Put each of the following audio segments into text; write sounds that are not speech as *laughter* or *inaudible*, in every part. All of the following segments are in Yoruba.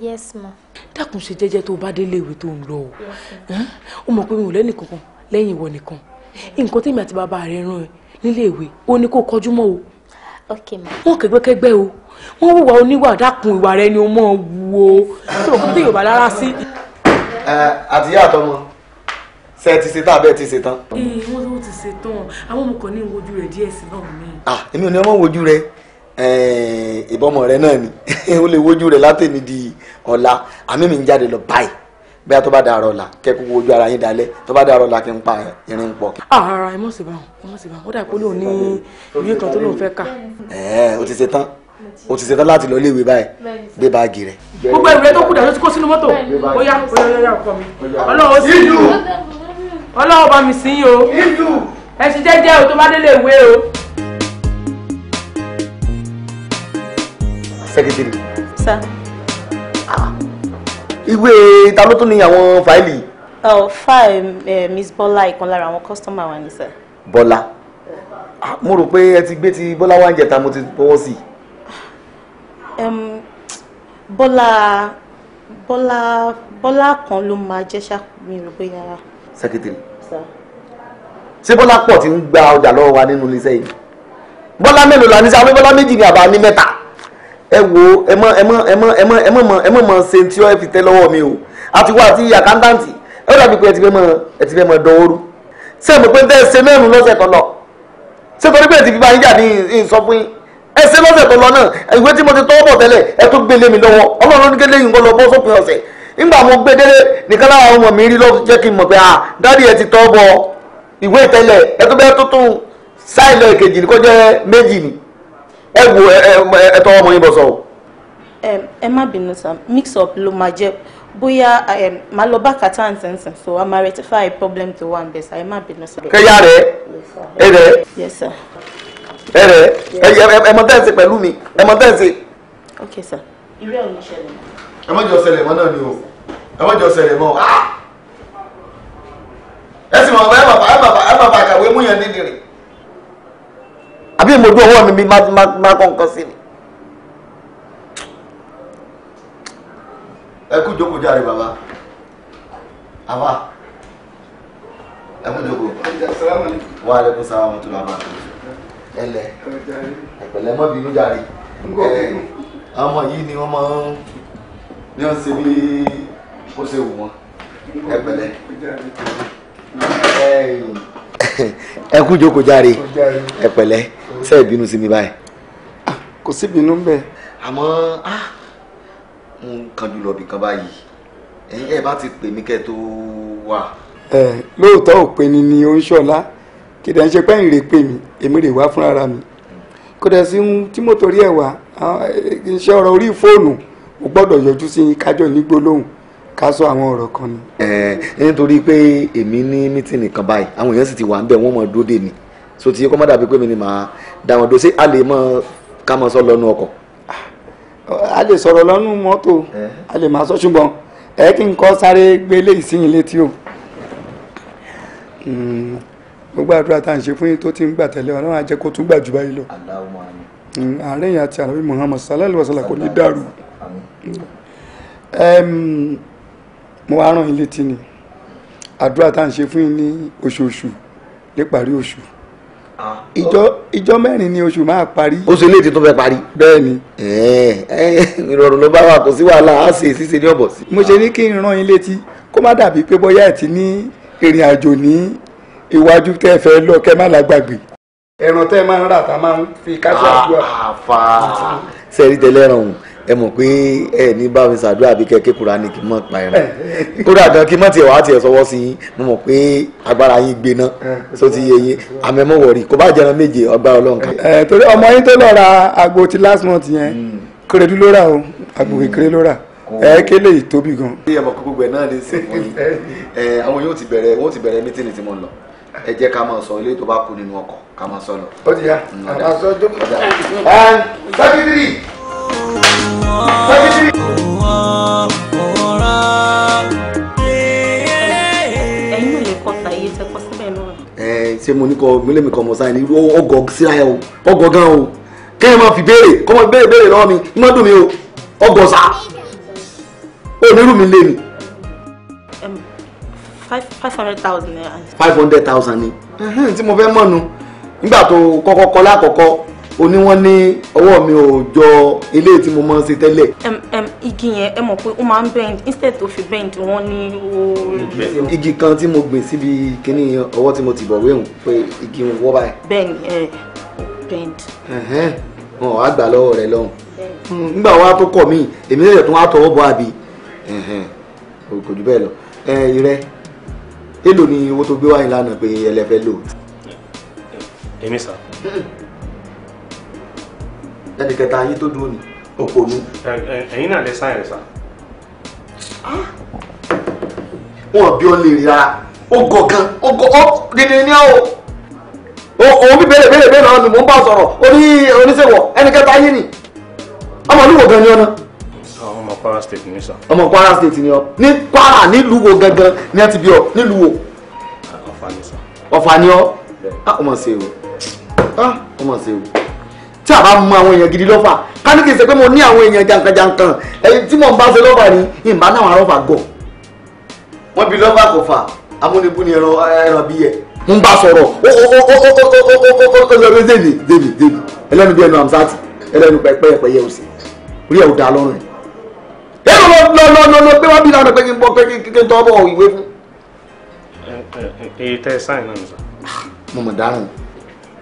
yes ma. dákun ṣe jẹ́jẹ́ tó bá délé ìwé tó ń lọ o ó mọ̀ pé mi ò lẹ́nì kankan lẹ́yìn ìwọ nìkan nǹkan tèmi àti bàbá rẹ̀ rán ẹ nílé ìwé ó ní kó kọjú mọ́ o. ok ma. wọn kẹgbẹkẹgbẹ o wọ́n wùwà oníwà dákun ìwà rẹ ni o mọ̀ wù o tí o kò tí yorùbá rárá sí. àti ìyá àtọmọ ṣe ti ṣe tán abẹ́ ti ṣe tán. ee wọ́n tó ti ṣe tán àwọn ọmọ kan ní wojú rẹ̀ díẹ̀ sí náà mi. ah èmi ò ní ọmọ wojú rẹ ìbọmọ rẹ náà ni *laughs* ó lè wojú rẹ látẹ̀mí di ọ̀la àmì mi ń jáde lọ báyìí bẹ́ẹ̀ tó bá da àrọ̀ la kẹ́ kúkú ara yín dalẹ̀ tó bá da àrọ̀ la kí n pa irin pọ̀. ara ẹ mọ̀ sí báwọn ẹ mọ̀ sí báwọn ó dà pé ó lóun ní ìwé kan tó lóun fẹ́ kà. ẹ ẹ o ti ṣe tán o ti ṣetán láti lọ ilé ìwé báyìí gbé báàgì rẹ. gbogbo ìwé tó kù dà ló ti kó sínú mọ́tò ó yá ó yá ó yá ọkọ mi ọlọ́wọ́ sí ìlú ọlọ́wọ́ bá mi sí yín o ẹ ṣe jẹ́jẹ́ o tó bá délé ìwé o. sẹ́kítírì. sá. Ah. ìwé ta ló tún ní àwọn fáìlì. ọ oh, fáìlì eh, miss bọ́lá ìkan lára àwọn kọ́sítọ́mà wa ni sir. bọ́lá ah, mo rò pé ẹ ti gbé ti bọ́lá wá ń jẹta mo ti fọwọ́ sí i bọ́lá bọ́lá bọ́lá kan ló máa jẹ́ ṣàkómi rò bóyá. secretary ṣé bọ́lá pọ̀ ti ń gba ọjà lọ́wọ́ wa nínú iléeṣẹ́ yìí bọ́lá mélòó la ní sáwé bọ́lá méjì ni àbá ní mẹ́ta ẹ wo ẹ mọ ẹ mọ ẹ mọ ẹ mọ ẹ mọ mọ ẹ mọ mọ ṣe tí ó fi tẹ́ lọ́wọ́ mi o àti wá àti àkántàǹtì ẹ dàbí pé ẹ ti fẹ́ mọ ẹ ti fẹ́ mọ dọ́wọ́rú ṣé mo pé ń tẹ́ ṣe mẹ́rin lọ́sẹ̀ tó ṣé torí pé ẹ ti fi bá yín jà ní ìsọfún yín ẹsẹ lọ́sẹ̀ tó lọ náà ìwé tí mo ti tọwọ́ bọ̀ tẹ́lẹ̀ ẹ tó gbélé mi lọ́wọ́ Ọlọ́run ní kéde yìí ń kọ lọ bọ sópin ọ̀sẹ̀ nígbà mo gbé délé nìkan láwọn ọmọ mi rí lọ jẹ́ kí n mọ̀ pé ah dáàdi ẹ ti tọwọ́ bọ ìwé ìtẹ́lẹ̀ ẹ tó bẹ tó tún sáì lọ èkejì ní jẹ́ méjì ni ẹ wo ẹ tọwọ́ ọmọ yín bọ sọ ẹ má bínú sá mix up ló máa jẹ bóyá máa lọ bá kàtà ǹsẹ̀nsẹ̀ so a máa rectify problem tó wà ń bẹ̀ ẹ má bínú sá. kẹ́yà rẹ̀ ẹ rẹ̀. yes sir. ẹ rẹ ẹ mọ tẹ́ mi ẹ mọ ok sir. irú ò ní ṣẹlẹ̀. ẹ má jọ ṣẹlẹ̀ mọ́ náà ni o ẹ má jọ ṣẹlẹ̀ mọ́ ah! ẹ sì máa bá ẹ máa bá ẹ máa bá àkàwé mú yẹn nídìí àbí mo dún ọwọ́ mi wa ẹlẹ ẹpẹ̀lẹ́ mọ bínú jàre ọmọ yìí ni wọn máa ń ní wọn ṣe bí ó ṣe wù wọn ẹpẹ̀lẹ́ ẹ kú jókòó jàre ẹpẹ̀lẹ́ ṣe ìbínú sí mi báyìí. Ah, kò sí ìbínú bẹ́ẹ̀. àmọ́ ah, mo ń kanjú lọ bìkan báyìí ẹ̀yin ẹ̀ bá ti pè mí kẹ́ tó wà. ẹ lóòótọ́ òpin ni ni ó ń ṣọlá kìdá ń ṣe pé ìrè pè mí èmi rè wá fúnra mi kódà sí tí mo torí ẹ̀ wá iṣẹ́ ọ̀rọ̀ orí fóònù mo gbọ́dọ̀ yọjú sí yín kájọ ní gbólóhùn ká sọ àwọn ọ̀rọ̀ kan ni. ẹ ẹ nítorí pé èmi ní mítìnì kan báyìí àwọn èèyàn sì ti wà ń bẹ wọn mọ dúró dè mí so ti kọ́ mọ́ pé mi ni màá dá wọn dó ṣé a lè mọ ká mọ sọ lọ́nu ọkọ̀. a lè sọ̀rọ̀ lọ́nu mọ́tò a lè máa sọ ṣùgbọ́n ẹ kí n kọ́ sáré gbélé ìsinyìí létí o. Hmm. gbogbo àdúrà tá à ń ṣe fún yín tó ti ń gbà tẹ́lẹ̀ ọlọ́run á jẹ́ kó tún gbà jù báyìí lọ. Mm, ààrẹ yẹn àti àlọ́ muhammad sallallahu alaihi kò ní dàrú. mo wá rán yín létí ni àdúrà tá à ń ṣe fún yín ní oṣooṣù níparí oṣù ah, ìjọ oh. ìjọ mẹ́rin ni oṣù máa parí. oṣù ilé ti tún fẹ́ parí. bẹ́ẹ̀ni. ìrọ̀rùn ló bá wà kò sí wàhálà á ṣe ṣíṣe ní ọ̀bọ̀ sí. mo ṣe ní kí n rán yín létí kó má dàbí pé bóyá ẹ̀ ti ní ìrìn àjò ní iwájú tẹ́ ẹ fẹ́ lọ kẹ́ má lágbàgbé ẹran tẹ́ ẹ máa ń rà tá a máa ń fi káṣí ah, àdúrà. àfa sẹ́rí tẹ́lẹ̀ ẹran òun ẹ mọ̀ pé ẹ ní bá mi ṣàdúrà bí kẹ́kẹ́ kura ni kì í mọ̀ pa ẹran eh. kódà gan kí n mọ̀ tiẹ̀ wá tiẹ̀ sọwọ́ sí yín mo mọ̀ pé agbára yín gbéná tó eh. ti yẹ yín àmẹ́mọ̀wọ̀rì kò bá jẹran méje agbára ọlọ́run kan. ẹ eh, torí ọmọ yín tó lọ ra àgbo ti last month yẹn hmm. kérédú ló rà o àgbo hmm. kékeré ló rà ẹ kélé tóbi gan. ẹ mọ̀ kó gbogbo ẹ̀ náà lè sè fún yín àwọn yóò ti bẹ̀rẹ̀ wọ́n ti bẹ̀rẹ̀ mítìnì tí mo lọ ẹ jẹ́ ká máa sọ ilé tó bá kú nínú ọkọ̀ ká máa sọ lọ. ó ti yá àwọn mm, aṣọ tó kù. sẹ́kítírì sẹ́kítírì. ẹ̀yin ò lè kọ́ sàyè tẹ́ kọ́ síbẹ̀ náà. ẹ ṣé mo ní kọ mílíọ̀nù kan mọ̀ sáyé ní ọgọ̀ síra ẹ o ọgọ̀ gan o kéèyàn máa fi béèrè kọ́mọ béèrè béèrè lọ́wọ́ mi ní má dùn mí o ọgọ̀ sá onírú mi lé mi five five hundred thousand naira. five hundred thousand ni mhm, tí mo fẹ́ mọ̀ nu nígbà tó kọ́kọ́ kọ́ lákọ̀ọ́kọ́ o ní wọ́n ní ọwọ́ mi ò jọ ilé tí mo máa ń ṣe tẹ́lẹ̀. igi yẹn ẹ mọ̀ pé ó máa ń bend instead tó fi bend wọ́n ní ooo. igi kan tí mo gbìn síbi kíní ọwọ́ tí mo ti bọ̀ wéhùn pé igi ń wọ́ báyìí. bend bend. wọn ò wá gbà lọ́wọ́ rẹ lọ́hùn. Hmm, nígbà wa tó kọ̀ mí èmi lè tún wá tọwọ́ bọ̀ àbí kò jù bẹ́ẹ̀ lọ. ẹ ìrẹ́ èlò ni owó tó gbé wáyé lánàá pé ẹlẹ́fẹ́ lò. èmi sà. ẹnì kẹta ayé tó dúró ni òpònú. ẹ̀yin náà lè sáyẹn rẹ̀ sà. wọn bí ọ lè rí rárá ó gọ gan ó gọ ó dídí ní ọ òun bí bẹ́lẹ̀ bẹ́lẹ̀ bẹ́lẹ̀ náà ni mò ń bá sọ̀rọ̀ oníṣègùn ẹnì kẹta ayé ni ọmọlúwọ̀ gan ni ọ náà. Kwara state ni sir. ọmọ Kwara state ni ọ ní Kwara nílùú wo gangan ní ẹ ti bí ọ nílùú wo. Ọ̀fà ni sir. Ọ̀fà ni ọ ọmọ ṣe o ọmọ ṣe o tí a bá mọ àwọn èèyàn gidi lọ́fà ká ní kì í ṣe pé mo ní àwọn èèyàn jankan-jankan ẹni tí mò ń bá ṣe lọ́fà ni ìbá náà àwọn lọ́fà gọ̀ wọ́n bí lọ́fà kò fà amúnibú ni ẹran ẹran bí yẹ. ń bá sọ̀rọ̀ ó ẹlẹ́nu bí ẹnu àmsáàtì ẹlẹ́nu pẹ́ẹ́pẹ́ẹ́yẹ òsì rí ẹ̀ ò dá lọ́rùn yìí. e lọ lọ lọ lọ lọ pé wá bí lánàá pé kí n bọ pé kí n tọ́ bọ̀ ìwé fún. èyí tẹ sáìn náà nìyà. mo mọ̀ dáràn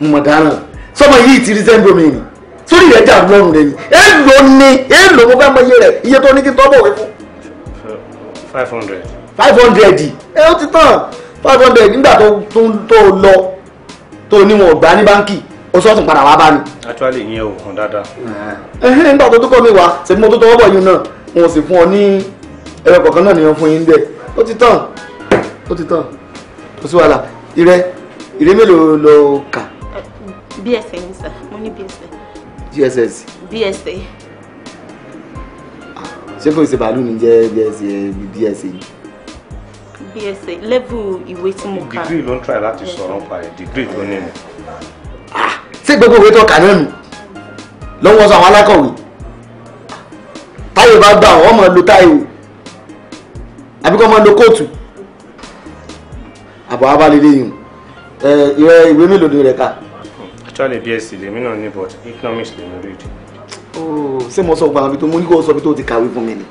mo mọ̀ dáràn sọmọ yìí ti rí sẹ́ńdọ̀ mi ni sórí rẹ̀ jà lọ́rùn rẹ̀ ni èlò ni èlò mo fẹ́ mọ iye rẹ̀ iye tó ní kí n tọ́ bọ̀ ìwé fún. five hundred. five hundred ẹ ó ti tán five hundred nígbà tó tó lọ tó ní wọn ò gbà ní báńkì o sọ tún padà wá bá mi. actually ìyẹn ò hàn dáadáa. nígbà tó tó kọ́ mi wá tó tọwọ́ bọ̀ náà wọn sì fún ọ ní ẹ̀rọ kọ̀ọ̀kan náà nìyẹn fún yín bẹ́ẹ̀ ó ti tàn ó ti tàn kò sí wàhálà ìrẹ ìrẹ mélòó lo kà. bsa ní sà mo ní bsa. gss. bsa. ṣé kò ṣe bàálù ní jẹ́ bsa bsa yìí. bsa level ìwé tí mo kà. degree ló ń try láti sọ̀rọ̀ nípa ẹ̀ degree ló ní ni. Ah! ṣé gbogbo ìwé tó kà náà nù lọ́wọ́ sọ àwọn alákọ̀wé táyò bá gbà wọ́n máa lo táyò àbí kọ́ máa lo kóòtù àbọ̀ abálẹ̀ lẹ́yìn ìwé ìwé mélòó ni rẹ̀ ká. actually bsc lèmi náà ní but economics lèmi read. Oh, ṣé mo sọ gbàgbọ́ bí tó mo ní kó sọ bí tó ti kàwé fún mi ni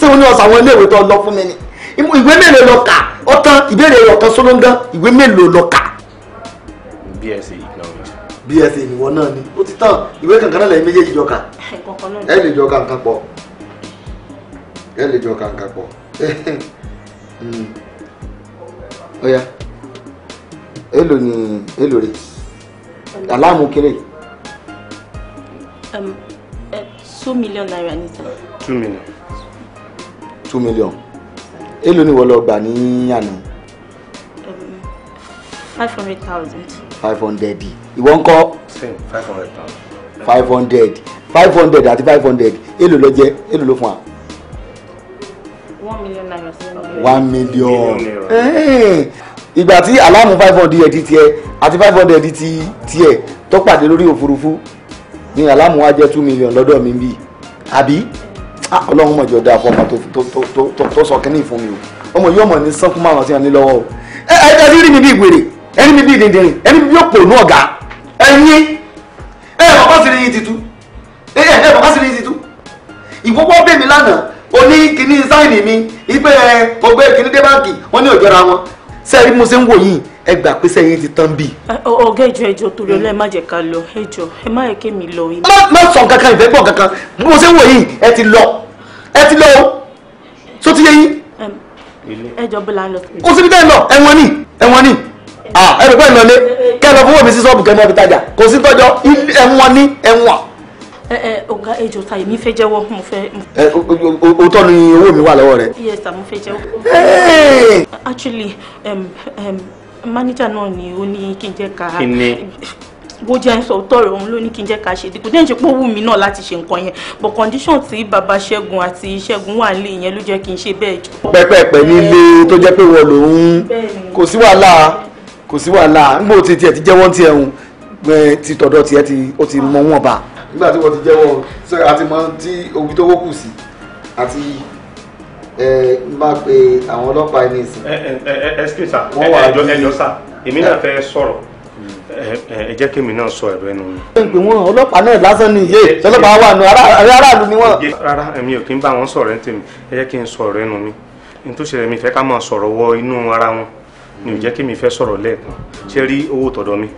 ṣé mo ní ọ̀sán àwọn iléèwé tó lọ fún mi ni ìwé mélòó lọ kà ọ̀tán ìbéèrè ọ̀tán sólóńgán ìwé mélòó lọ kà. bsc economics. bsc ìwọ náà ni ó ti tán ìwé kankan náà lẹ́yìn méjèèjì jọ kà ẹ lè jọ kà nǹkan pọ̀ ẹ lè jọ kàǹkà pọ̀ ọ̀ya *laughs* èlò ni èlò rẹ̀ aláàmú kéré. Um, eh, two million naira níta. two million. two million èlò ni wọ́n lọ gbà ní um, five hundred thousand. five hundred ìwọ ń five hundred thousand. five hundred five hundred àti five hundred èlò ló jẹ́ èlò ló fún wa naira one million eh, ìgbà tí aláàmù five hundred ẹ̀dí tiẹ̀ àti five hundred ẹ̀dí ti tiẹ̀ tó pàdé lórí òfurufú ni aláàmù wa jẹ́ two million lọ́dọ̀ mi bí àbí ah, ọlọ́run mọ̀jọ́ dáa fọmọ tó sọ kínní fún mi o ọmọ yóò mọ̀ ní sọ́kún márùn-ún sí ọ ní lọ́wọ́ o ẹ ẹ rí mi bí ìwèrè ẹni mi bí ìdìndìnrín ẹni mi bí òpònú ọ̀gá ẹyin ẹ ẹ bàbá sì rí yín titun ẹ ẹ bàbá sì rí yín titun ìwọ́wọ́ bẹ́ẹ̀ mi lánàá oní kíní sáìnì mi ìgbé ọgbẹ́ kíní dé báǹkì wọ́n ní òjọra wọn sẹ́ẹ̀rí mo ṣe ń wò yín ẹ gbà pé sẹ́yìn ti tán bì. ọ̀gá ìjọ ìjọ torí ọlá ẹ má jẹ́ ká lọ ẹjọ ẹ má yẹ kémi lọ yín. má sọ kankan ìfẹ́ gbọ́ kankan bí mo ṣe ń wò yín ẹ ti lọ ẹ ti lọ o tó ti yé yín. ẹjọ bí la ń lọ. kó síbi tẹ́ ń lọ ẹ̀wọ̀n ni ẹ̀wọ̀n ni ẹ rẹ̀ pẹ́ ìlọlé kẹ́ ẹ lọ fún wọ́n mi sí ṣọ́ọ̀bù kẹ́ ẹ mọ́ fi tajà ẹ ẹ ẹjọ ta èmi fẹ́ jẹ́wọ́ mo fẹ́. ẹ o tọ́ ni owó mi wà lọ́wọ́ rẹ. yes sir mo fẹ́ actually um, um, manager náà ni ó ní kí n jẹ́ ká. kí ni bó jẹ́ ń sọ tọrọ òun ló ní kí n jẹ́ ká ṣe dìbò dẹ́n ṣe pé ó wù mí náà láti ṣe nǹkan yẹn but condition tí baba ṣẹ́gun àti ṣẹ́gun wà nílé yẹn ló jẹ́ kí n ṣe bẹ́ẹ̀ jù. nílé tó jẹ́ pé wọ́n lòun kò sí wàhálà kò sí wàhálà nígbà tí tiẹ̀ ti jẹ́ wọ́n tiẹ̀ ń ti tọ̀dọ̀ tiẹ̀ ti ó ti mọ wọn bá nígbà tí wọ́n ti jẹ́wọ́ sọ àti mọ tí omi tó wókù sí àti ẹ má pe àwọn ọlọ́pàá ẹni ìsìn. ẹ ẹ ẹ ṣe sà ẹjọ ẹjọ sà èmi náà fẹ́ sọ̀rọ̀ ẹ jẹ́ kí èmi náà sọ ẹ̀rọ ẹnu mi. ṣé n pè wọ́n ọlọ́pàá náà lásán ni iye ọlọ́pàá wà nù aráàlú ni wọ́n. rárá èmi ò kí ń bá wọn sọ̀rọ̀ ẹ̀ ń tèmi ẹ jẹ́ kí n sọ ọ̀rọ̀ ẹnu mi n tó ṣẹlẹ̀ mi fẹ́ ká máa sọ̀rọ̀ wọ inú ara wọn ni ò jẹ́ kí mi fẹ́ sọ̀rọ̀ lẹ́ẹ̀kan ṣé rí owó tọ̀dọ̀ mi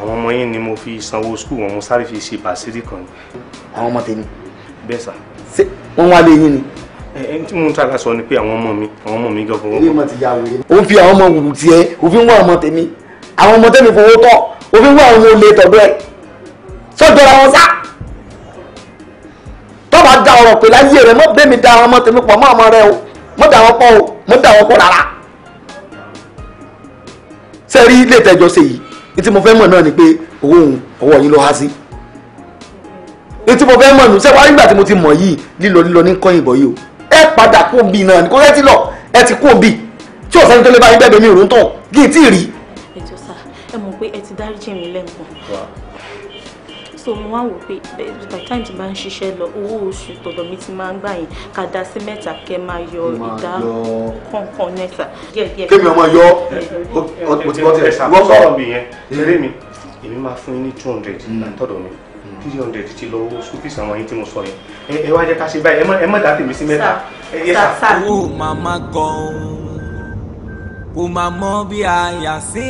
àwọn ọmọ yín ni mo fi sanwó skul wọn mo sáré fi ṣe bàṣírí kan. àwọn ọmọ tèmi. bẹ́ẹ̀ sà. ṣé wọ́n wá lé yín ni. ẹ ẹ tí mo ń tàkà sọ ni pé àwọn ọmọ mi àwọn ọmọ mi gọ́gọ́. ilé ìmọ̀ ti ya wèrè. ó ń fi àwọn ọmọ wù tiẹ̀ òfin wá ọmọ tèmi àwọn ọmọ tèmi fowó tọ́ òfin wá àwọn olè tọ̀dọ̀ ẹ̀ sọ́jọ́ra wọn sá. tọ́ba da ọ̀rọ̀ pé láyé rẹ̀ mọ́ bẹ́ẹ̀ mi da àwọn ọmọ tèmi pọ̀ mọ́ ọmọ rẹ o mọ́ da o mọ́ da wọn pọ̀ etí mo fẹ́ mọ̀ náà ni pé owó òun ọwọ́ yín ló há sí etí mo fẹ́ mọ̀ nù sẹ́wọ́n nígbà tí mo ti mọ̀ yìí lílọ lílọ ní kọ́yìn bọ̀ yìí o ẹ padà kó bì náà kó rẹ́tí lọ ẹ ti kó bì tí ò sẹ́ni tó lè bá yín bẹ́ẹ̀ bẹ́ẹ̀ mi ò ń tàn kí n tí ì rí. ètò sá ẹ mọ̀ pé ẹ ti dáríjì mi lẹ́nu so mo wá wò pé by time tí n ń ṣiṣẹ́ lọ owó oṣù tọ̀dọ̀ mi ti máa ń gbà yín ká dá sí mẹ́ta kẹ́ máa yọ ìdá kọ̀ọ̀kan nẹ́ta. kémi ọmọ yọ mo ti gbọ́ tiẹ̀ sáà. wọ́n sọ̀rọ̀ mi yẹn eré mi èmi máa fún yín ní two hundred hmm. látọ̀dọ̀ mi hmm. three hundred ti lọ owó school fees àwọn yín tí mo sọ yẹn ẹ wá jẹ́ ká ṣe báyìí ẹ mọ̀ dá tèmi sí mẹ́ta. ó màmá gan-an kò máa mọ bí a yà sí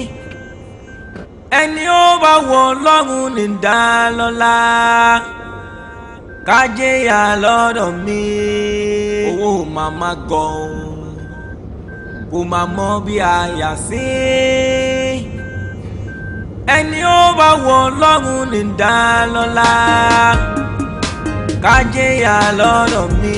i ẹni ó bá wọ ọlọ́run ní dálọ́lá kájéyà lọ́dọ̀ mi owó màmá gan kò má mọ bí a yà sí ẹni ó bá wọ ọlọ́run ní dálọ́lá kájéyà lọ́dọ̀ mi.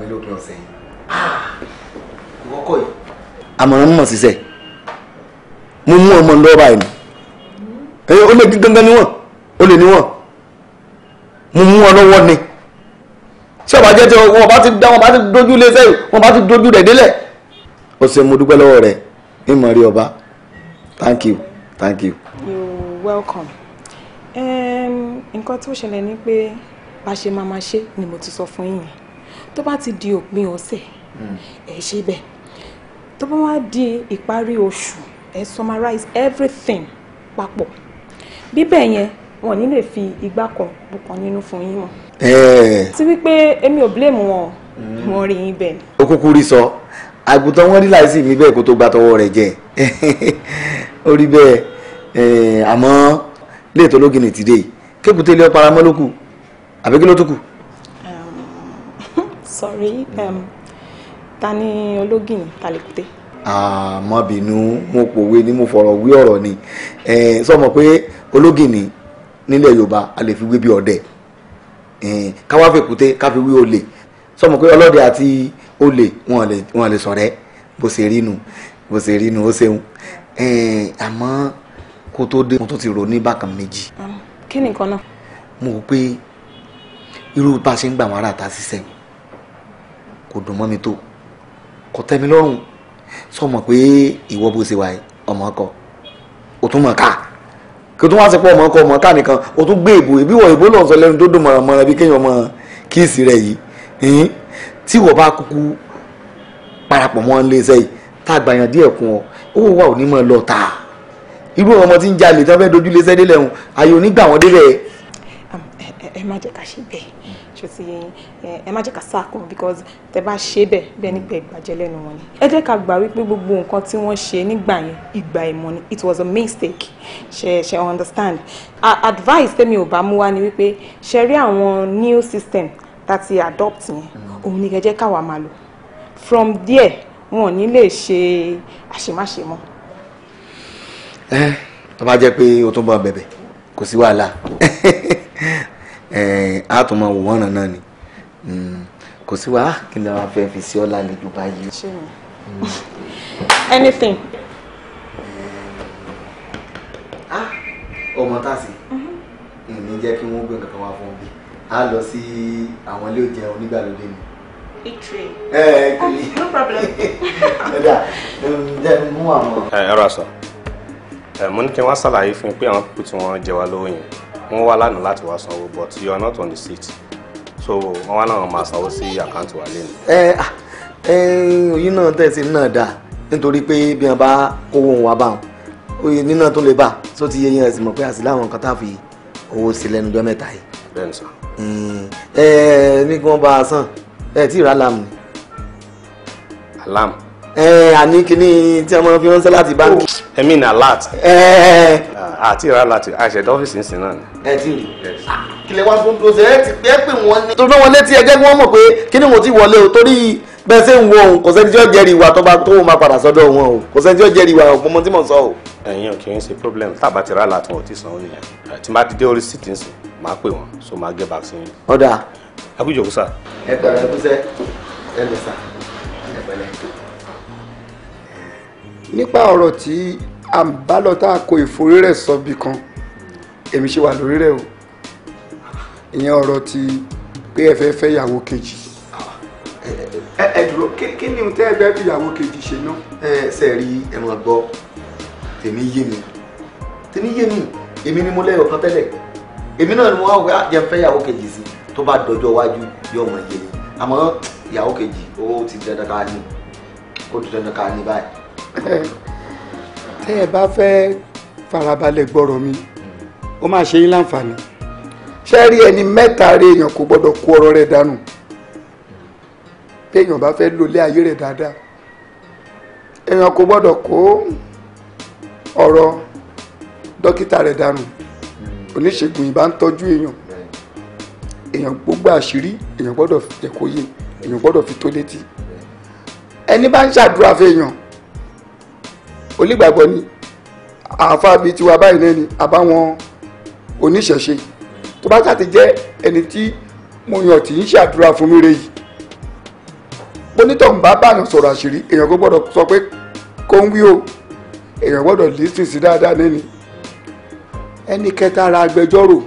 mi lópin ọ̀sẹ̀ yìí. Ah! ìwọ kọ́ yìí. àmọ̀ràn mọ̀ ṣiṣẹ́ mo mú ọmọ ń báyìí hmm? ẹ̀yẹ ó lè di gangan níwọ̀n ó lè níwọ̀n mo mú ọ lọ́wọ́ ni tí ọba jẹ́ tí wọn bá ti dá wọn bá ti dojú lé sẹ́yìn wọn bá ti dojú rẹ̀ délẹ̀ ó ṣe mo dúpẹ́ lọ́wọ́ rẹ̀ ní mọ̀ rí ọba thank you thank you. you welcome nǹkan tó ṣẹlẹ̀ ni pé bá ṣe máa máa ṣe ni mo ti sọ fún yín tó bá ti di òpin ọ̀sẹ̀ hmm. ẹ ṣe bẹ́ẹ̀ tó bá wá di ìparí oṣù ẹ summarize everything papọ̀ bíbẹ̀ yẹn wọn ní lè fi igbá kan bùkàn nínú fún yín mọ́. sí wípé èmi ò blame wọn hmm. wọn rí yín bẹ́ẹ̀. ó kúkú rí sọ àgùntàn wọn rí láìsí mi bẹ́ẹ̀ kó tó gba tọwọ́ rẹ̀ jẹ *laughs* ó rí bẹ́ẹ̀ àmọ́ léètò ológin ní tìde kékùté ilé ọparamọ́ àbí kí ló tó kù sorry um, ta ni ológin ta lè kúté. mo pòwe ni mo fọ̀rọ̀ wí ọ̀rọ̀ ni sọmọ pé ológin ni nílẹ̀ yorùbá a lè fi wé bí ọdẹ káwá fi kúté ká fi wé olè sọmọ pé ọlọ́dẹ àti olè wọn lè ṣọ̀rẹ́ bó ṣe rí nu bó ṣe rí nu ó ṣeun àmọ́ kó tó dé mo tún ti rò ní bákan méjì. Ah, kí ni nǹkan mo rò iru irú bá a ṣe ń ara ta ṣiṣẹ́ kò dùn mọ́ mi tó kò tẹ́ mi lọ́rùn sọ mọ̀ pé ìwọ bó ṣe wà ọmọ ọkọ o tún mọ̀ ká kí o tún wá sí pọ̀ ọmọ ọkọ ọmọ ká nìkan o tún gbé ìbò ìbíwọ̀ ìbò lọ́n sọ lẹ́nu tó dùn mọ̀rànmọ́ra bí kéèyàn mọ kíìsì rẹ̀ yìí tí ìwọ bá kúkú parapọ̀ mọ́ ilé iṣẹ́ yìí tá a gbàyàn díẹ̀ kún ọ owó wa ò ní mọ̀ lọ tà irú ọmọ tí ń jalè tí wọ́n fẹ́ dojú ilé iṣẹ́ délẹ̀ hùn àyè ò ní délẹ̀. ẹ má jẹ́ ká ṣe bẹ́ẹ̀ ṣe ti ẹ má jẹ́ ká sáàkùn because tẹ bá ṣe bẹ́ẹ̀ bẹ́ẹ̀ nígbà ìgbàjẹ́ lẹ́nu wọn ni. ẹ jẹ́ ká gbà wípé gbogbo nǹkan tí wọ́n ṣe nígbà yẹn ìgbà ìmọ̀ ni it was a mistake ṣe ṣe understand advice tẹ́mi ò bá mú wá ni wípé ṣe rí àwọn new system láti adopt yẹn mm. òun ni kẹjẹ́ káwa máa lò from there wọn ò ní lè ṣe àṣemáṣe mọ́. ẹ tó bá jẹ́ pé o tún bọ̀ bẹ̀bẹ̀ kò sí wàhálà *laughs* àtúmọ̀ eh, wò wọ́n náà ni hmm, kò sí wa kí ni wọ́n fẹ́ fi sí ọ́lá lẹ́jọ́ báyìí. anything. Eh, ah, ọmọ tá a sì mm-hmm. ní jẹ́ kí wọ́n gbé nǹkan kan wá fún mi a lọ sí àwọn ilé oúnjẹ onígbàlódé mi. ẹ ẹ kiri no problem. *laughs* ẹ dà ǹjẹ́ mú àwọn. Eh, ẹ ẹ rọ àṣà mo ní kí wọ́n ṣàlàyé fún mi pé àwọn pípẹ́ tí wọ́n jẹ wá lówó wọ́n wá lánàá láti wá sanwó but you are not on the seat so wọ́n wá náà máa sanwó sí àkáǹtì wa lẹ́nu. ẹ ẹ òyìn náà tẹ̀sí náà dáa nítorí pé bí wọn bá kówó wọn wá bá wọn oye nínà tó lè bà tó ti yẹ yẹn ẹ̀sìn mọ̀ pé àti láwọn nǹkan tá a fi owó sí lẹ́nu jọ mẹ́ta yìí. bẹ́ẹ̀ni sọ. Hmm, ẹ ní kí wọn bá a san ẹ tí ì rà ni. alam. ẹ àní kíní tí a fi ránṣẹ́ láti báńkì. I mean alert. Eh. Ah, àti ìrà láti àṣẹdá ọ́fíìsì ń sìn náà ni. ẹ ti rí ah, kílẹ̀ wá fún gbòòsè ẹ ti pẹ́ pé wọ́n ní. torí wọn létí ẹgbẹ́ wọn mọ̀ pé kí ni mo ti wọlé o torí bẹ́ẹ̀ ṣe ń wo òun kò sẹ́ni tí yóò jẹ́rìí ìwà tó bá tó máa padà sọ́dọ̀ wọn o kò sẹ́ni tí yóò jẹ́rìí ìwà ọ̀pọ̀mọ tí mò ń sọ o. ẹ̀yin ò kì í ṣe problem tábà ti rà láti wọn ò tí ì sanwó nìyẹn tí má dídé orí síìtì nsìn máa pè wọn so máa get vaccine. sí yín. ọ̀dà. ẹ kú ìjòkó sá. ẹ gbàgbé kúṣẹ́ ẹ lè sá. nípa ọ̀rọ̀ tí a ń bá lọ tá a kó ìforí rẹ̀ sọ bí kan èmi ṣe wà lórí rẹ̀ o ìyẹn ọ̀rọ̀ ti pé ẹ fẹ́ fẹ́ ìyàwó kejì. ẹ dúró kí ni tẹ́ ẹ fẹ́ fi ìyàwó kejì ṣe náà. ẹ ṣe rí ẹran gbọ́ tèmi yé mi tèmi yé mi èmi ni mo lẹ́yọ̀ kan tẹ́lẹ̀ èmi náà ni mo wá wọ ah, jẹ́ fẹ́ ìyàwó kejì sí tó bá dọjọ́ iwájú yóò mọ̀ yé mi àmọ́ ìyàwó kejì ó ti dandan ká ní ó ti dandan ká ní báyìí. *laughs* tẹ́ ẹ bá fẹ́ farabalẹ̀ gbọ́rọ̀ mi ó máa ṣe yín láǹfààní ṣé rí ẹni mẹ́ta rí èèyàn kò gbọ́dọ̀ kó ọ̀rọ̀ rẹ̀ dànù téèyàn bá fẹ́ lólé ayé rẹ̀ dáadáa èèyàn kò gbọ́dọ̀ kó ọ̀rọ̀ dókítà rẹ̀ dànù oníṣègùn ìbá ń tọ́jú èèyàn èèyàn gbogbo àṣírí èèyàn gbọ́dọ̀ jẹ́ kó yé èèyàn gbọ́dọ̀ fi tó létí ẹni bá ń ṣàdúrà fẹ́yàn onígbàgbọ́ ni àáfàá bíi tiwa báyìí náà ni àbáwọn oníṣẹ̀ṣe tó bá sàti jẹ́ ẹni tí mo yàn tí ń ṣàdúrà fún mi rè yìí onítọ̀hún bá bàyàn sọ̀rọ̀ àṣírí èèyàn kò gbọ́dọ̀ sọ pé kó ń wí o èèyàn gbọ́dọ̀ lísìn sí dáadáa nẹ́ni ẹni kẹta ara agbẹjọ́rò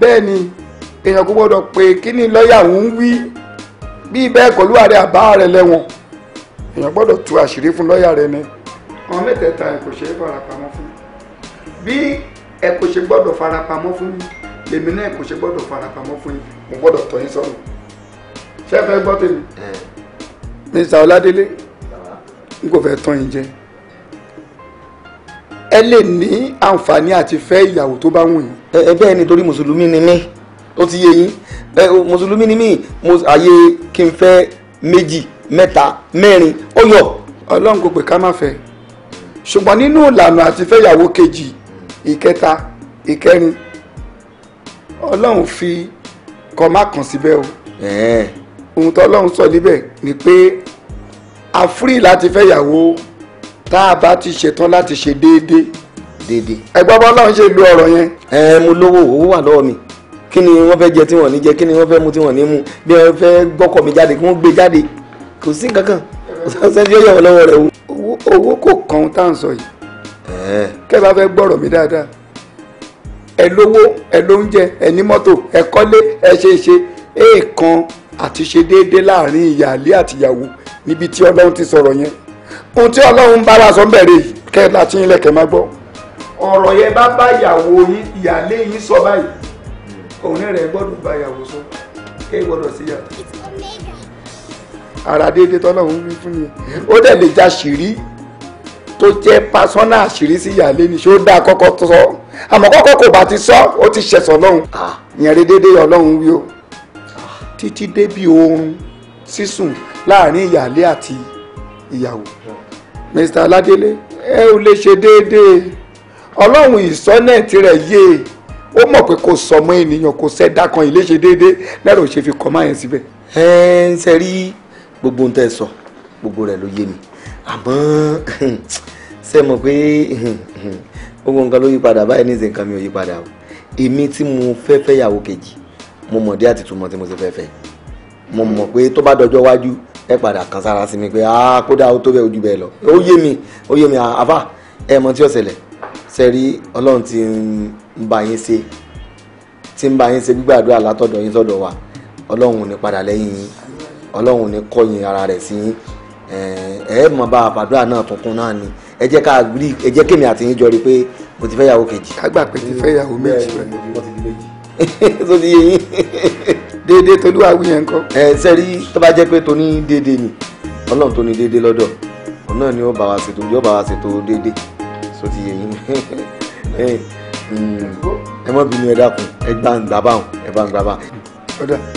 bẹ́ẹ̀ ni èèyàn kò gbọ́dọ̀ pé kí ni lọ́ọ̀yà òun wí bí bẹ́ẹ̀ kọ́ lúwa àbá rẹ̀ lẹ́wọ̀n èèyàn gbọ́dọ̀ tú àṣírí fún lọ́ọ̀yà rẹ̀ náà àwọn mẹ́tẹ̀ẹ̀ta ẹ kò ṣe é farapamọ́ fún bí ẹ kò ṣe gbọ́dọ̀ farapamọ́ fún mi lèmi náà kò ṣe gbọ́dọ̀ farapamọ́ fún yín mo gbọ́dọ̀ tọ́ yín sọ́run ṣé fẹ́ gbọ́ tèmi Mr. Ọládélé n kò fẹ́ tán yín jẹ ẹ lè ní àǹfààní àti fẹ́ ìyàwó tó bá wù yín. ẹ bẹ́ẹ̀ ni torí mùsùlùmí ni mí ó ti yé yín mùsùlùmí ni mí àyè kí n fẹ́ méjì mẹ́ta mẹ́rin ó yọ. Ọlọ́run kò pè ká má fẹ́ ṣùgbọ́n nínú ìlànà àti fẹ́yàwó kejì ìkẹta ìkẹrin ọlọ́run fi kọ́ má kàn síbẹ̀ o ohun tó ọlọ́run sọ níbẹ̀ ni pé a free láti fẹ́yàwó tá a bá ti ṣetán láti ṣe déédéé déédéé. ẹgbẹ́ bọ́ ọlọ́run ṣe lu ọ̀rọ̀ yẹn. ẹ mo lówó owó wà lọ́wọ́ mi kí ni wọ́n fẹ́ jẹ tí wọ́n ní jẹ kí ni wọ́n fẹ́ mu tí wọ́n ní mu bí wọ́n fẹ́ gbọ́kọ̀ mi jáde kí wọ́n gbé jáde kò sí nǹkan kan sẹ́ni *laughs* yóò yẹ̀wò lọ́wọ́ o wò owó kò kàn tá à ń sọ yìí kẹ́ ẹ bá fẹ́ gbọ́rọ̀ mi dáadáa ẹ lówó ẹ lóúnjẹ ẹ ní mọ́tò ẹ kọ́lé ẹ ṣe é ṣe èèkan àti ṣe déédéé láàrin ìyáálé àtìyàwó níbi tí ọlọ́run ti sọ̀rọ̀ yẹn ohun tí ọlọ́run bá wa sọ ń bẹ̀rẹ̀ yìí kẹ́ ẹ láti yín lẹ́kẹ̀ẹ́ máa gbọ́ ọ̀rọ̀ yẹn bá bá ìyàwó yín ìyáálé yín sọ báyìí òun rẹ̀ gbọ́dọ̀ bá ìyàwó sọ ẹ gbọ́dọ̀ sí yàtọ̀ ara déédéé tọ́lọ́run wí fún ni ó dẹ̀ lè já ṣìrí tó jẹ́ pásọ́nà àṣírí sí ìyáálé ni ṣé ó dáa kọ́kọ́ sọ àmọ́ kọ́kọ́ kò bá ti sọ ó ti ṣẹ̀sọ̀ lọ́hùn ìyẹn rí déédéé ọlọ́run wí o títí débi oorun sísùn láàrin ìyáálé àti ìyàwó Mr. Aládélé ẹ ò lè ṣe déédéé ọlọ́run ìsọ́nẹ̀ tirẹ̀ yé e ó mọ̀ pé kò sọmọ ènìyàn kò sẹ́dá kan ìléṣe déédéé lẹ́rọ̀ ṣe fi kọ́ máa yẹn síbẹ̀. ẹ ń ṣe rí gbogbo ohun tẹ́ ẹ sọ gbogbo rẹ̀ ló yé mi àmọ́ *clears throat* ṣe mọ̀ pé *clears throat* gbogbo nǹkan ló yí padà báyìí ní ìsìn nǹkan mi ò yí padà o èmi tí mo fẹ́ fẹ́ yàwó kejì mo mọ̀ dé àtìtúmọ̀ tí mo ti fẹ́ fẹ́ mo mọ̀ pé tó bá dọjọ́ wájú ẹ padà kan sára sí mi pé ah kódà ó tó bẹ́ẹ̀ ojú bẹ́ẹ̀ lọ ó yé mi ó yé mi àfà ẹ mọ̀ tí ó ṣẹlẹ̀ ṣe rí ọlọ́run ti ń bá yín ṣe ti ń bá yín ṣe gbígbàdúrà látọ̀dọ̀ yín sọ́dọ̀ wa ọlọ́run ò ní padà lẹ́yìn yín ọlọ́run ní kọ̀yìn ara rẹ̀ sí yín ẹ ẹ mọ̀ bá àbàdúrà náà tuntun náà ni ẹ jẹ́ ká rí ẹ jẹ́ kémi àti yín jọ rí i pé mo ti fẹ́ yàwó kejì. a gbà pé ti fẹ́ yàwó méjì rẹ̀ tó *laughs* ti yé yín. déédéé tolúwa wí yẹn ńkọ́. ẹ sẹ́rí tó bá jẹ́ pé tó ní déédéé ni ọlọ́run tó ní déédéé lọ́dọ̀ òun náà ni ó bá wa ṣètò yóò bá wa ṣètò déédéé tó ti yé yín *laughs* ẹ mọ hmm, bínú ẹ dákun ẹ gbà ń gbà báwọn ẹ bá ń gbà báwọn.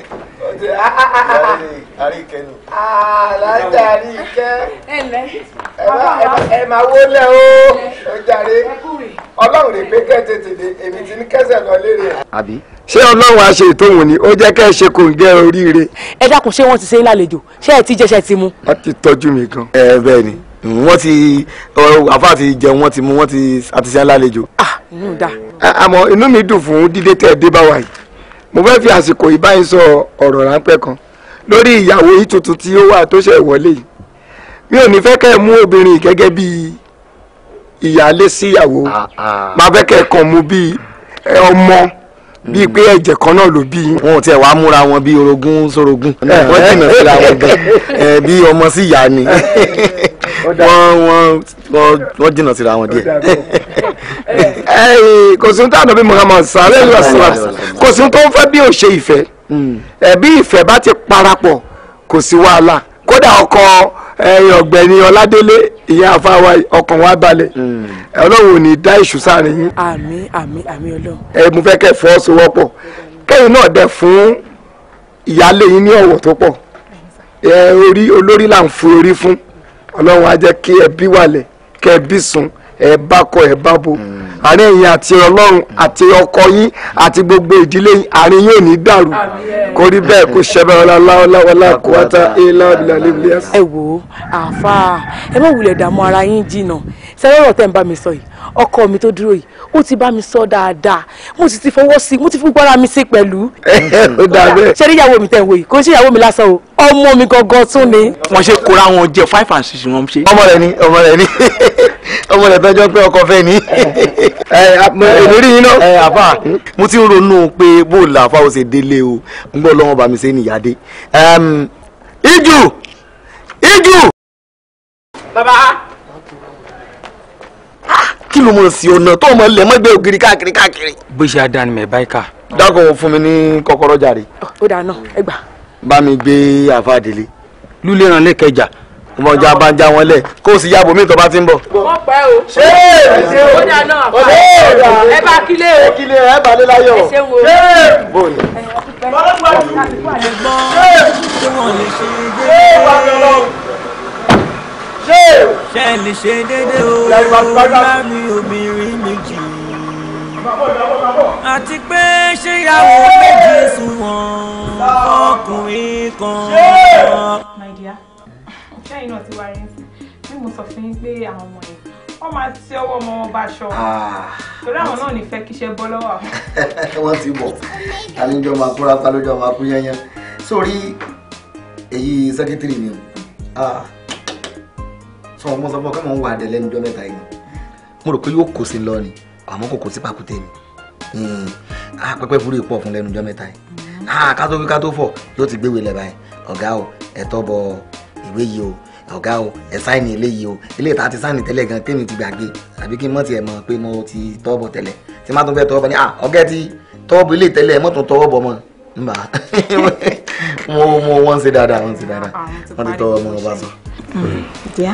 àríkẹnu. alájà àríkẹ. ẹ máa wọlé o ó jàre ọlọ́run rè pé kẹ́tẹ́ tètè èmi ti ní kẹ́sẹ̀ lọ lérè. àbí. ṣé ọlọ́run àṣẹ ìtòhùn ni ó jẹ́ kẹ́ ẹ ṣe kò ń gẹ́ oríire. ẹ dákun ṣé wọ́n ti ṣe é lálejò ṣé ẹ ti jẹ́ ṣe ẹ ti mu. wọ́n ti tọ́jú mi gan. ẹ bẹ́ẹ̀ ni wọ́n ti àfa ti jẹun wọ́n ti mu wọ́n ti àtisẹ́ lálejò. ah inú da. àmọ́ inú mi dùn fún dídé tẹ́ ẹ dé bá wa yìí mo fẹ́ fi àsìkò yìí báyìí sọ ọ̀rọ̀ ráńpẹ́ kan lórí ìyàwó yìí tuntun tí ó wà tó ṣe ìwọlé yìí mi ò ní fẹ́ kẹ́ ẹ mú obìnrin gẹ́gẹ́ bí ìyáálé síyàwó ah, ah. máa fẹ́ kẹ́ ẹ kàn mú bí ọmọ bíi pé ẹ̀jẹ̀ kan náà ló bí wọn ò tiẹ̀ wá múra wọn bí orogún sorogún wọ́n jìnnà síra wọn gan *laughs* bí ọmọ sí ìyá ni *laughs* wọ́n wọ́n wọ́n jìnnà síra wọn díẹ̀. *laughs* kò sí tó àdàbí Muhammad sàlẹ̀ lọ́sọ̀rọ̀ kò sí tó fẹ́ bí ò ìfẹ́ hmm. bí ìfẹ́ bá ti parapọ̀ kò sí wàhálà kódà ọkọ ẹ̀yin ọ̀gbẹ́ni ọládélé ìyá àfáwá ọkàn wa balẹ̀ hmm. ọlọ́run ò ní dá ìṣù sáàrin yín. àmín àmín àmín ọlọ́run. ẹ mo fẹ́ kẹ́ fọwọ́sowọ́pọ̀ kẹ́yìn náà dẹ̀ fún ìyáálé yín ní ọ̀wọ̀ tó pọ̀ ẹ orí olórí là ń fi orí fún ọlọ́run á jẹ́ kí ẹbí wàlẹ̀ kẹ́ ẹbí sùn ẹ bá kọ ẹ bá bo hmm. àárín ẹ̀yin àti ọlọ́run àti ọkọ yín àti gbogbo ìdílé yín àárín yóò ní dàrú kò rí bẹ́ẹ̀ kò ṣẹbẹ ọláwọláwọlá kò wá ta ilá ìlà níbi ẹsẹ. ẹ wo àáfàá ẹ má wulẹ̀ dààmú ara yín jìnnà sẹ́rọ̀rọ̀ tẹ́ ń bá mi sọ yìí ọkọ mi tó dúró yìí ó ti bá mi sọ dáadáa mo sì ti fọwọ́ sí mo ti fi gbọ́ra mi sí pẹ̀lú. *laughs* ó dà bẹ́ẹ̀. ṣé níyàwó mi tẹ̀ ń wò yìí kò ṣe ìyàwó mi lásán o ọmọ mi gangan tún ni. wọ́n ṣe kóra wọn jẹ five and six wọn ṣe. ọmọ rẹ ni ọmọ rẹ ni *laughs* ọmọ rẹ tọjọ pé ọkọ fẹ ni. *laughs* èmi rí yín náà. àfà mo ti ń ronú pé bó làáfà ó ṣe délé o ń gbọ́ lọ́wọ́ bá mi ṣe nìyáde. ìjù ìjù. bàbá kí ló mọ̀ sí ọ̀nà tó mọ̀ lẹ̀ mọ́gbẹ́ ògiri káàkiri káàkiri. bó ṣe adáni mẹ́ báyìí ká. dákọ̀ fún mi ní kọ́kọ́rọ́ jàre. ó dà náà ẹ gbà. bá mi gbé àfa àdìlé. lúlé ràn lé kẹjà ọmọjà bá ń wọn lẹ kó o sì yàgò mí tó ti ń bọ̀. wọ́n pẹ́ o. ṣé ẹ o. dà náà pa ẹ bá kílé o. ẹ kílé ẹ bá lé láyọ̀. ẹ ṣe wo. ṣé bò ní. ọlọ́pàá ti ká sí fún àlẹ́ ṣé wọ́n lè ṣe é gbé ṣe lè ṣe dédé o bá mi obìnrin méjì àti pé ṣé ìyàwó méjì sunwọ̀n ọkùnrin kan. my dear ọ̀sẹ̀ yìí náà ti wá rí sí bí mo sọ fún yín pé àwọn ọmọ yìí wọ́n máa ti ọwọ́ ọmọ wọn bá aṣọ ah. torí àwọn náà ní fẹ́ kí iṣẹ́ bọ́ lọ́wọ́ àwọn. *laughs* wọ́n ti bọ̀ alójọ́ máa kóra pa máa kú yányán sórí èyí sẹ́kítírì mi sọ wọn sọ fún ọ káwọn ń wà á dẹ̀lẹ́ níjọ́ mẹ́ta yìí mo rò pé yóò kó sí lọ ni àmọ́ kò kó sí pàkúté mi hmm. pẹpẹ fúru ìpọ̀ fún lẹ́nu níjọ́ mẹ́ta yìí ká tó wí ká tó fọ̀ yóò ti gbéwèé lẹ́ba yẹn ọ̀gá o ẹ̀ tọ́ bọ ìwé yìí o ọ̀gá o ẹ̀ sáìnì eléyìí o eléyìí tá a ti sáìnì tẹ́lẹ̀ gan kémi ti gbàgbé àbí kí n mọ̀ tiẹ̀ mọ̀ pé mo ti tọ́ọ̀bọ̀ tẹ́lẹ̀ tí má tún fẹ́ tọ́ọ̀bọ̀ ni à ọ̀gá ti tọ́ọ̀bù ilé tẹ́lẹ̀ mọ́ tún tọ́wọ́ *laughs* mo mo wọ́n ń ṣe dáadáa wọ́n ń ṣe dáadáa ah, wọ́n ti tọ́wọ́ mọ́ ọba sọ. Hmm. díà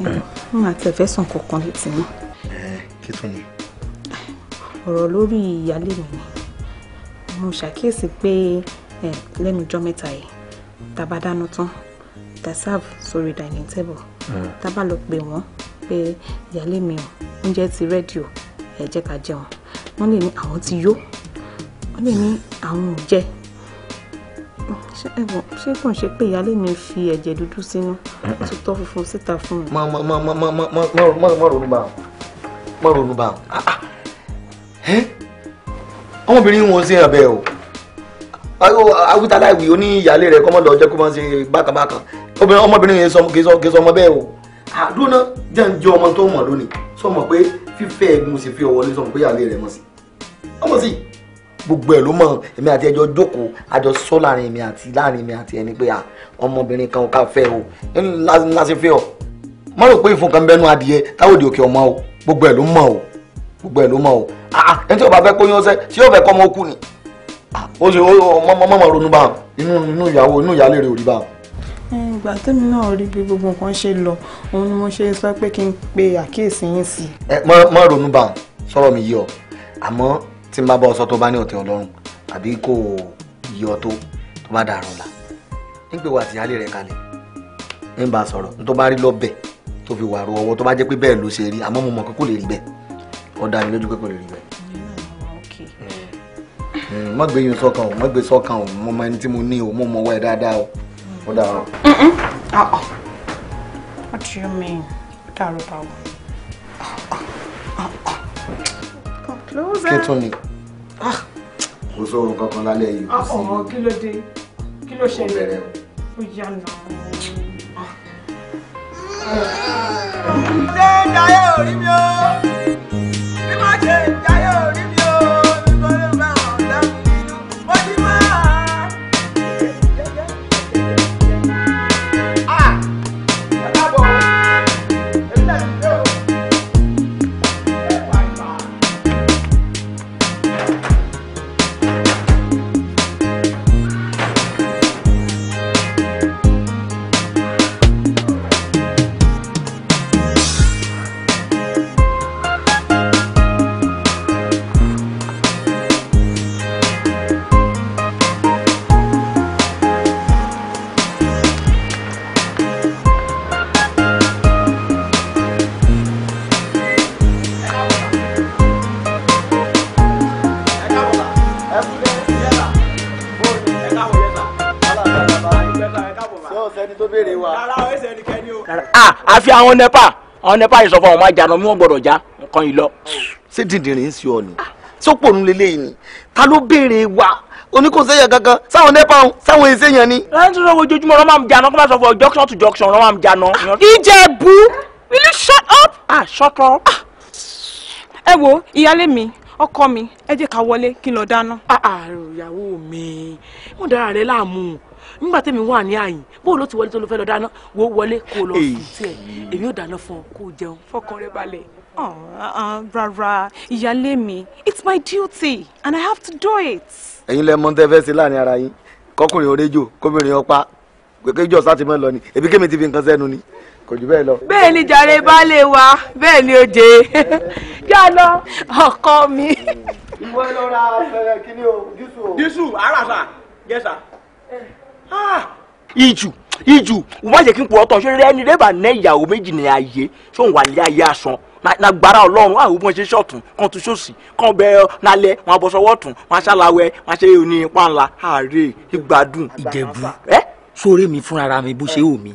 n máa tẹ̀ fẹ́ sàn kankan létí mọ́. kí tún ni. ọ̀rọ̀ lórí ìyáálé mi ni mo ṣàkíyèsí pé lẹ́nu ọjọ́ mẹ́ta yìí tá a bá dáná tán tá serve sórí dining table tá a bá lọ pè wọ́n pé ìyáálé mi o oúnjẹ ti rẹ́dì o ẹ jẹ́ ká jẹun wọ́n lè ní àwọn ti yó wọ́n lè ní àwọn ò jẹ́ ṣé ẹ̀wọ̀n ṣé kò ń ṣe pé ìyáálé mi fi ẹ̀jẹ̀ dúdú sínú *clears throat* tó tọ́ funfun síta fún mi. má má má má má má má má ronú bá má ronú bá ah, ah. ọmọbìnrin wọn sí abẹ o awútaláìwì ó ní ìyáálé rẹ kọ́mọ́ lọ jẹ́ kó máa ṣe bákàbákà ọmọbìnrin yẹn kì í sọ ọmọ bẹ́ẹ̀ o àdúná ah, jẹ́ ń jẹ́ ọmọ tó mọ̀ lónìí sọ mọ̀ pé fífẹ́ ẹ̀gbọ́n sì fi ọwọ́ ní sọ mọ̀ pé ìyáálé rẹ mọ̀ sí ọmọ sí i gbogbo ẹ̀ ló mọ̀ èmi àti ẹjọ́ jókòó àjọ sọ láàrin èmi àti láàrin èmi àti ẹni pé ọmọbìnrin kan ká fẹ́ o ńlá ṣe fẹ́ ọ má rò pé ìfúnkan bẹnu adìyẹ táwọn òkè ọmọ o gbogbo ẹ̀ ló mọ̀ o gbogbo ẹ̀ ló mọ̀ o ah, ah, ẹni tí o bá fẹ́ kóyún ọsẹ tí yóò fẹ́ kọ́ ọmọ okú ni ah, ó ṣe mọ́mọ́ ronú bá inú inú ìyàwó inú ìyálé rẹ̀ ò rí bá. ìgbà tẹ́mi náà rí bí gbogbo nǹkan ṣe lọ òun ni mo ṣe sọ pé kí n pe àkíyèsí yín sí. ẹ má ronú bá sọ̀rọ̀ mi yìí ọ àmọ́ tí n bá bọ́ ọsọ tó bá ní ọ̀tẹ̀ ọlọ́run àbí kò yí ọ tó tó bá dàrú la nígbè wà tí alẹ́ rẹ̀ kalẹ̀ ń bá sọ̀rọ̀ n tó bá rí lọ́bẹ̀ tó fi wàrú ọwọ́ tó bá jẹ́ pé bẹ́ẹ̀ ló ṣe rí àmọ́ mo mọ̀ pé kò lè rí bẹ́ẹ̀ ó dá mi lójú pé kò lè rí bẹ́ẹ̀. Mm. Mm, má gbé yín sọ́kàn o má gbé sọ́kàn o mo mọ ẹni tí mo ní o mo mọ ọwọ́ ẹ dáadáa o ó dàrú. Ah, ah. What do you mean? kí tún ni kò ah. sóhun kankan lálẹ́ yìí kò ah, sí ọmọ kí ló dé kí ló ṣẹlẹ̀ ó yà nà. Ah. ṣé dayé ò rí mi o. àwọn nepa àwọn nepa yìí sọ fún àwọn máa jà náà mi wọ́n gbọ́dọ̀ já nǹkan yìí lọ. ṣé dìndìnrín ń ṣe ọ ni sópònú lélẹ́yìn ni ta ló béèrè wa oníkòsẹ́yà kankan sáwọn nepa ọ̀hún sáwọn èsèyàn ni. láti sọ ojoojúmọ́ ọ̀rọ̀ máa ń jàná kó má sọ fún ọ junction to junction ọ̀rọ̀ máa ń jàná. ìjẹ̀bú will you shut up. ah shut up. Ah. ẹ wo ìyáálé mi ọkọ mi ẹ jẹ́ ká wọlé kí n lọ dáná. ààrò ah, ah, ìyàwó mi mo dára rẹ láàmú nígbà tẹ́mi wà ní àyìn bóun ló ti wọlé tó ló fẹ́ lọ dáná wo wọlé kó lọ sùn tiẹ̀ èmi ò dáná fún ọ kó jẹun fọkàn rẹ balẹ̀. rárá ìyáálé mi it's my duty and I have to do it. ẹ̀yin lẹ mọ̀ tẹ́ fẹ́ ṣe láàrin ara yín kọkùnrin òrejò kóbìnrin ọ̀pá kékeré ọ̀sá ti mọ̀ lọ ni èbí kémi ti fi nǹkan sẹ́nu ni kò jù bẹ́ẹ̀ lọ. bẹ́ẹ̀ ni jàre baálé wa bẹ́ẹ̀ ni ó jẹ́ *laughs* kí lọ ọkọ mi. ìwọ ló ra kí ni o dísù. dísù gẹ̀ẹ́sà. Ah, ìjù ìjù wọ́n jẹ́ kí n pọ̀ ọ́tọ̀ ṣé rẹ́ni rẹ́bà ná ìyàwó méjì ní ayé ṣóun wà ní ayé asán na gbara ọlọ́run àwọn ọmọ ṣe ṣọ̀tún kan tún ṣòsì kan bẹ nalẹ wọn abọṣọwọ tún wọn aṣáláwẹ wọn ṣe òní panla àárẹ ìgbádùn. ìjẹ̀bù sórí mi fúnra mi bó ṣe wò mí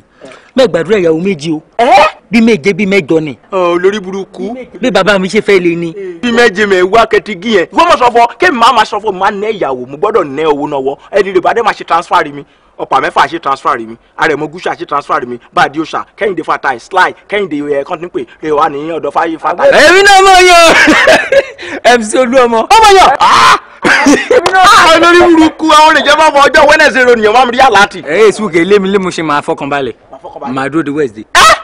mẹ́gbàdúrà ìyàwó méjì o. ẹ́ bí méje bí mẹ́jọ ni. olórí burúkú. bí Baba mi ṣe fẹ́ lè ni. bí méje mẹ wá kẹtìgì yẹn wọ́n mọ̀ sọ́fọ́ kémi máa ma sọ́fọ́ máa nẹ ìyàwó mo gbọ́dọ̀ nẹ owó náwó ẹni rẹ̀ bá dé máa ṣe transfer mi ọ̀pá mẹ́fà ṣe transfer mi àrẹ̀mọ gúúsù ṣe transfer mi báàdì òṣà kẹ́hìndé fatai sly kẹ́hìndé ẹ̀ kọ́ńtínpé rẹ̀ wà ní ọ̀dọ̀ fáyé fatai. èmi náà mọ̀ yọ *laughs* mc olúọmọ. ó mọ̀ yọ ah! ah, olórí burúkú àwọn ènìyàn máa mọ ọjọ́ wẹ́nẹ̀sì ronìyàn máa ń rí àlàtì. ẹ ẹ sùkè lémi lémi ṣe máa fọkànbalẹ̀ máa dúró de wednesday. Ah!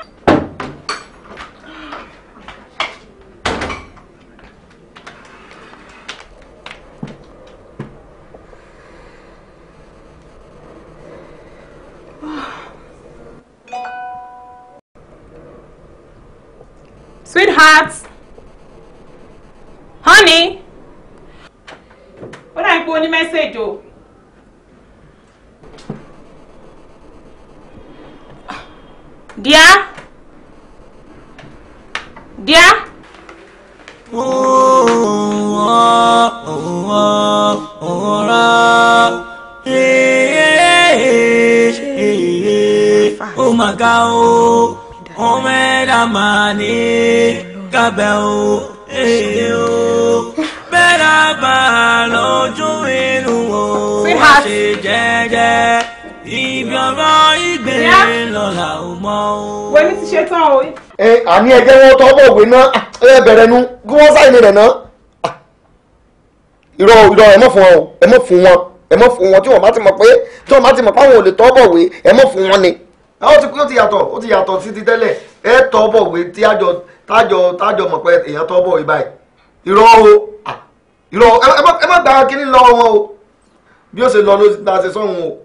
sweetheart honey ó dà ń pé oh, ní mẹ́sẹ̀gì o. dear dear. oh, mà ga o omeramani kabeu eyo bẹrẹba lójú inú o ṣe jẹ́jẹ́ ibi ọ̀rọ̀ ìgbé lọlá ò mọ o. wo ni ti ṣe tán o. ẹ àní ẹjẹ wọn tọwọ òwe náà ẹ bẹ̀rẹ̀ nu kí wọn sáyìn rẹ náà irọ́ irọ́ ẹ e mọ̀ fún wọn o ẹ e mọ̀ fún wọn ẹ e mọ̀ fún wọn tí wọn bá ti mọ̀ pé tí wọn bá ti mọ̀ pé àwọn ò lè tọ́ bọ̀wé ẹ mọ̀ fún wọn ni. ó ti pín ó ti yàtọ̀ ó ti yàtọ̀ tẹ́lẹ̀ ẹ tọ́ bọ̀ wé tí àjọ tájọ tájọ mọ̀ pé èèyàn tọ́ bọ̀ ibà yìí ìrọ̀ o o ẹ má gba ta ṣe sọ́hun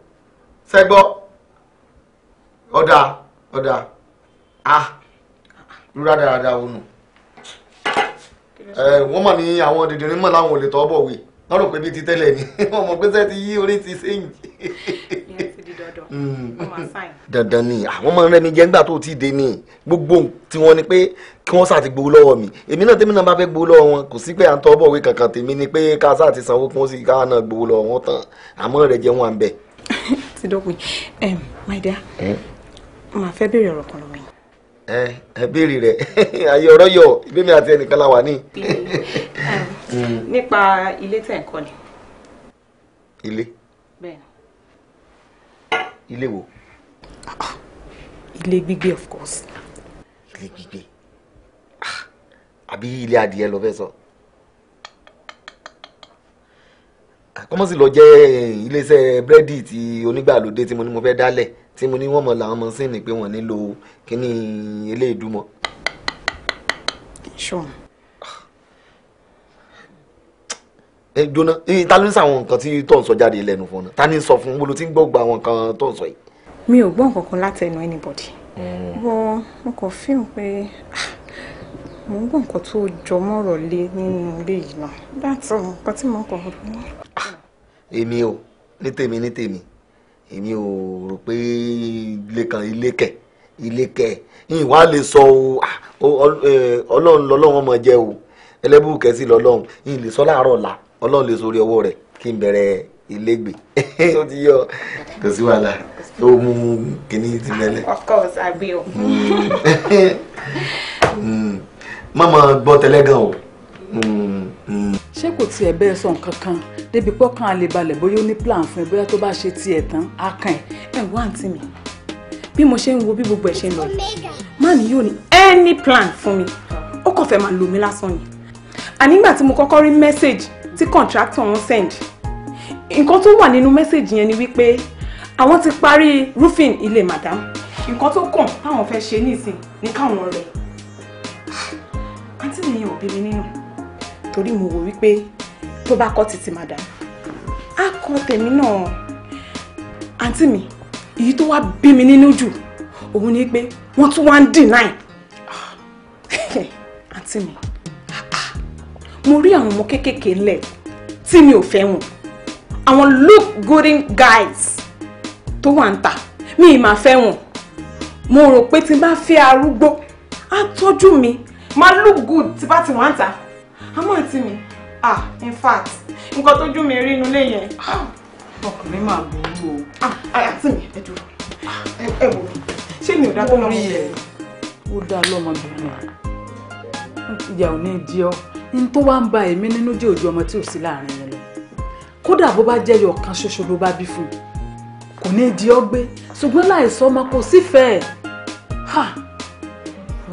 o ah rúra dáradára wọnù ẹ wọ́n mọ̀ ní àwọn dèdèrè ò lè tọ́ bọ̀ wé lọ́rùn pé ti tẹ́lẹ̀ ni *laughs* lọ́dọ̀ mm. wọ́n máa sign. dandan ni àwọn ah, máa ń mi jẹ́ nígbà tó ti dé ni gbogbo tí wọ́n ní pé kí wọ́n sáà gbowó lọ́wọ́ mi èmi náà tèmi náà bá fẹ́ gbowó lọ́wọ́ wọn kò sí pé à ń tọ́ bọ̀wé kankan tèmi ni pé ká sáà ti sanwó kí wọ́n sì ká náà gbowó lọ́wọ́ wọn tán àmọ́ rẹ̀ jẹ́ wọn à *laughs* ti dọ́pin my dear màá fẹ́ béèrè ọ̀rọ̀ kan lọ́wọ́ yín ẹ ẹ béèrè rẹ *laughs* ayé ọ̀rọ̀ yọ ìbémi àti ẹnìkan la wà ní. *laughs* Mm. nípa ilé tẹ̀ ń kọ́ ni. ilé. bẹ́ẹ̀ ni ilé wo. ilé gbígbé of course. ilé gbígbé àbí ilé adìẹ ló fẹ́ sọ. kọ́mọ́sì lọ jẹ́ iléeṣẹ́ búrẹ́dì tí onígbàlódé tí mo ní mo fẹ́ dálẹ̀ tí mo ní wọ́n mọ̀ làwọn ọmọ sí ni pé wọ́n nílò kíní eléèdúmọ̀. sean ẹ jóná ta ló ń sàwọn nǹkan tí tó ń sọ jáde lẹ́nu fún ọ ta ni sọ fún bolo tí àwọn nǹkan tó ń sọ yìí. mi ò gbọ́ nǹkan kan láti ẹnu anybody wọ mm. mo kàn fíhùn pé ah, mo ń gbọ́ nǹkan tó jọ mọ́rọ̀ lé nínú ilé yìí náà dáàtọ̀ nǹkan tí mo kàn rò ní. èmi o ní tèmi ní tèmi èmi ò rò pé ilé kan ilé kẹ ilé kẹ ìyìn wàá lè sọ o ah, eh, ọlọ́run lọ́lọ́run ọmọ jẹ́ o ẹlẹ́bùrú kẹ́sì lọ́lọ́run ìyìn lè sọ láàárọ̀ la ọlọ́run lè sórí ọwọ́ rẹ̀ kí n bẹ̀rẹ̀ ilégbè tó *laughs* ti yọ kò sí wàhálà tó mú kíní ti mẹ́lẹ̀. of course I will. mama hmm. *laughs* hmm. gbọ́ tẹ́lẹ̀ gan o. Hmm. ṣé kò tiẹ̀ bẹ́ẹ̀ sọ nǹkan kan débi pọ́kàn a lè balẹ̀ bóyá ó ní plan fún ẹ bóyá tó bá ṣe tiẹ̀ tán á kàn ẹ̀ ẹ̀ wá àǹtí mi bí mo ṣe ń wo bí gbogbo ẹ̀ ṣe ń lọ yìí yóò ní any plan fún mi ó kàn fẹ́ máa lò mí lásán yìí ànígbà tí mo kọ́kọ́ rí message tí contractor wọn send nǹkan tó wà nínú mẹ́sẹ̀gì yẹn ni wípé àwọn ti parí roofing ilé madam nǹkan tó kàn táwọn fẹ́ ṣe nísìn ní káwọn rẹ̀ àǹtí nìyẹn ò bí mi nínú torí mo wò wípé tó bá kọ́ títí madam á kọ́ tèmi náà àǹtí mi èyí tó wá bí mi nínú jù òun ni pé wọ́n tún wá ń deny àǹtí *laughs* mi mo rí àwọn ọmọ kéékèèké ńlẹ̀ tí mi ò fẹ́ wọn àwọn look golden guys tó wà ń tà mi ì máa fẹ́ wọn mo rò pé tí n bá fẹ́ arúgbó á tọ́jú mi máa look good tí bá ti wà ń tà àmọ́ àti mi ah in fact nǹkan tójú mi rí inú ilé yẹn ah, ọkùnrin máa burú o. Ah, àti mi ẹ dúró ah, ẹ wò ṣé mi ò dá tó lọ́mọ bẹ̀rẹ̀. ó dá lọ́mọ bẹ̀rẹ̀ ìyá ò ní di ọ́ n tó wá ń ba èmi nínú jẹ́ ojú ọmọ tí ò sí láàrin yẹn lọ kódà bó bá jẹ́ yọ kan ṣoṣo ló bá bí fún un kò ní di ọ́ gbé ṣùgbọ́n láìsọ ọmọ kò sífẹ̀ẹ́ ha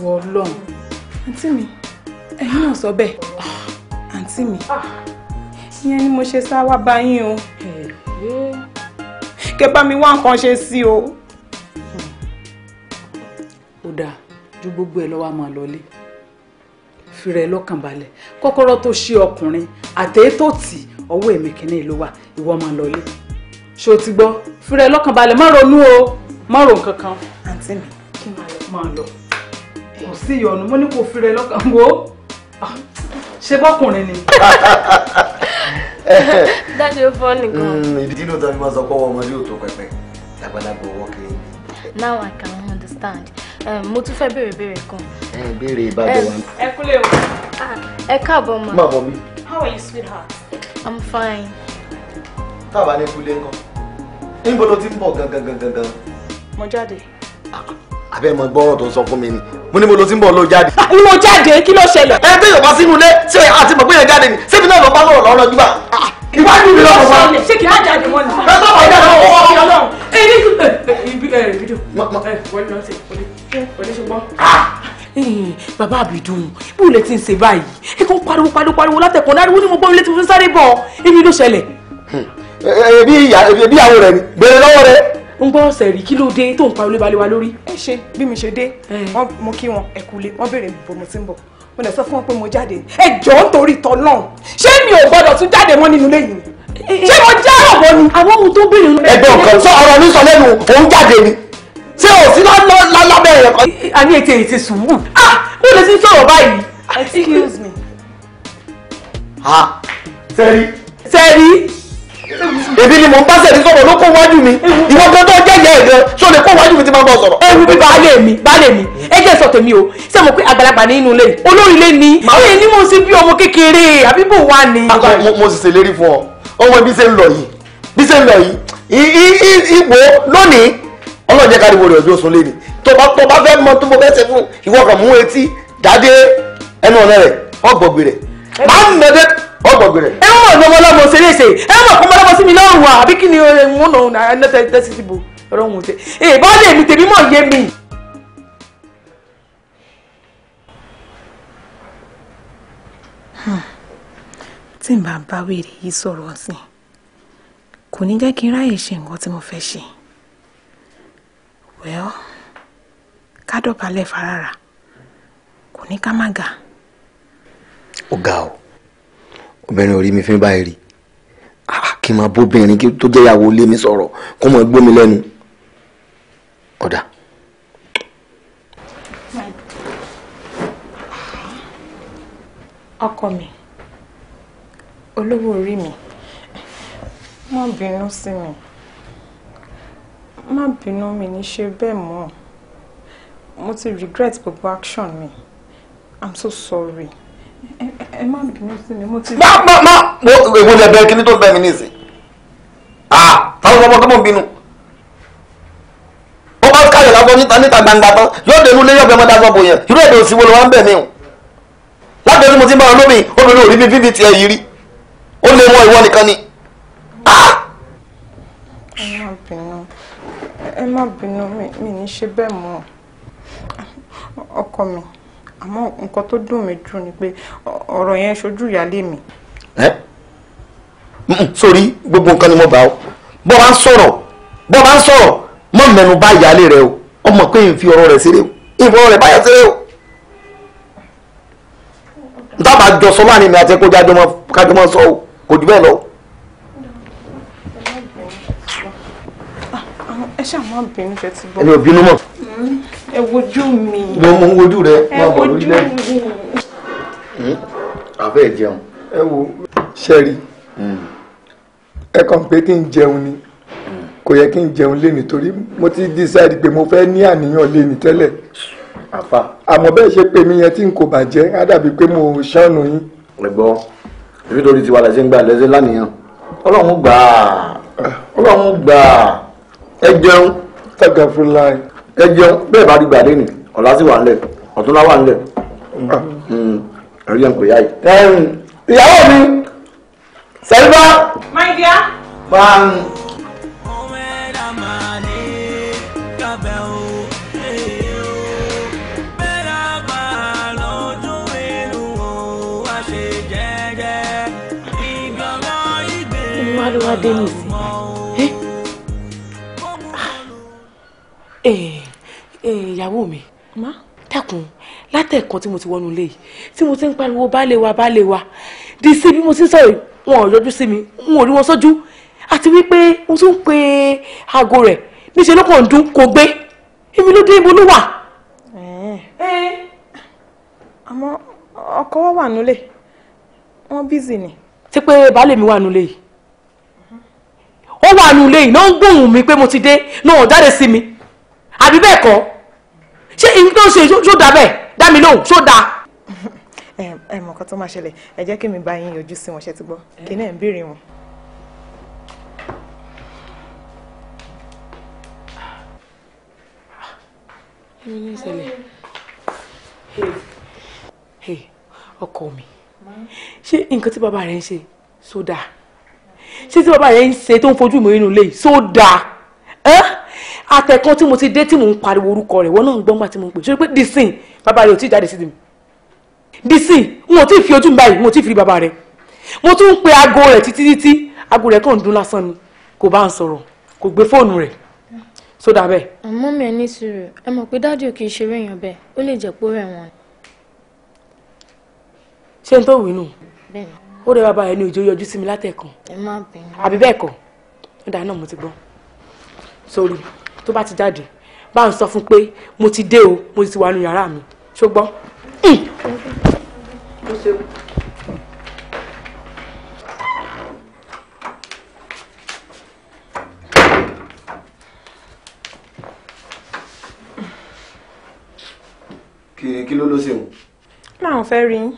wọ ọlọ́run àǹtí mi ẹ̀yin náà sọ bẹ́ẹ̀ àǹtí mi ah! ìyẹn ni mo ṣe sá wá bá yín o kẹ́ bá mi wá nǹkan ṣe sí o. ó dáa ju gbogbo ẹ lọ wá máa fi rẹ lọ́kàn balẹ̀ kọ́kọ́rọ́ tó ṣe ọkùnrin àtẹ̀yẹ tó tì ọwọ́ èmi kìíní ló wà ìwọ máa lọlé ṣó ti gbọ́ fi rẹ lọ́kàn balẹ̀ má ronú o má ro nǹkan kan. àǹtí mi kí máa lọ máa lọ kò sí ìyọnu mo ní kò fi rẹ lọ́kàn wo ah, ṣe bọ́kùnrin ni. *laughs* dájú ó fọ́ nìkan. Mm, ìdí ló tàbí máa sọ pé ọmọdé ò tó pẹpẹ lágbàlagbà owó kiri. now i can understand mo tún fẹ́ béèrè béèrè kan ẹ béèrè ìbàdàn wa. ẹ kúlẹ̀ o. ẹ káàbọ̀ ma. má bọ̀ mi. how are you sweetheart. i'm fine. táwa ní kúlẹ̀ ńkọ́ níbo ló ti ń bọ̀ gangan gangan gangan. mo jáde. àbẹ́ mo gbọ́ ọ̀rọ̀ tó ń sọ fún mi ni mo ní mo lọ sí ń bọ̀ ló jáde. ni mo jáde kí ló ṣẹlẹ̀. ẹ bẹ́ẹ̀ yóò bá sínú ilé ṣé àti mọ̀ pé yẹn jáde ni ṣé mi náà lọ bá lọ́rọ̀ lọ́rọ̀ jùlọ. ìwádìí mi lọ́wọ́ wa. ṣé kì í á jáde wọn ni. ẹ sọ ma jáde wọn wọ́n wọ́n wọ́n. ẹ ní kí ẹ ẹ ibi ẹ fídíò ẹ wọlé lọ sí oníṣègbọn. Eh, bàbá àbìdùn bó lẹ ti ń ṣe báyìí ẹ kàn pariwo pariwo pariwo látẹ̀kọ́ náírà ni mo gbọ́ ilé tí mo fi ń sáré bọ̀ èmi ló ṣẹlẹ̀. Hmm. ebi eh, eh, ìyàwó rẹ ni gbèrè lọ́wọ́ rẹ. ń gbọ́ ọ̀sẹ̀ rí kí ló dé tó ń pariwo lébalẹ̀wá lórí. ẹ ṣe bí mi ṣe dé mo kí wọn ẹ̀kúlé wọ́n béèrè bò mo ti ń bọ̀ mo lè sọ fún wọn pé mo jáde ẹ jọ̀ọ́ nítorí tọ́lọ́run ṣé mi ò gbọ́dọ̀ tún jáde mọ́ nínú lẹ́yìn ṣé mo já ọ̀bọ ni. àwọn ohun tó béèrè. ẹgbẹ́ ọ̀kan sọ ọ̀rọ̀ mi sọ lẹ́nu òun jáde ni ṣé o sí lábẹ́ rẹ̀ kọ́. a ní ètè ètè sùúrù ah ó lè ti sọ̀rọ̀ báyìí. excuse me. ha sẹ́rí. sẹ́rí. èmi ni mò ń bá sẹ́rí sọ̀rọ̀ ló kó wájú mi ìwọ gan tó jẹ́jẹ́ ẹ̀ gan ṣó lè kó wájú mi tí máa bọ̀ sọ̀rọ̀. ewu bí baálé mi baálé mi ẹ jẹ́ sọ tèmi o ṣé mo pé àgbàlagbà ní inú ilé yìí olórí ilé ni ẹ ní mo ṣe bí ọmọ kékeré àbí bò wá ni. mo sì ṣèlérí fún ọ ọmọ ibi ṣe ń lọ yìí bí ṣe ń lọ yìí ìwò lónìí ọlọ́run jẹ́ káríwó rẹ̀ ọjọ́ sùn lé ni tó bá tó bá fẹ́ mọ tó bó bẹ́sẹ̀ fún ìwọ kan mú etí dáadé ẹnu ọ̀nà rẹ̀ ọgbọ̀gbì rẹ̀ máa ń nà dé ọgbọ̀gbì rẹ̀. ẹ mọ̀ ní ọmọlọ́mọ ṣe léṣe ẹ mọ̀ kó ọmọlọ́mọ sí mi lọ́rùn wa àbí kí ni wọn nà ọ̀nà ẹ̀ẹ́dẹ́sẹ̀ tẹ́sí síbo ọlọ́run tẹ ìbálẹ̀ mi tèmi mọ̀ yé mi. Hmm. tí n bá bá wèrè yìí sọ̀rọ̀ sí kò ní jẹ́ kí n ráyè ṣe nǹkan tí mo fẹ́ ṣe well ká dọ̀bálẹ̀ farara kò ní ká má ga. ó ga ọ obìnrin ò rí mi fín báyìí rí ah, kí n máa bóbìnrin tó jẹ́ ìyàwó ilé mi sọ̀rọ̀ kó mọ̀ gbó mi lẹ́nu ọ̀dà. ọkọ mi olówó orí mi má bínú sí mi má bínú mi ní ṣe bẹ́ẹ̀ mọ́ mo ti regret gbogbo action mi i'm so sorry ẹ má bínú sí mi mo ti. má má má wo èwo lè bẹ kíní tó bẹ mi nísìn ah táwọn ọmọ kọ́mọ̀ bínú ó bá káyọ̀ lábọ́ níta níta gbangba tán yóò dénú lé yọ̀bẹ̀ mọ́dá sọ́bù yẹn irú èdè òsì wo ló wá ń bẹ̀ mí o lábẹ́ ni mo ti ń bá wọn lómi obìnrin ò rí mi bíbí tiẹ̀ yìí rí ó lé wọn ìwọ nìkan ni. ah. ẹ má bínú. ẹ ma binomini mi ní ṣe ọkọ mi àmọ́ nkan to dùn mí jù ni pé ọ̀rọ̀ yẹn ṣojú ìyáálé mi. eh sórí gbogbo nǹkan ni mo bá ọ bọ́ bá ń sọ̀rọ̀ bọ́ bá ń sọ̀rọ̀ rẹ o ọmọ pé n fi ọ̀rọ̀ rẹ̀ ṣeré o rẹ baa ya siri o n tábà jọ sọ láàrin mi àti mọ kájọ o kò jù bẹ́ẹ̀ lọ. ẹ ṣáà má bínú ṣe ti bọ́. èmi ò bínú mọ́. Hmm. ẹ wojú mi. mo mọ wojú rẹ má bọ̀ lórí lẹ́yìn. Hmm? àbẹ́ ẹ jẹun. ẹ wo ṣẹ́rí hmm. ẹ kàn pé kí n jẹun ni kò yẹ kí n jẹun lé nítorí mo ti decide pé mo fẹ́ ní àníyàn lé ní tẹ́lẹ̀ àfa. àmọ́ bẹ́ẹ̀ ṣe pé mi yẹn tí n kò bàjẹ́ á dàbí pé mo ṣàánú yín. ẹ̀gbọ́n èmi torí tiwa lẹ́sẹ̀ ń gbà lẹ́sẹ̀ lánìyàn ọlọ́run gbà á ah. ọlọ́run gbà á ẹ jẹun tàkà fúnra ẹ. ẹ jẹun bẹ́ẹ̀ bá rí gbàdé ni ọ̀la sì wà ń lẹ̀ ọ̀túnla wà ń lẹ̀ ẹ̀rí ẹ̀ ń pè yá yìí. ìyàwó mi sẹ́lifá. my dear. bá a ń. Wá dé ìyàwó mi dákun látẹ̀kan tí mo ti wọnú ilé yìí tí mo ti ń pariwo baálé wa baálé wa di sí bí mo ti ń sọ̀rọ̀ wọn ò yọjú sí mi n ò rí wọn sójú àti wípé mo tún ń pe aago rẹ̀ níṣẹ́ ló kàn ń dún kò gbé èmi ló dé ibo ló wà. àmọ́ ọkọ wa wà nílé wọn bízì ni. ti pé baálé mi wà nílé yìí ó wà nílé yìí náà ń gbóhùn mi pé mo ti dé náà ò jáde sí mi àbí bẹ́ẹ̀ kọ́ ṣé èyí tó ń ṣe ṣó dáa bẹ́ẹ̀ dá mi lóhùn ṣó dáa. *laughs* ẹ mọ̀ nǹkan tó máa ṣẹlẹ̀ ẹ jẹ́ kí mi bá yín yọjú sí wọn ṣe ti gbọ́ kí náà ń béèrè wọn. ní ìṣẹ̀lẹ̀ ọkọ mi ṣé nǹkan tí bàbá rẹ ń ṣe sódà ṣé tí bàbá rẹ ń ṣe tó ń fojú mi nínú ilé sódà àtẹ̀kan tí mo ti dé tí mò ń pariwo orúkọ rẹ̀ wọ́n náà ń gbọ́ngbà tí mo ń pè ṣé pé disin bàbá rẹ̀ ò tí ì jáde sí mi disin n ò tí ì fi ojú mi báyìí n ò tí ì fi rí bàbá rẹ̀ mo tún ń pe aago rẹ̀ títí títí aago rẹ̀ kàn ń dún lásán ni kò bá ń sọ̀rọ̀ kò gbé fóònù rẹ̀ tó dà bẹ́ẹ̀. àmọ́ mi ẹ ní sùúrù ẹ mọ̀ pé dáàdì ò kì í ṣeré èèyàn bẹ́ẹ̀ ó lè jẹ́ pé rẹ̀ wọ́n. ṣé n tó tó bá ti jáde bá ń sọ fún pé mo ti dé o mo ti wà nù yàrá mi ṣùgbọ́n. Hmm. kí ló ló ṣeun. láwọn fẹ́ rí yín.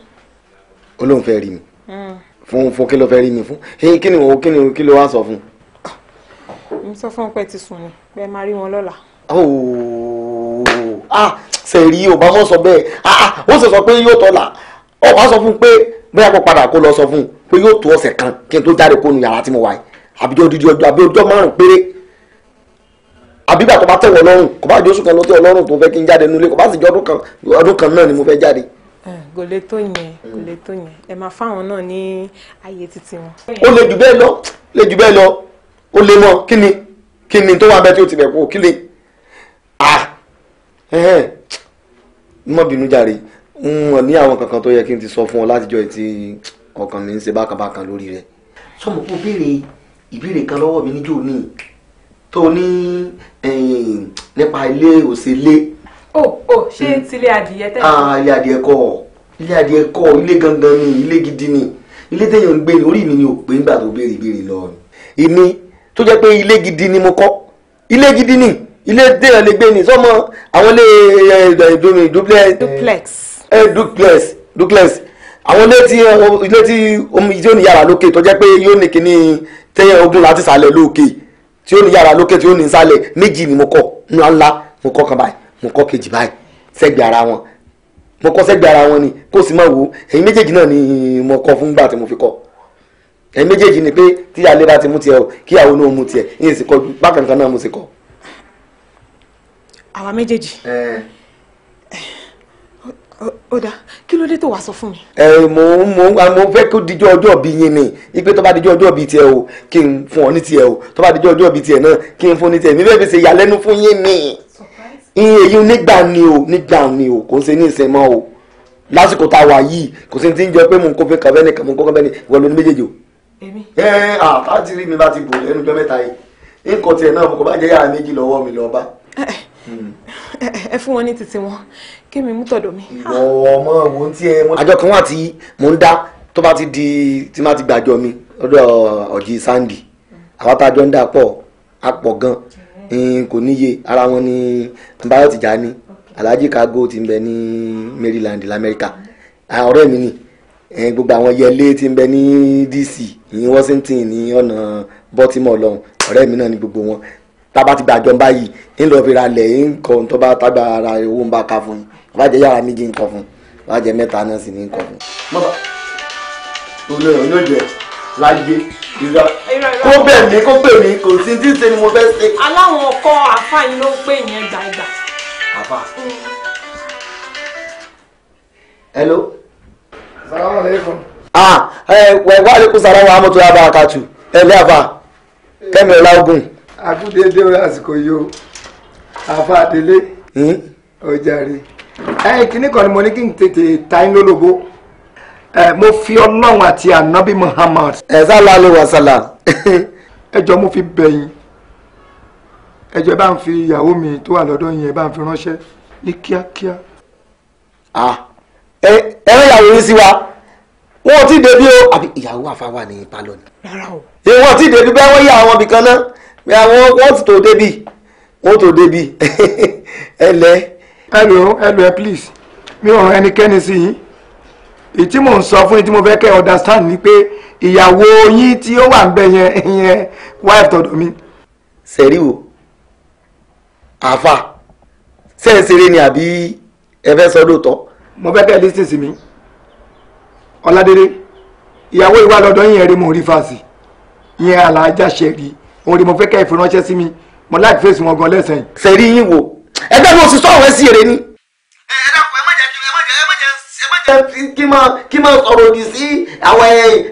olóhùn fẹ́ rí mi. Hmm. fún fún kí ló fẹ́ rí mi fún kí ni kí ni kí ló wá sọ fún un mo sọ fún pé ti sùn ni pé máa rí wọn lọ́la. sẹ̀rí ah, ò bá sọ sọ bẹ́ẹ̀ ah, ah, ó sì sọ pé yóò tọ́la ó bá sọ fún pé bóyá kó padà kó lọ sọ fún un pé yóò tó ọ̀sẹ̀ kan kí n tó jáde kó nu yàrá tí mo wà yìí àbíjọ́ dídí ọjọ́ àbí ọjọ́ márùn-ún péré àbígbà tó bá tẹ̀wọ̀ lọ́rùn kò bá di oṣù kan ló tẹ̀wọ̀ lọ́rùn tó fẹ́ kí n jáde nulẹ̀ kò bá sì jẹ́ ọdún kan náà ni mo fẹ́ jáde kò lè tó yẹn kò lè tó yẹn ẹ máa fáwọn náà ní ààyè títí wọn. ó lè jù bẹ́ẹ̀ lọ lè jù bẹ́ẹ̀ lọ ó lé mọ́ kí ni kí tó wà bẹ́ẹ̀ tí ó ti bẹ̀ kú kí ni ah ẹ̀hẹ́n mọ́ bínú jàre wọn ní àwọn kankan tó yẹ kí n ti sọ fún ọ látijọ́ tí ọkàn mi ń ṣe bákanbákan lórí rẹ. sọmọ kó béèrè ìbéèrè kan lọ́wọ́ mi níjó ní tó ní nípa ilé òṣèlé. ó ó ṣé hmm. tilé adìyẹ tẹ́lẹ̀. ah ilé adìyẹ kọ́ ilé adìyẹ kọ́ ilé gangan ni ilé gidi ni ilé téèyàn ń gbé ni orí mi ni ò pé nígbà tó béèrè ìbéèrè lọ. èmi tó jẹ́ pé ilé gidi ni mo kọ́ ilé gidi ni ilé déyàn lè gbé ni sọmọ àwọn ilé ìdomi eh, eh, eh, duplex duplex duplex àwọn ilé tí ilé tí omi yóò ní yàrá lókè tó jẹ́ pé yóò ní kíní tẹ́yẹ ogun láti sàlẹ̀ lókè tí ó ní yàrá lókè tí ó ní sàlẹ̀ méjì ni mo kọ́ ńlá ńlá mo kọ́ kan báyìí mo kọ́ kejì báyìí sẹ́gbẹ̀ẹ́ ara wọn mo kọ́ sẹ́gbẹ̀ẹ́ ara wọn ni kó o sì máa wò ó ẹ̀yin méjèèjì náà ni mo kọ́ fún gbà tí mo fi kọ́ ọ ẹ méjèèjì ni pé tí alẹ́ ti mú tiẹ̀ o kí àwọn náà mú tiẹ̀ yín sì kọjú bákan kan náà mo sì kọ. àwa méjèèjì. ó dáa kí ló dé tó wàá sọ fún mi. ẹ mo mo mo fẹ́ kó dijọ́ ọjọ́ bí yín ni ipe tó bá dijọ́ ọjọ́ bí tiẹ̀ o kí n fún ọ ní tiẹ̀ o tó bá dijọ́ ọjọ́ bí tiẹ̀ náà kí n fún ní tiẹ̀ mi fẹ́ fi ṣe ìyàlẹ́nu fún yín ni. èyí nígbà ni o nígbà ni o kò ń ṣe ní ìsìn mọ́ o lásìkò tá a wà yìí kò sí ti ń jọ pé mò ń kó fẹ́ kàn fẹ́ mò ń kó kàn fẹ́ nìkan wọ́n méjèèjì o ẹ àbá ti rí mi bá ti bò lẹ́nu jọ mẹ́ta yìí nǹkan tiẹ̀ náà kò bá jẹ́ yàrá méjì lọ́wọ́ mi lọ́ọ́ bá. Hmm. ẹ fún wọn ní títí wọn kémi mú tọ̀dọ̀ mi. ìwọ ọmọ wo ti ẹ. àjọ kan wà tí mò ń dá tó bá ti di tí má ti gbàjọ mi lọ́dọ̀ ọ̀jì sandy àwọn tájọ ń dà pọ̀ á pọ̀ gan kò níye ara wọn ni báyọ̀ tìjà ni alhaji kago ti ń bẹ ní maryland lamẹ́ríkà ọ̀rẹ́ mi ni gbogbo àwọn yẹlé ti ń bẹ ní dc ní Washington ní ọ̀nà Baltimore lọ́hùn ọ̀rẹ́ mi náà ní gbogbo wọn tába ti gbàjọ báyìí ń lọ fi ra lẹ̀ ń kọ́ ohun tó bá tágbà ara owó ń bá ka fún un bá jẹ́ yàrá méjì ń kọ́ fún un bá jẹ́ mẹ́ta náà sì ní ń kọ́ fún un. mọ́tà olóyè olóòjẹ láyé ìrọ kó bẹ̀ mí kó bẹ̀ mí kò sí tí ṣe ni mo fẹ́ ṣe. aláwọn ọkọ àfáàyàn ló ń pè yẹn gbàgbà. àfà. Mm. hello. salaamaleykum ah ẹ wà lẹkùn sàrà wà mọtò yàrá àkàtù ẹlẹ àfà kẹmi ọlá ogun. àkúndéédé rẹ àsìkò yìí o àfa àdélé ọjàre hmm? ẹ kíní kan ni mo ní kí n tètè ta yín lólobó mo fi ọlọ́run àti ànábì muhammad. ẹ sálà ló wà sálà. ẹ jọ mo fi bẹ̀yìn ẹ jọ bá ń fi ìyàwó mi tó wà lọ́dọ̀ yẹn bá ń fi ránṣẹ́ ní kíákíá. Ah. ẹ ẹ ń yàwó yín sí wa wọn ò tí ì débi o àbí ìyàwó àfáwà ní ipa lọ ni. ìwọ ò tí ì débi bẹ́ẹ̀ wọ́n yà àwọn ibìkan náà bí àwọn wọ́n ti tó débi wọ́n tó débi *laughs* ẹ lẹ. hello hello please mi ò rán ẹnikẹ́ni sí yín ìtí mò ń sọ fún yín tí mo fẹ́ kẹ́ understand ni pé ìyàwó yín tí ó wà ń bẹ yẹn *laughs* yẹn wife tọ̀dọ̀ mi. sẹ́rí o àáfà ṣé ń ṣeré ni àbí ẹ fẹ́ sọ lóòótọ́. mo fẹ́ kẹ́ ẹ lísìn sí mi ọládélé ìyàwó ìwà lọ́dọ̀ yín ẹ̀rí mo rí fàásì yín alájà ṣẹ̀rí òun rí mo fẹ́ kẹ́ ìfiránṣẹ́ sí mi mo láì fèsì wọn gan lẹ́sẹ̀ yìí. sẹ́rí yín wò ẹgbẹ́ mi ò sì sọ̀rọ̀ ẹ sí èrè ni. ẹ ẹ dákun ẹ má jẹ́ kí máa kí máa sọ̀rọ̀ òdì sí àwọn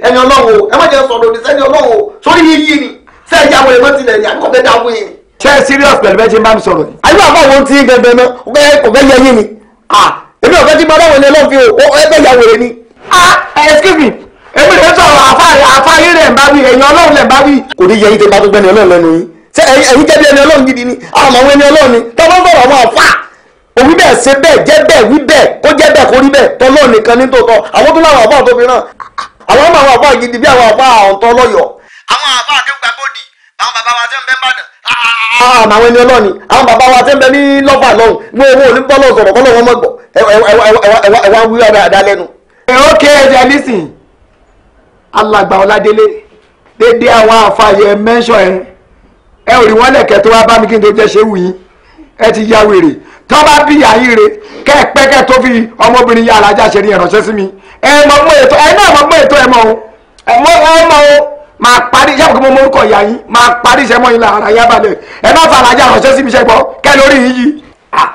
ẹni ọlọ́run ẹ má jẹ́ sọ̀rọ̀ òdì sẹ́ni ọlọ́run sórí yín yìí ni sẹ́ẹ̀jì àwọn èèmọ́ tilẹ̀ ní àkọ́bẹ́ dáwọ́ yìí. ṣé ẹ serious pẹ̀lú bẹ́ẹ̀ ṣe ń bá mi sọ̀rọ̀ yìí. àyùbá àbá wo ti gbẹgbẹ náà kò fẹ́ yẹ yín ni èmi ò fẹ́ ti máa dáwọ́ ilé lọ́n fi ẹgbẹ́ ìyàwó rẹ ni excuse me èmi lè sọ̀rọ̀ àfáàyè rẹ̀ ń bá wí ẹ̀yin ọlọ́run lẹ̀ ń bá wí. kò ní yẹ yín tó bá tó gbẹ́ni ọlọ́run lẹ́nu yín ṣé ẹ̀yin jẹ́ gidi ni àwọn àwọn ẹni ọlọ́run ni tọ́ bá ń sọ̀rọ̀ àwọn àfáà òwí bẹ́ẹ̀ ṣe bẹ́ẹ̀ jẹ́ bẹ́ẹ̀ wí bẹ́ẹ̀ kó jẹ́ bẹ́ẹ̀ kó rí bẹ́ẹ̀ tọ́lọ́ nìkan ní tòótọ́ àwọn ọmọ gidi bí àwọn wa Eh, okay then listen alàgbà ọládélé dédé àwọn àfààyè mẹ́ńsọ̀ ẹ̀ ẹ ò rí wọn lẹ̀kẹ́ tó wá bá mi kí n tó jẹ́ ṣé wù yín ẹ ti ya wèrè tó bá bí ìyá yín re kẹ́ ẹ pẹ́ tó fi ọmọbìnrin yá alájà ṣe ní ìránṣẹ́ sí mi ẹ mọ̀ mú ètò ẹ náà mọ̀ mú ètò ẹ mọ̀ o ẹ mọ̀ ẹ mọ̀ o máa parí iṣẹ́ àbùkù mo mórúkọ ìyá yín máa parí iṣẹ́ mọ́ yín lára yá balẹ̀ ẹ má fa alájà ránṣẹ́ sí mi ṣẹ́gbọ́ kẹ́ lórí yín yìí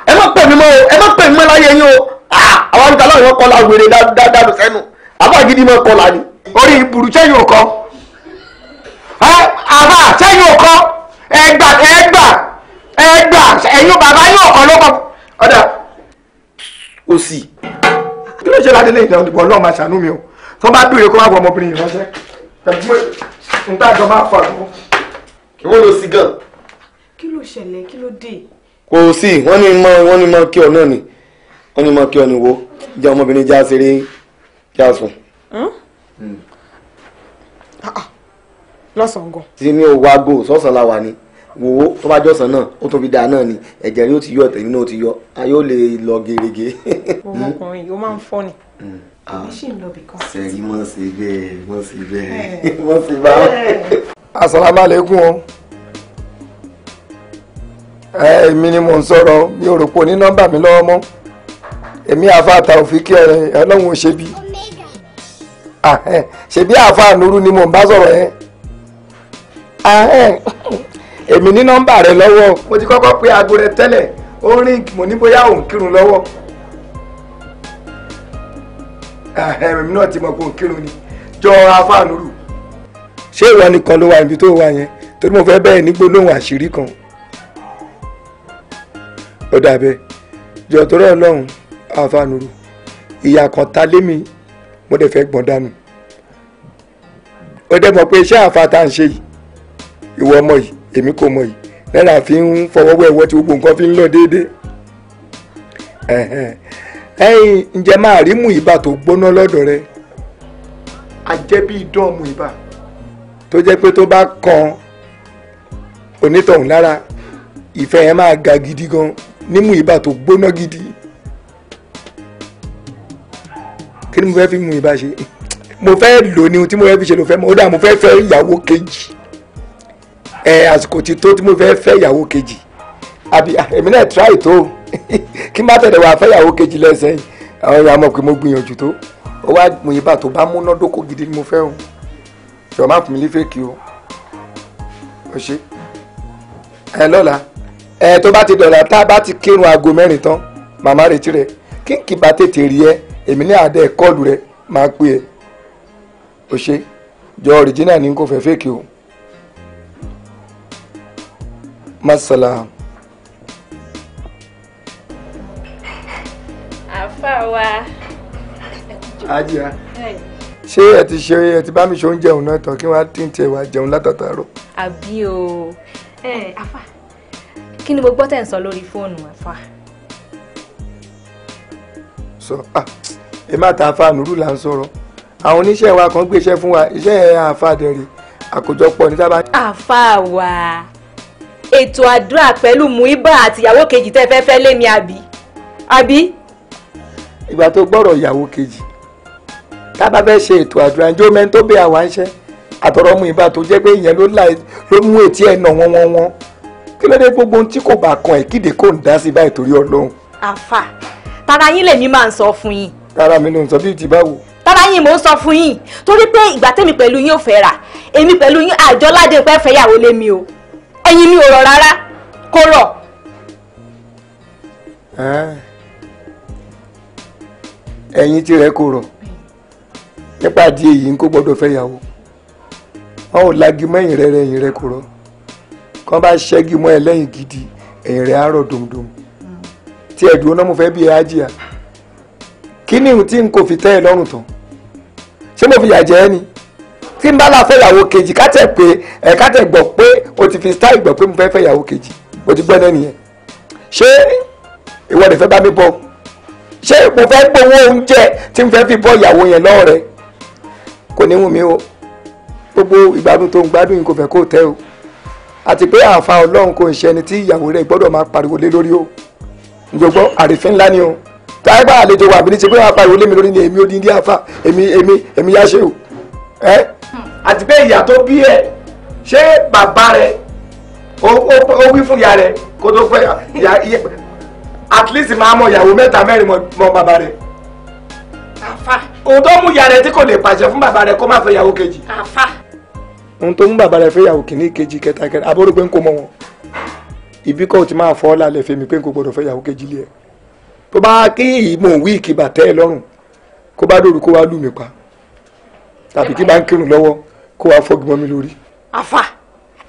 ẹ má pè mí mọ́ o ẹ má pè mí mọ́ láyé yín o àwọn àgbà láwọn yóò kọlà wèrè dáadáa sẹ́nu àbá gidi máa kọlà ni. orí ìbùrù sẹ́yìn òkọ àbá sẹ́yìn òkọ ẹgbà ẹgbà ẹgbà ẹ̀yìn bàbá yóò kọ́ lọ́kọ̀ ọ̀dà òsì kí ló ṣe láti lè dàn ìbọn náà máa ṣàánú mi o tó bá dùn èkó máa wọ ọmọbìnrin yìí ránṣẹ́ tẹ̀gbọ́n níta jọ máa fà lọ́wọ́ kí wọ́n lọ sí gan. kí ló ṣẹlẹ̀ kí ló dé. kò sí wọ́n ní mọ wọ́n ní mọ kí ọ náà ni wọ́n ní mọ́ kí ọ ní wo jẹ́ ọmọbìnrin já ṣeré já sùn. Hmm. Ah, ah. lọ́sàn-án gan. tí mi ò wá gbò sọ́sàn la wà ní wo tó bá jọ̀sán náà ó tún fi dáa náà ni ẹ̀jẹ̀ rí ó ti yọ tèmi náà ó ti yọ a yóò lè lọ gerege. ọmọkùnrin hmm. yìí ó máa ń fọ́ ni hmm. èmi ah. sì ń lọ bìkan. sẹ́yìn mọ̀ sí bẹ́ẹ̀ mọ̀ sí bẹ́ẹ̀ mọ̀ sí *laughs* báwọn. asalamualeykum o èmi ni mò ń sọ̀rọ̀ mi ò rò pé o ní nọ́mbà mi lọ́wọ́ mọ́ èmi àáfàá Taofik ọlọ́run ò ṣe bí ah, eh, ṣèbí àáfàá nuru ni mò ń bá sọ̀rọ̀ yẹn ah, eh, èmi ní nọ́mbà rẹ lọ́wọ́ mo ti kọ́kọ́ pe aago rẹ tẹ́lẹ̀ ó rìn mo ní bóyá òun kírun lọ́wọ́ ah, eh, èmi náà ti mọ̀ pé òun kírun ni jọ àáfàá nuru ṣé ìwọ nìkan ló wà níbi tó wà yẹn torí mo fẹ́ bẹ́ẹ̀ ní gbólóhùn àṣírí kan ó dàbẹ́ jọ̀ọ́ tó rọ̀ lọ́hùn-ún. afanuru ìyá kan ta lémi mo dẹ̀ fẹ́ gbọ̀n dànù ó dẹ̀ mọ̀ pé iṣẹ́ àfàtà ń ṣe yìí ìwọ ọmọ yìí èmi kò mọ̀ yìí náírà fi ń fọwọ́ wẹ̀wọ́ tí gbogbo nǹkan fi ń lọ déédéé ẹ̀yin ǹjẹ́ máa rí mú ibà tó gbóná lọ́dọ̀ rẹ ajẹ́bí idán mú ibà tó jẹ́ pé tó bá kan onítọ̀hún lára ìfẹ́ yẹn máa ga gidi gan nímú ibà tó gbóná gidi kí ni mo fẹ́ fi mú ibà ṣe mo fẹ́ lò ní ohun tí mo fẹ́ fi ṣe ló fẹ́ mọ́ ó dà mo fẹ́ fẹ́ ìyàwó kejì ẹ àsìkò ti tó tí mo fẹ́ fẹ́ ìyàwó kejì àbí èmi náà try tó *laughs* kí n bá tẹ̀lé wàá fẹ́ ìyàwó kejì lẹ́sẹ̀ àwọn ìyá mọ̀ pé mo gbìyànjú tó ó wá mú ibà tó bá múnádókò gidi ni mo fẹ́ o ṣọ má fún mi lífèkì o ó ṣe ẹ lọ́la ẹ tó bá ti dọ̀là tá a bá ti kírun aago mẹ́rin tán màmá retí rẹ kí n kì bá tètè rí ẹ èmi ní àdé kọ́ọ̀lù rẹ máa pè é o ṣe jọ ọ̀ríjínà ní kò fẹ́ fèkì o masala. àfa wa. ajá ṣé ẹ ti ṣe ẹ ti bá mi ṣe oúnjẹ òun náà tán kí wọn á tí ń tiẹ̀ wá jẹun látàtàrọ. àbí o ẹ àfa kí ni mo gbọ́ tẹ̀ ń sọ lórí fóònù àfa sọ ah, ẹ má ta àfa nùrù là ń sọ̀rọ̀ àwọn oníṣẹ́ wa kan gbéṣẹ́ fún wa iṣẹ́ àfa dẹ̀rẹ̀ àkójọpọ̀ ní sábà. àfa wa ètò àdúrà pẹ̀lú muiba àtìyàwó kejì tẹ́ fẹ́ fẹ́ lémi àbí àbí. ìgbà tó gbọ́rọ̀ ìyàwó kejì tá a bá fẹ́ ṣe ètò àdúrà ǹjẹ́ omi ẹni tó bẹ àwa ń ṣe àtọ̀rọ̀ muiba tó jẹ́ pé ìyẹn ló mú etí ẹ̀ nà wọ́n wọ́n wọ́n kí ló dé gbogbo ohun tí kò bá kan ẹ̀ kíde kò ń dá sí báyìí torí ọlọ́run. àfa tara yín lèmi máa ń sọ fún yín. tara mi ló ń sọ bí ti báwo. tara yín mò ń sọ fún yín torí pé ìgbà tèmi pẹ̀lú yín ò fẹ́ ra èmi pẹ̀lú yín àjọ ládé pẹ́ fẹ́yàwó lé mi o ẹ̀yin mi ò rọ̀ rárá kó rọ̀. ẹ̀yin tirẹ̀ kò rọ̀ nípa àdí èyí ń kó gbọ́dọ̀ fẹ́yàwó wọn ò lagi mọ́ ẹ̀yìn rẹ̀ ẹ̀yìn rẹ̀ kò rọ̀ kán bá ṣẹ́gi mọ́ ẹ lẹ́yìn gidi ẹ̀yìn rẹ̀ á rọ̀ dòmdòmù tí ẹ dúró náà mo fẹ́ bí ẹ á jìyà kí ni tí n kò fi tẹ́ ẹ lọ́rùn tán ṣé mo fi yà jẹ́ ẹ ni tí n bá la fẹ́ ìyàwó kejì kátẹ̀ pé ẹ kátẹ̀ gbọ́ pé o ti fi style gbọ́ pé mo fẹ́ fẹ́ ìyàwó kejì o ti gbọ́ náà nìyẹn ṣé ìwọ lè fẹ́ bá mi bọ́ ṣé mo fẹ́ gbowó oúnjẹ tí n fẹ́ fi bọ́ ìyàwó yẹn lọ́wọ́ rẹ kò ní wù mí o gbogbo ìgbádùn tó ń gbádùn yìí kò fẹ́ kó tẹ́ o àti pé àǹfà ọlọ́run kò ń ṣe ẹni tí ìyàwó ìjọgbọ́ àrífín ńlá ni o táyà bá àlejò wà bíi ṣe pé apá ìwọlé mi lórí ni èmi odindi afa èmi èmi èmi yá ṣe o ẹ. àti pé ìyá tó bí ẹ ṣé bàbá rẹ ó wí fún ìyá rẹ kó tó fẹ́ ìyá iye at least máa mọ ìyàwó mẹ́ta mẹ́rin mọ bàbá rẹ. àfà. òun tó mú ìyá rẹ tí kò lè pàṣẹ fún bàbá rẹ kó má fẹ́ ìyàwó kejì. àfà. òun tó mú bàbá rẹ fẹ́ ìyàwó kìíní kejì kẹta kẹta àbúrò pé ń kó mọ wọn ibi kọ́ ti máa fọ́ lálẹ́ fèmí pé n kò gbọ́dọ̀ fẹ́ yàwó kejì lé ẹ̀ tó bá kí ìmọ̀ wíìkì bàtẹ́ ẹ lọ́rùn kó bá dòrò kó wá lù mí pa tàbí tí bá ń kírun lọ́wọ́ kó wá fọ́gi mọ́ mi lórí. àfà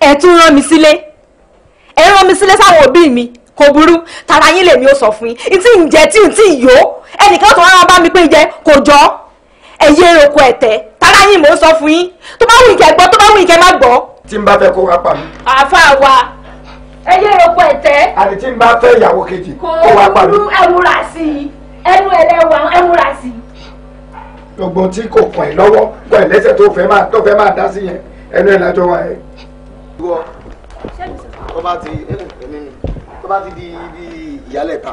ẹ tún rán mi sílé ẹ rán mi sílé sáwọn òbí mi kò burú tara yín lèmi ó sọ fún yín ntí ń jẹ tí ntí yó ẹnìkan tó rárá bá mi pé jẹ kò jọ ẹyẹ èròkò ẹ̀tẹ̀ tara yín mò ń sọ fún yín tó bá wù ìkẹ gbọ́ tó bá wù ìkẹ má gbọ́. tí n bá fẹ́ kó wá pa mí. àfa wa ẹ yé roko ẹ̀tẹ́. àti tí n bá fẹ́ ìyàwó kejì kó wàá pa mi. ẹ múra sí i ẹnu ẹlẹ́wà ẹ múra sí i. gbogbo tí kò kàn ẹ́ lọ́wọ́ kàn ẹ́ lẹ́sẹ̀ tó fẹ́ máa tó fẹ́ máa dá sí yẹn ẹnu ẹ̀ lájọ wa ẹ̀. ìwọ tó bá ti tó bá ti di ibi ìyálẹ̀ta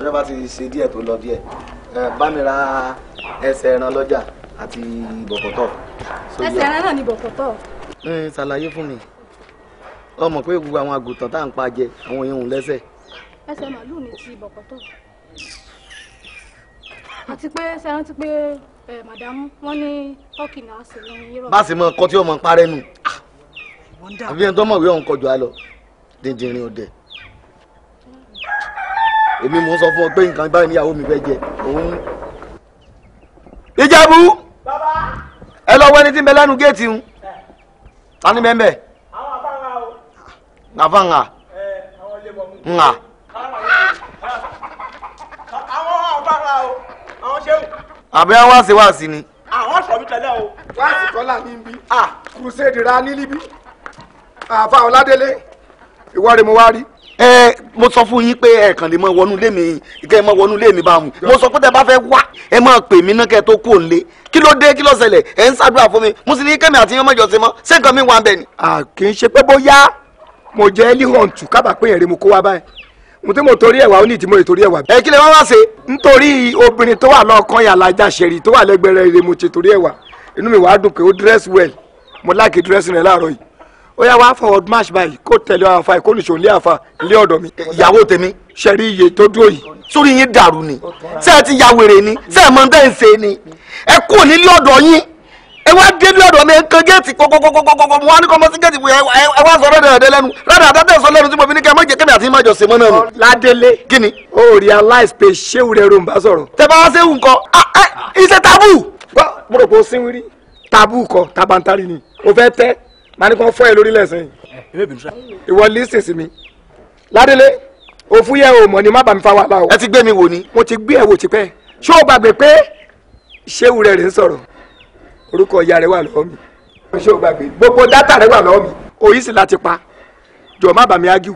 tó bá ti ṣe díẹ̀ tó lọ díẹ̀ bá mi ra ẹsẹ̀ ẹran lọ́jà àti bọ̀kọ̀tọ̀. ẹsẹ̀ ẹran náà ni bọ̀kọ̀tọ̀. ṣàlàyé fún mi ọmọ pé gbogbo àwọn àgùntàn tá à ń pa jẹ àwọn yẹn ń lẹ́sẹ̀. ẹsẹ̀ màlúù ni ti bọ̀kọ̀tọ̀ àti pé ṣe rántí pé màdámù wọn ní tọ́kì náà sì ní yírọ̀. bá a sì mọ ọkọ tí ọmọ ń parẹ́ nù ah! àbí ẹni tó mọ̀ wí ọ̀hún kọjú á lọ dídìrín ọdẹ èmi mò ń sọ fún ọ pé nǹkan báyìí níyàwó mi fẹ́ jẹ òun. ìjẹ́bú ẹ lọ wọ ẹni tí ń bẹ lẹ́nu géètì ń ta ní bẹ́ẹ̀ bẹ́ẹ̀ nafa nga nga. àwọn ọba ra o àwọn ṣe. àbí àwọn wá sí wá sí ni. àwọn sọ mi tẹ́lẹ̀ o. wáàsí kọ́lá ní bí crusade ra ní líbí àfa ọ̀ládélé ìwọ rẹ mo wá rí ẹ mo sọ fún yín pé ẹ kàn lè mọ wọnú ilé mi kẹ ẹ mọ wọnú ilé mi bá mu mo sọ pé tẹ bá fẹ́ wá ẹ máa pè mí náà kẹ tó kú òǹlé kí ló dé kí ló ṣẹlẹ̀ ẹ ń ṣàdúrà fún mi mo sì ní kẹmi àti yín ọmọ ìjọsìn mọ ṣé nǹkan mi wà bẹ ni. à kì í ṣe pé bóyá mo jẹ́ elihontu kábà pé èrè mo kó wá báyìí mo tí mo torí ẹ̀wà ó ní ìdìmọ̀ ìtorí ẹ̀wà. ẹ kí lè wá wá ṣe nítorí obìnrin tó wà lọ́ọ̀kan yàrá ajáṣẹ́rì tó wà lẹ́gbẹ̀rẹ̀ èrè mo ṣe torí ẹ̀wà inú mi wàá dùn pé ó dress well mo láàkì dress rẹ̀ láàárọ̀ yìí ó yá wá forward march báyìí kó tẹ̀lé àfa kó nìṣó ní àfa ilé ọ̀dọ̀ mi. ìyàwó tèmi. sẹ́rí iye tó dúró yìí. sórí yín dàrú ni ṣé ẹ ti ya wèrè ni ṣé ẹ mọ ẹ wá dé bí ọ̀dọ̀ mi ẹ kan géètì kọkọkọkọkọ mo wá ní kọmọ sí géètì ẹ wá sọ lọ́dọ̀ ẹ̀dẹ́ lẹ́nu lọ́dọ̀ àtàtà sọ lẹ́nu tí mo fi ní kí ẹ má jẹ kébì àti má jọ sèmọ́ náà nù. ládélé kí ni. o realize pé sehu rẹ ronú bá sọ̀rọ̀. tẹ bá wá sehu nǹkan iṣẹ́ tabu. mo rò pé o sinwi rí tabu kọ tabantari ni o fẹ́ tẹ́ màá ní kí ẹ lórí lẹ́sìn yìí. ìwọ lísìn sí mi ládélé òfu yẹ o mọ̀ ni má bàmí fa wàhálà o. ẹ ti gbé mi wò ni. mo ti gbé ẹ wò tipẹ́ ṣé o gbàgbé pé sehu orúkọ ìyá rẹ wà lọ́wọ́ mi ṣé o gbàgbé gbogbo dátà rẹ wà lọ́wọ́ mi òyìn sì láti pa jọ má bàmí ágìw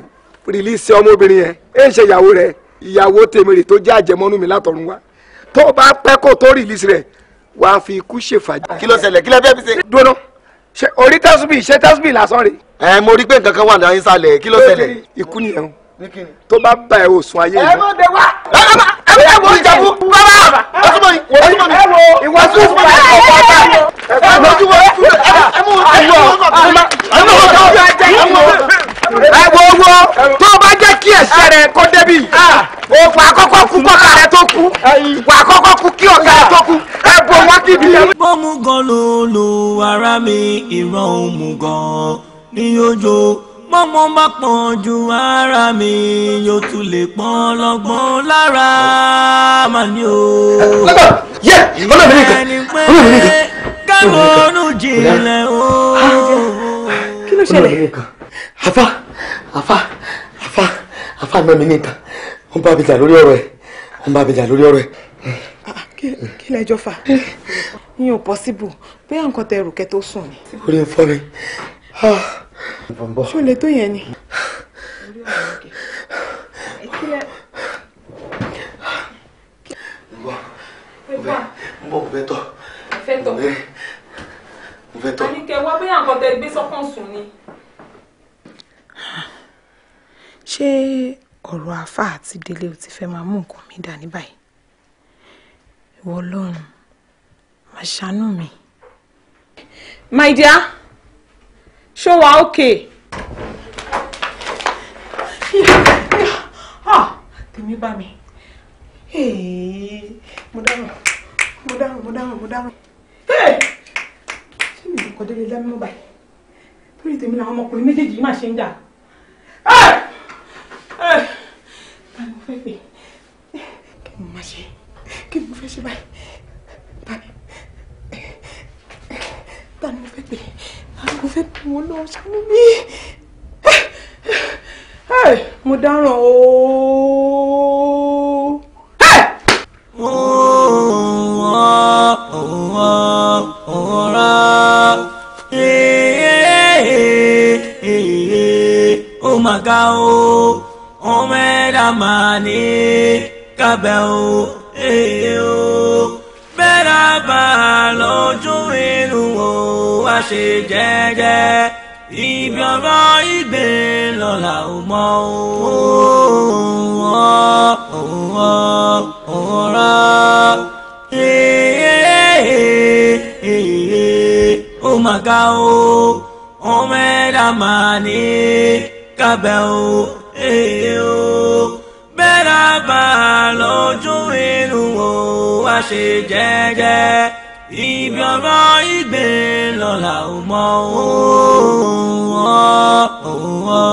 rìlíìsì ọmọbìnrin yẹn ẹ ń ṣe ìyàwó rẹ ìyàwó tèmi rè tó jẹ́ àjẹmọ́nú mi látọ̀run wá tó bá pẹ́ kó tó rìlíìsì rẹ wà á fi ikú ṣèfàjì. kí ló ṣẹlẹ̀ kí ló fẹ́ fi ṣe. dúró ṣe orí tẹ́sùbì ṣe tẹ́sùbì lásán rè. ẹ mo rí pé nǹkan kan wà ní ìsàlẹ̀ kí ló ṣẹlẹ̀. ikú nìyẹn o tó bá bá ẹ òsùn ayé mi. ẹ mọ̀ de wa. ẹ bí ẹ wo ìjàmbù bàbá ọtúmọ̀ yìí ọtúmọ̀ mi ìwà tó fún mi ọ̀pọ̀ ọ̀pá mi. ẹ mọ̀ ojú wo ẹ mọ̀ ojú wo ẹ mọ̀ ojú wo ẹ mọ̀ ojú wo ẹ wo wo tó o bá jẹ́ kí ẹ̀ṣẹ̀ rẹ̀ kó débi wà kọ́kọ́ kú kọ́ka rẹ̀ tó kú wà kọ́kọ́ kú kí ọ̀gá rẹ̀ tó kú ẹ bo wọn kíbi. bómú gan ló lo ara mi ìran òmùgàn ní ojú bọ́mọ bá pọ̀n ju ara mi yóò tún lè pọ́n lọ́gbọ́n lára mà ní o. ìyẹn ni pé kárọ̀ọ́nù jinlẹ̀ o. kí ló ṣẹlẹ̀? àfa àfa àfa àfa náà mi níta wọn bá mi jà lórí ọ̀rọ̀ ẹ̀ wọn bá mi jà lórí ọ̀rọ̀ ẹ̀. Ah, ah, kí lẹjọ fà yín ò pọ́síbù bóyá nǹkan tẹ rò kẹ́ tó sùn ni. orí ń fọ́ mi. Ah, ṣó lè tó yẹn ni. mo fẹ́ tọ̀ mo fẹ́ tọ̀. àníkẹ́ wá bóyá nǹkan tẹ gbé sọ́kàn sùn ni. ṣé ọ̀rọ̀ àáfà àti délé ò ti fẹ́ máa mú nǹkan mi dà ní báyìí ìwọ ọlọ́run máa ṣàánú mi. my dear. Show wà ókè. *laughs* Ah, tèmi bá mi mo dáhùn mo dáhùn mo dáhùn mo dáhùn ṣé mi ò kọ́ délé lámú báyìí torí tèmi làwọn ọmọkùnrin méjèèjì yìí máa ṣe ń jà báyìí mo fẹ́ pè kí mo máa ṣe kí mo fẹ́ ṣe báyìí mo fẹ́ bí wọn lọ ṣàánú mi mo dáràn ooo. ó o ọmọ ẹ̀dá máa ní kábẹ́ o bẹ́ẹ̀ bá lọ́jọ́ ṣe jẹ́jẹ́ ibi ọ̀rọ̀ ìgbé lọ́la ò mọ òun òun òun rọ. ó mà ga o ọmọ ẹ̀dá máa ní kábẹ́ o èyí o bẹ́ẹ̀ lábàá lọ́jọ́ inú o wá ṣe jẹ́jẹ́ ìgbé lọ́la ò mọ òwúrọ̀ òwúrọ̀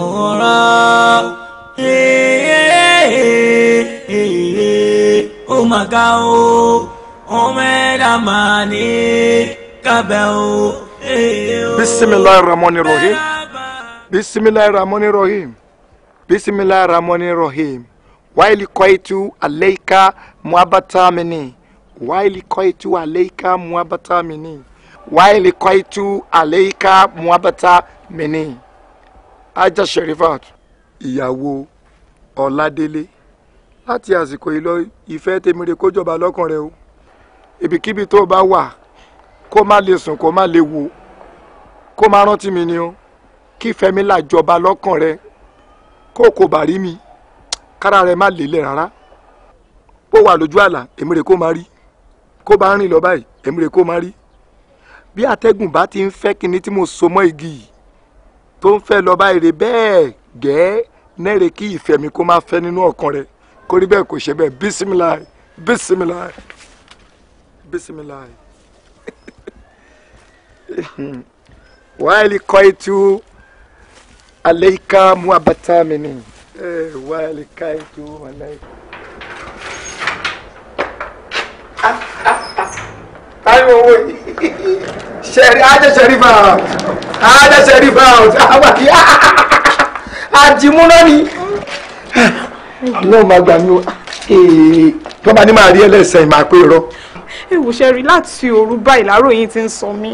òwúrọ̀ ó mà ga o ọmọ itu aleika muhabata mini waili koitu aleika muabata mini waili koitu aleika muabata mini ajá sherifat ìyàwó ọládélé láti àsìkò ìlọ ìfẹ́ tèmire kójọba lọ́kàn rẹ o ibikíbi tó bá wà kó má lè sùn kó má lè wò kó má rántí mi ni o kí fẹmi làjọba lọ́kàn rẹ kó kò bá rí mi kára rẹ má lélẹ̀ rárá bó wà lójú àlà èmi rè kó má rí kó bá rìn lọ báyìí èmi rè kó má rí bí atẹ́gùn bá ti ń fẹ́ kinní tí mo so mọ́ igi yìí tó ń fẹ́ lọ báyìí rè bẹ́ẹ̀ gẹ́ẹ́ nẹ́rẹ̀ kí ìfẹ́ mi kó má fẹ́ nínú ọkàn rẹ kó rí bẹ́ẹ̀ kó ṣe bẹ́ẹ̀ bísímìláì bísímìláì bísímìláì. *laughs* wáìlì kọ́ ètò àlẹ́ ìka abata mi ni eh, wáìlì ká ètò àlẹ́ kárí owó yìí ṣẹ̀rí ajẹ́ ṣẹ̀rí fáwọn ajẹ́ ṣẹ̀rí fáwọn àwọn kì í àjìmúná ni. àlọ́ máa gbà mí o tó bá ní máa rí ẹlẹ́sẹ̀ ìmọ̀ àpé irọ́. ewu ṣẹ́rí láti òru báyìí láàárọ̀ yìí ti ń sọ mí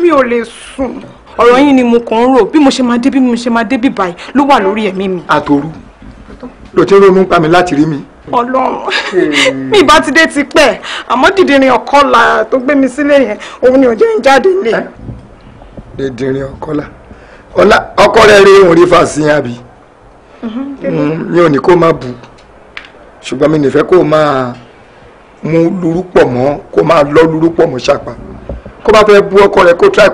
mi ò lè sùn ọ̀rọ̀ yín ni mo kàn ń rò bí mo ṣe máa dé bí mo ṣe máa dé bí báyìí ló wà lórí ẹ̀mí mi. àtòrú ló ń ronú pa mi láti rí mi. Ọlọ́run mi hmm. bá ti dé ti pẹ́ àmọ́ dìdìrín ọkọlà tó gbé mi sílé yẹn òun ni ò jẹ́ ń jáde lé. dìdìrín ọkọlà ọkọ rẹ rí òun rí fàṣíyàn àbí mhm, hmm, mi ò ní kó má bu ṣùgbọ́n mi nífẹ̀ẹ́ kó máa mú lurúpọ̀ mọ́ kó máa lọ́ lurúpọ̀ mọ́ ṣàpá kó bá fẹ́ bu ọkọ rẹ kó try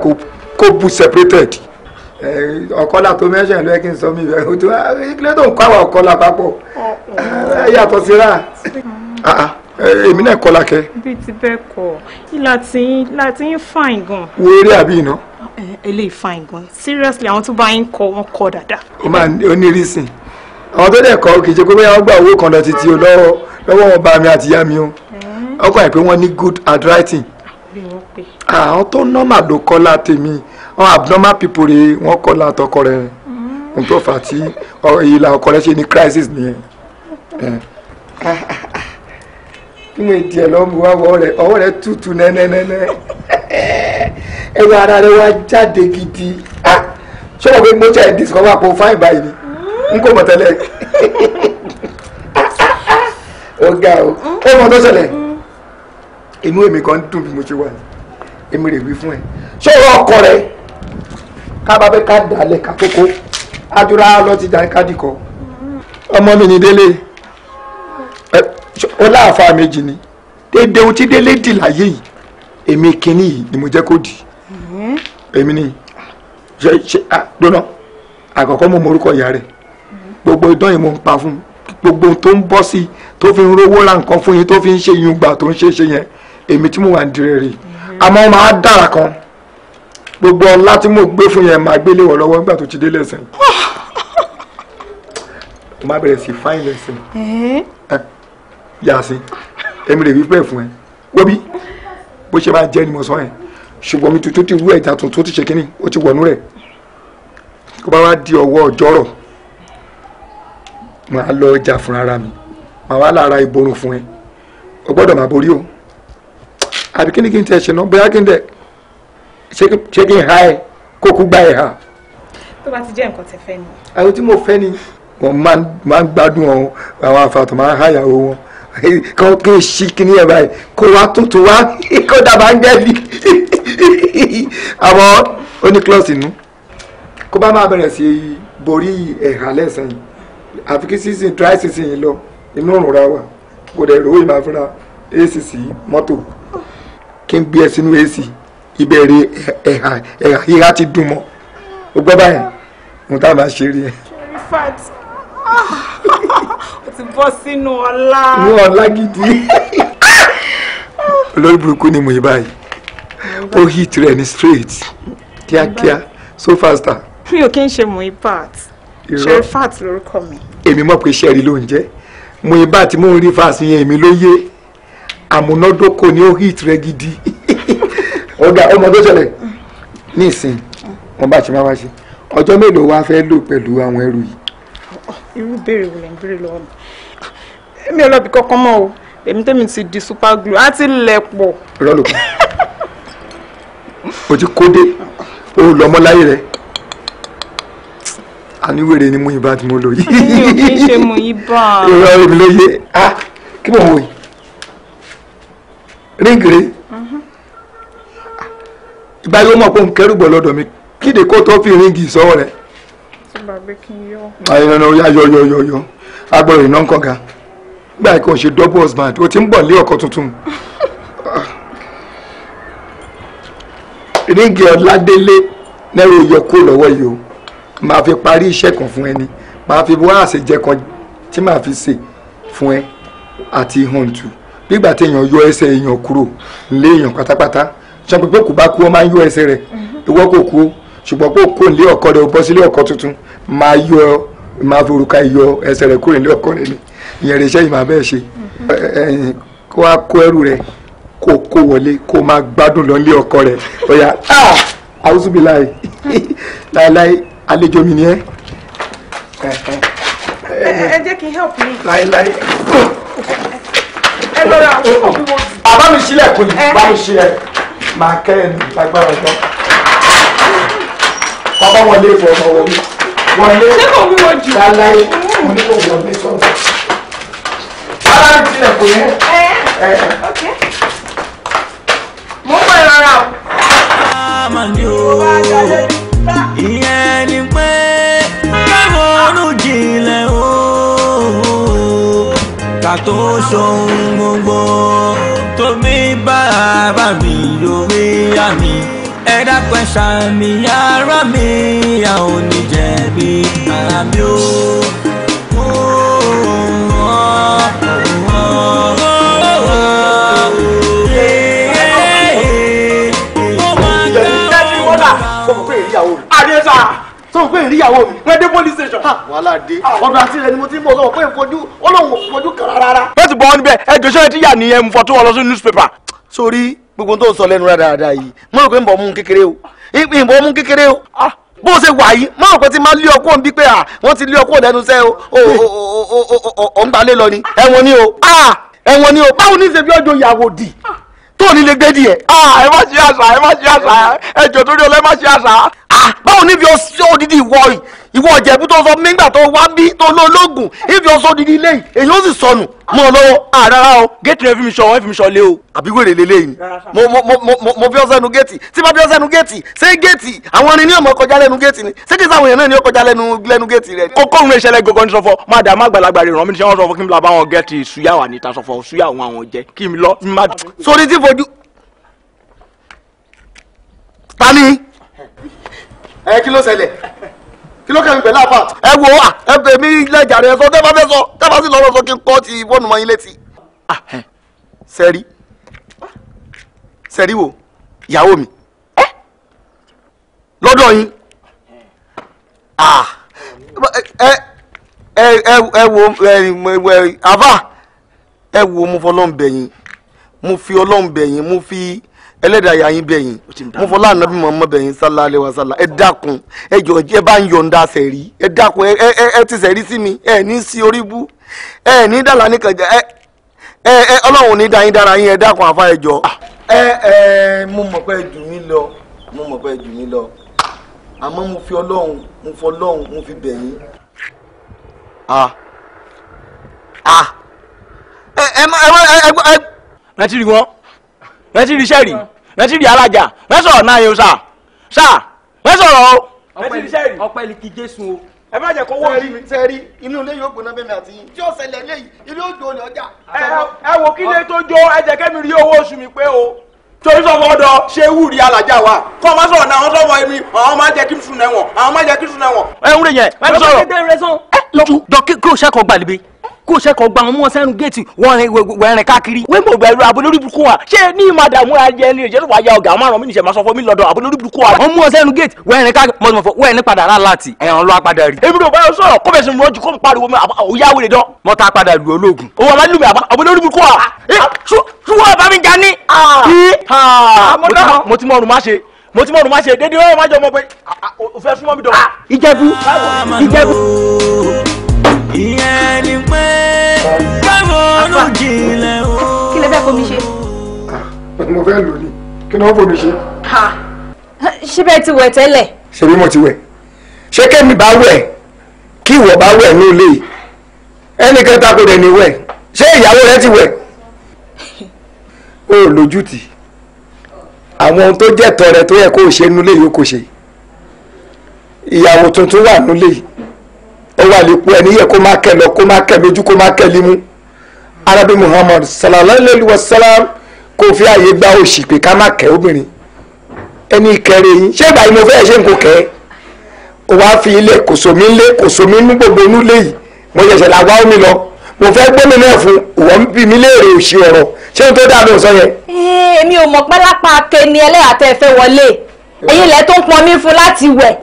kó bu separated ọ̀kọ́lá tó mẹ́sàn ló yẹ kí n sọ mi ìbẹ̀rẹ̀ o tó ilé tó ń kọ́ àwọn ọ̀kọ́lá papọ̀ ẹ yàtọ̀ síra mm. ah, ah. èmi náà kọ́ lákẹ́. bíi ti bẹ́ẹ̀ kọ láti yín fine gan. wo eré àbí iná. eléyìí fine gan seriously àwọn tó bá yín kọ wọn kọ dáadáa. ó máa ní reason àwọn tó dẹ̀ kọ́ kì í ṣe pé bóyá wọ́n gba owó kan lọ títí o lọ́wọ́ wọn bá mi àti ìyá mi o mm. ọkọ̀ àìpé wọ́n ní good handwriting bí wọ́n pè. àwọn tó normal ló kọ́lá tèmi àwọn abnormal people rèé wọ́n kọ́lá àtọkọ rẹ̀ mm. ohun tó fà á tí ìlà ọkọ rẹ̀ ṣe ní crisis nìyẹn. kí ló di ẹ lọ́mú wá ọwọ́ rẹ̀ ọwọ́ rẹ̀ tútù nẹ́nẹ́nẹ́nẹ́ *laughs* ẹwà ara rẹ̀ wá jáde gidi ṣọlá pé mo jẹ́ discover kó fáìn báyìí ni n kò mọ̀ tẹ́lẹ̀ *laughs* ó ga o ó mọ̀ tó ṣẹlẹ̀ inú èmi kan dùn bí mo ṣe wà ní èmi rè wí fún ẹ ṣòro ọkọ rẹ ká bá fẹ́ ká dalẹ̀ ká kókó àdúrà lọ ti dàn kádì kọ ọmọ mi ní délé ó láàfáà méjì ni dédé ohun tí délé dì láyé yìí èmi kínní yìí ni mo jẹ́ kó dì èmi ni ṣe ṣe dóná àkọ́kọ́ mo morúkọ ìyá rẹ̀ gbogbo idán yìí mo ń pa fún gbogbo tó ń bọ́ sí i tó fi ń rówó ra nǹkan fún yín tó fi ń ṣe yungbà tó ń ṣe ṣe yẹn èmi tí mo wà nídìrí rí àmọ́ máa dára kan gbogbo ọlá tí mo gbé fún yẹn máa gbélé wọ lọ́wọ́ nígbà tó ti dé lẹ́sìn mo máa bẹ̀rẹ̀ sí fáìn lẹ́sìn yà sí èmi rè wípé fún ẹ wóbi bó ṣe máa jẹ́ ni mo sọ yẹn ṣùgbọ́n mi tuntun ti wú ẹ̀dá tuntun ti ṣe kínní ó ti wọ̀nú rẹ̀ kó bá wá di ọwọ́ ọjọ́rọ̀ máa lọ ọjà fúnra mi màá wá lára ìborun fún ẹ o máa borí o àbí kí ni kí n tẹ̀ ṣe náà bóyá kí n tẹ̀ ṣé kí n ha ẹ kó kú gbá ẹ ha. tó bá ti jẹ́ nǹkan tẹ fẹ́ ni. àwọn tí mo fẹ́ ni wọ́n máa ń gbádùn ọ̀hún àwọn àfàtàn máa ń há ìyàwó wọn kan kí n ṣí kíní ẹ̀ báyìí kó wá tuntun wá kó dàbá ń gẹ́lì àwọn oníkílọ̀sì nù kó bá máa bẹ̀rẹ̀ sí borí ẹ̀hà lẹ́sàn àfi kí season dry season yìí lọ inú òrùn ra wà kò dẹ̀ ròó ìmọ̀ àfúnra acc mọ́tò kí n gbé ẹ sínú èsì ìbẹ̀rẹ̀ ẹ̀hà ẹ̀hà ìhà ti dùn mọ́ o gbọ́ báyìí mo tá a máa ṣe rí ẹ. o ti bọ́ sínú ọlá. inú ọlá gidi olórí burúkú ni mo yí báyìí ó hit rẹ ní straight kíákíá so faster. mi ò kí ń ṣe Muibat Sherifat lórúkọ mi. èmi mọ̀ pé sherry ló ń jẹ́ Muibat tí mò ń rí fàṣìyàn èmi ló yé àmúnádókò ni ó hit rẹ gidi ọ̀gá ọmọ tó ṣẹlẹ̀ nísìn wọn bá ṣe máa wá ṣe ọjọ́ mélòó wá fẹ́ lò pẹ̀lú àwọn ẹrù yìí. irú béèrè wo lè ń béèrè lọ́wọ́ èmi ọlọ́bì kankan mọ́ o èmi tẹ́mi ti di super glue á ti lẹ̀ pọ̀. irọ́ o ti kó dé o lọ mọ́ láyé rẹ àníwèrè ni Múyìbá tí mo lò yìí. mi ò kí ń ṣe Múyìbá. irọ́ èmi ló yé ah kí mo wò yìí ríngìrì mhm. ìgbà yóò mọ̀ pé òun kẹrù bọ̀ lọ́dọ̀ mi kíde kó tó fi ríngì sọ́wọ́ rẹ̀. tí bàbá kí n yọ. ayọ̀ náà yá yọ yọ yọ yọ agbọ̀rọ̀ iná ń kọ̀ga gbà kí n ṣe double husband o ti ń bọ̀ lé ọkọ tuntun. Ah. ríngì ọ̀ládélé náà yóò yọ kó lọ́wọ́ yìí o máa fi parí iṣẹ́ kan fún ẹni máa fi wá àṣejẹ kan tí màá fi ṣe fún ẹ àti huntu gbígbà tí èèyàn yọ ẹsẹ̀ èèyàn kúrò lé èèyàn pátápátá ṣàpè pé kò bá kú ọ máa ń yọ ẹsẹ̀ rẹ̀ mm-hmm. ìwọ kò kú ṣùgbọ́n pé kò lé ọkọ rẹ̀ bọ́ sílé ọkọ tuntun máa yọ máa forúkà yọ ẹsẹ̀ rẹ̀ kúrò nílé ọkọ rẹ̀ ni ìyẹn rẹ̀ iṣẹ́ yìí máa bẹ́ẹ̀ ṣe mm-hmm. kó wá kó ẹrù rẹ̀ kó kó wọlé kó máa gbádùn lọ nílé ọkọ rẹ̀ ọ̀yà àwùsùbìláì láéláé àlejò mi ni ẹ́ ẹ jẹ́ kí n help you. láéláé. Eh, eh, eh, bàbá mi sílẹ̀ kò ní bá mi sílẹ̀ máa kẹ́ ẹ̀ lágbára ọjọ́ bàbá wọlé ìfọ̀ ọmọ wọlé wọlé láláyé onílò wọlé sọ̀rọ̀ bàbá mi sílẹ̀ kò ní. mo ń pè é o. ìyẹn. tó ṣohun gbogbo tómi bàbá mi lórí àmì ẹ̀dá pẹ̀sà mi ara mi àwọn oníjẹ̀bi ara mi ó. lè rí ìyàwó mi wọ́n dé police station. wàhálà dé ọ̀dọ̀ àti rẹ̀ ni mo ti ń bọ̀ sọ̀rọ̀ pé ìfojú ọlọ́run fojú kan rárá. bẹ́ẹ̀ ti bọ́ wọn níbẹ̀ ẹ jọ́sọ́ ẹ ti yà nìyẹn mo fọ́ tó wọn lọ sí newspaper. sórí gbogbo tó ń sọ lẹ́nu rádaràda yìí mo rò pé ń bọ̀ mú kékeré o ń bọ̀ mú kékeré o bó ṣe wà yìí mo rò pé ti máa lé ọkọ bí pé wọ́n ti lé ọkọ lẹ́nu sẹ́ o ò ń gbalẹ̀ lọ ni ẹ̀wọ̀n ni o ẹ̀wọ̀n ni o báwo ní í ṣe bí ọjọ́ ìyàwó dì tó ní lè gbẹ́dì ẹ̀. Ah, ẹ má ṣe àṣà ẹ má ṣe àṣà ẹ jọ̀ọ́ torí ọlọ́ ẹ má ṣe àṣà. Ah, báwo ni bí ọdídì wọ yìí ìwọ ọ̀jẹ̀bú tó sọ nígbà tó wá bí tó ló lóògùn ìfi ọsọ dídí lẹ́yìn èyí ó sì sọnù mọ́ ọ lọ́wọ́ àrárá o géètì rẹ fi mi sọ ọ fi mi sọ lé o àbí wèrè lélẹ́yìn mo mo mo mo fi ọsẹ nu géètì tí bá fi ọsẹ nu géètì ṣé géètì àwọn ẹni ní ọmọ kọjá lẹ́nu géètì ni ṣé kí sáwọn èèyàn náà ní ó kọjá lẹ́nu lẹ́nu géètì rẹ. kókó òun ìṣẹ̀lẹ̀ gọgọ ní sọfọ máa dà má gbàlagbà rẹ ràn mí níṣẹ́ wọn sọfọ kí n lọ bá wọn géètì suya wà níta sọfọ suya òun àwọn jẹ kí n lọ má. sori ti fojú. tani. ẹ kí ló ṣẹlẹ̀ kí ló kẹ́mi pẹ̀lú àfà ẹ wo ẹ bẹ̀ mí lẹ́jà rẹ sọ tẹ́fà fẹ́ sọ tẹ́fà sì lọ́rọ̀ sọ kí n kọ́ ti fọ́ọ̀nù mọ́ yín létí. sẹ́rí sẹ́rí wo ìyàwó mi lọ́dọ̀ yín ẹ wo àfà ẹ wo mo fọlọ́ǹbẹ̀yìn mo fi ọlọ́ǹbẹ̀yìn mo fi. ẹlẹ́dàá yín bẹ̀yìn mo fọlá nabi mọ̀mọ́ bẹ̀yìn sálá alẹ́ wa sálá ẹ dákun ẹ jọ ẹ bá ń yọ̀ǹda sẹ̀rí ẹ dákun ẹ ẹ ti sẹ̀rí sí mi e ni si oribu e ni dala ni ní e ẹ ẹ ọlọ́run ní dáyín dára yín ẹ dákun àfa ẹ jọ. ẹ ẹ mo mọ̀ pé ẹ jù mí mo pe pé ẹ jù mo fi mo fi bẹ̀yìn. a a ẹ ẹ ẹ ẹ rẹsìrì alájà rẹsọ̀rọ̀ náà yóò sà sà rẹsọ̀rọ̀ o. ọpẹ́ ni kí jésù o. ẹ bá jẹ kó wọ́n rí mi. sẹ́rí inú ilé yóò gbóná bẹ́ẹ̀ mi àti yín tí ó ṣẹlẹ̀ léyìí ilé yóò jó lọ́jà. ẹ wò kí ilé tó jó ẹ jẹ́ kẹ́mi rí owó oṣù mi pé o torí sọfọ ọdọ ṣé wúri alájà wa kọ ọmọ sọ̀rọ̀ náà wọn sọfọ èmi àwọn máa jẹ kí n sùn náà wọn àwọn máa jẹ kí n sùn náà wọn. ẹ ń yẹn ẹ ń sọ̀rọ̀ kó ṣe kàn gba àwọn ọmọ sẹ́nu géètì wọ́n rìn káàkiri wọ́n mọ̀ gbẹ̀rù abolórí burúkú wa ṣé ní madamu ayé ni ìjẹ́rù wa ya ọ̀gá márùn mí níṣẹ́ máa sọ fún mi lọ́dọ̀ abolórí burúkú wa. ọmọ sẹ́nu géètì wọ́n rìn káàkiri mọ̀tò mọ̀fọ́ wọ́n rìn padà rà láti ẹ̀ràn ló apadà rí. èmi ló bá yọ sọ̀rọ̀ kó fẹsẹ̀ mọ́jú kó pariwo mi òyàwó lè dán. mọ́tà padà lu ológun. owó alájú mi abolórí burúkú wa. ṣùgbọ́n bàbá mi jà ní. Ah. Ah, mo ti mọ ọrùn má ṣe mo ti mọ ọdún má ṣe dédé ọ̀rọ̀ má jọ mọ pé ah, o fẹ́ súnmọ́ mi dọ̀. Ìjẹ̀bú Ìjẹ̀bú ìyẹn ni pé káwọn olùjìnlẹ̀ o. kí lè fẹ́ fomi ṣe. Ah, mo fẹ́ lò ní kí ni wọ́n fomi ṣe. ṣé bẹ́ẹ̀ ti wẹ̀ tẹ́lẹ̀. ṣe bí mo ti wẹ̀ ṣé kẹ́mi bá wẹ̀ kí ìwọ bá wẹ̀ ní ilé ẹnì kẹta kò dẹ̀ ní wẹ̀ ṣé ìyàwó rẹ ti wẹ̀ o lójútì àwọn ohun tó jẹ́ tọrẹ tó yẹ kó o ṣe nulẹ̀ yóò kó ṣe ìyàwó tuntun wà nulẹ̀ yìí ó wà lè po ẹni yẹ kó má kẹ́ lọ kó má kẹ́ lójú kó má kẹ́ límú arábí muhammad sallallahu alayhi wa sallam kò fi àyè gba òṣì pé ká má kẹ́ obìnrin ẹni ìkẹrẹ yìí ṣé ìgbà yìí mo fẹ́ ṣe ń kó kẹ́ ó wá fi ilé kòsòmí lé kòsòmí ní gbogbo inú lé yìí mo ṣẹ̀ṣẹ̀ là wá omi lọ mo fẹ́ gbómi náà fún ìwọ́n bí mi léèrè òṣì ọ̀rọ̀ ṣé n tó dáa lóun yẹn. Eh, èmi ò mọ̀ pálápá kẹni ẹlẹ́yàtẹ̀ fẹ́ wọlé ẹ̀yin ilẹ̀ tó ń pọnmi fún láti wẹ̀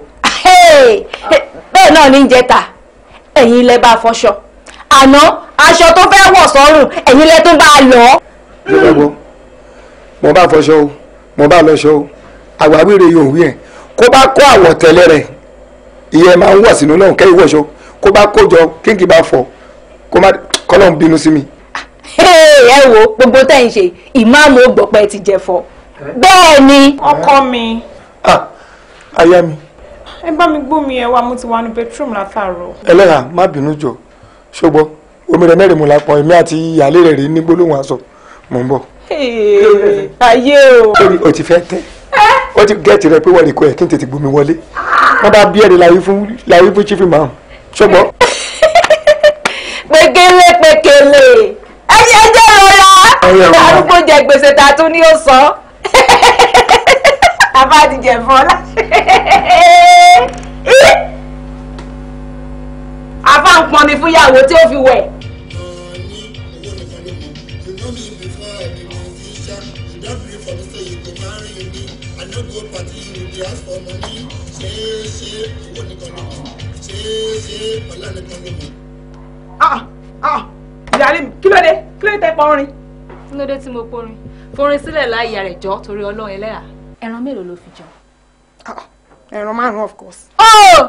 *laughs* bẹ́ẹ̀ náà ní jẹta ẹ̀yin ilẹ̀ bá fọṣọ àná aṣọ tó fẹ́ wọ̀ sọ́rùn ẹ̀yin ilẹ̀ tó bá lọ. mo bá gbọ́ mo bá fọṣọ o mo bá lọṣọ o àwáwíre yóò wí ẹ̀ kó bá kó àwọ̀ tẹ́lẹ̀ rẹ̀ ìyẹn máa ń wọ̀ sínú náà kẹ́yìn wọ̀ṣọ kó bá kó jọ kínkì bá fọ kó má kọ́lọ́n bínú sí mi. ẹ wo gbogbo tẹ́ ń ṣe ìmáàmù ògbọ̀pẹ́ ti jẹ fọ bẹ́ẹ̀ ni ọkọ mi. ah aya mi ẹ bá mi gbómi ẹ wá mo ti wà ní bedroom látàárọ̀. ẹlẹ́yà má bínú jọ ṣùgbọ́n omi rẹ mẹ́rin mo la pọn èmi àti ìyáálé rẹ̀ rí ní gbólóhùn aṣọ mò ń bọ̀. ayé o. lórí o ti fẹ́ tẹ́ o eh? ti gẹ́ẹ̀tì rẹ pé wọ́n rí kọ́ ẹ̀ kí n tètè gbómi wọlé wọ́n bá bí ẹni láyé fún láyé fún chief imam ṣùgbọ́n. *laughs* pẹ̀kẹ́lẹ́ pẹ̀kẹ́lẹ́ ẹ jẹ́ rọra arúgbó jẹ gbèsè tààtú ni ó sọ abádìjẹ fọlá afá ń pọnmi fúyàwó tí ó fi wẹ̀. ah ah ìyáálé mi kí ló dé kí ló dé tẹ pọnrin. kí ló dé tí mo pọnrin forin sílẹ̀ láàyè rẹ̀ jọ́ torí ọlọ́run ẹlẹ́yà ẹran mélòó ló fi jẹun. Ah, ẹran márùn of course. oh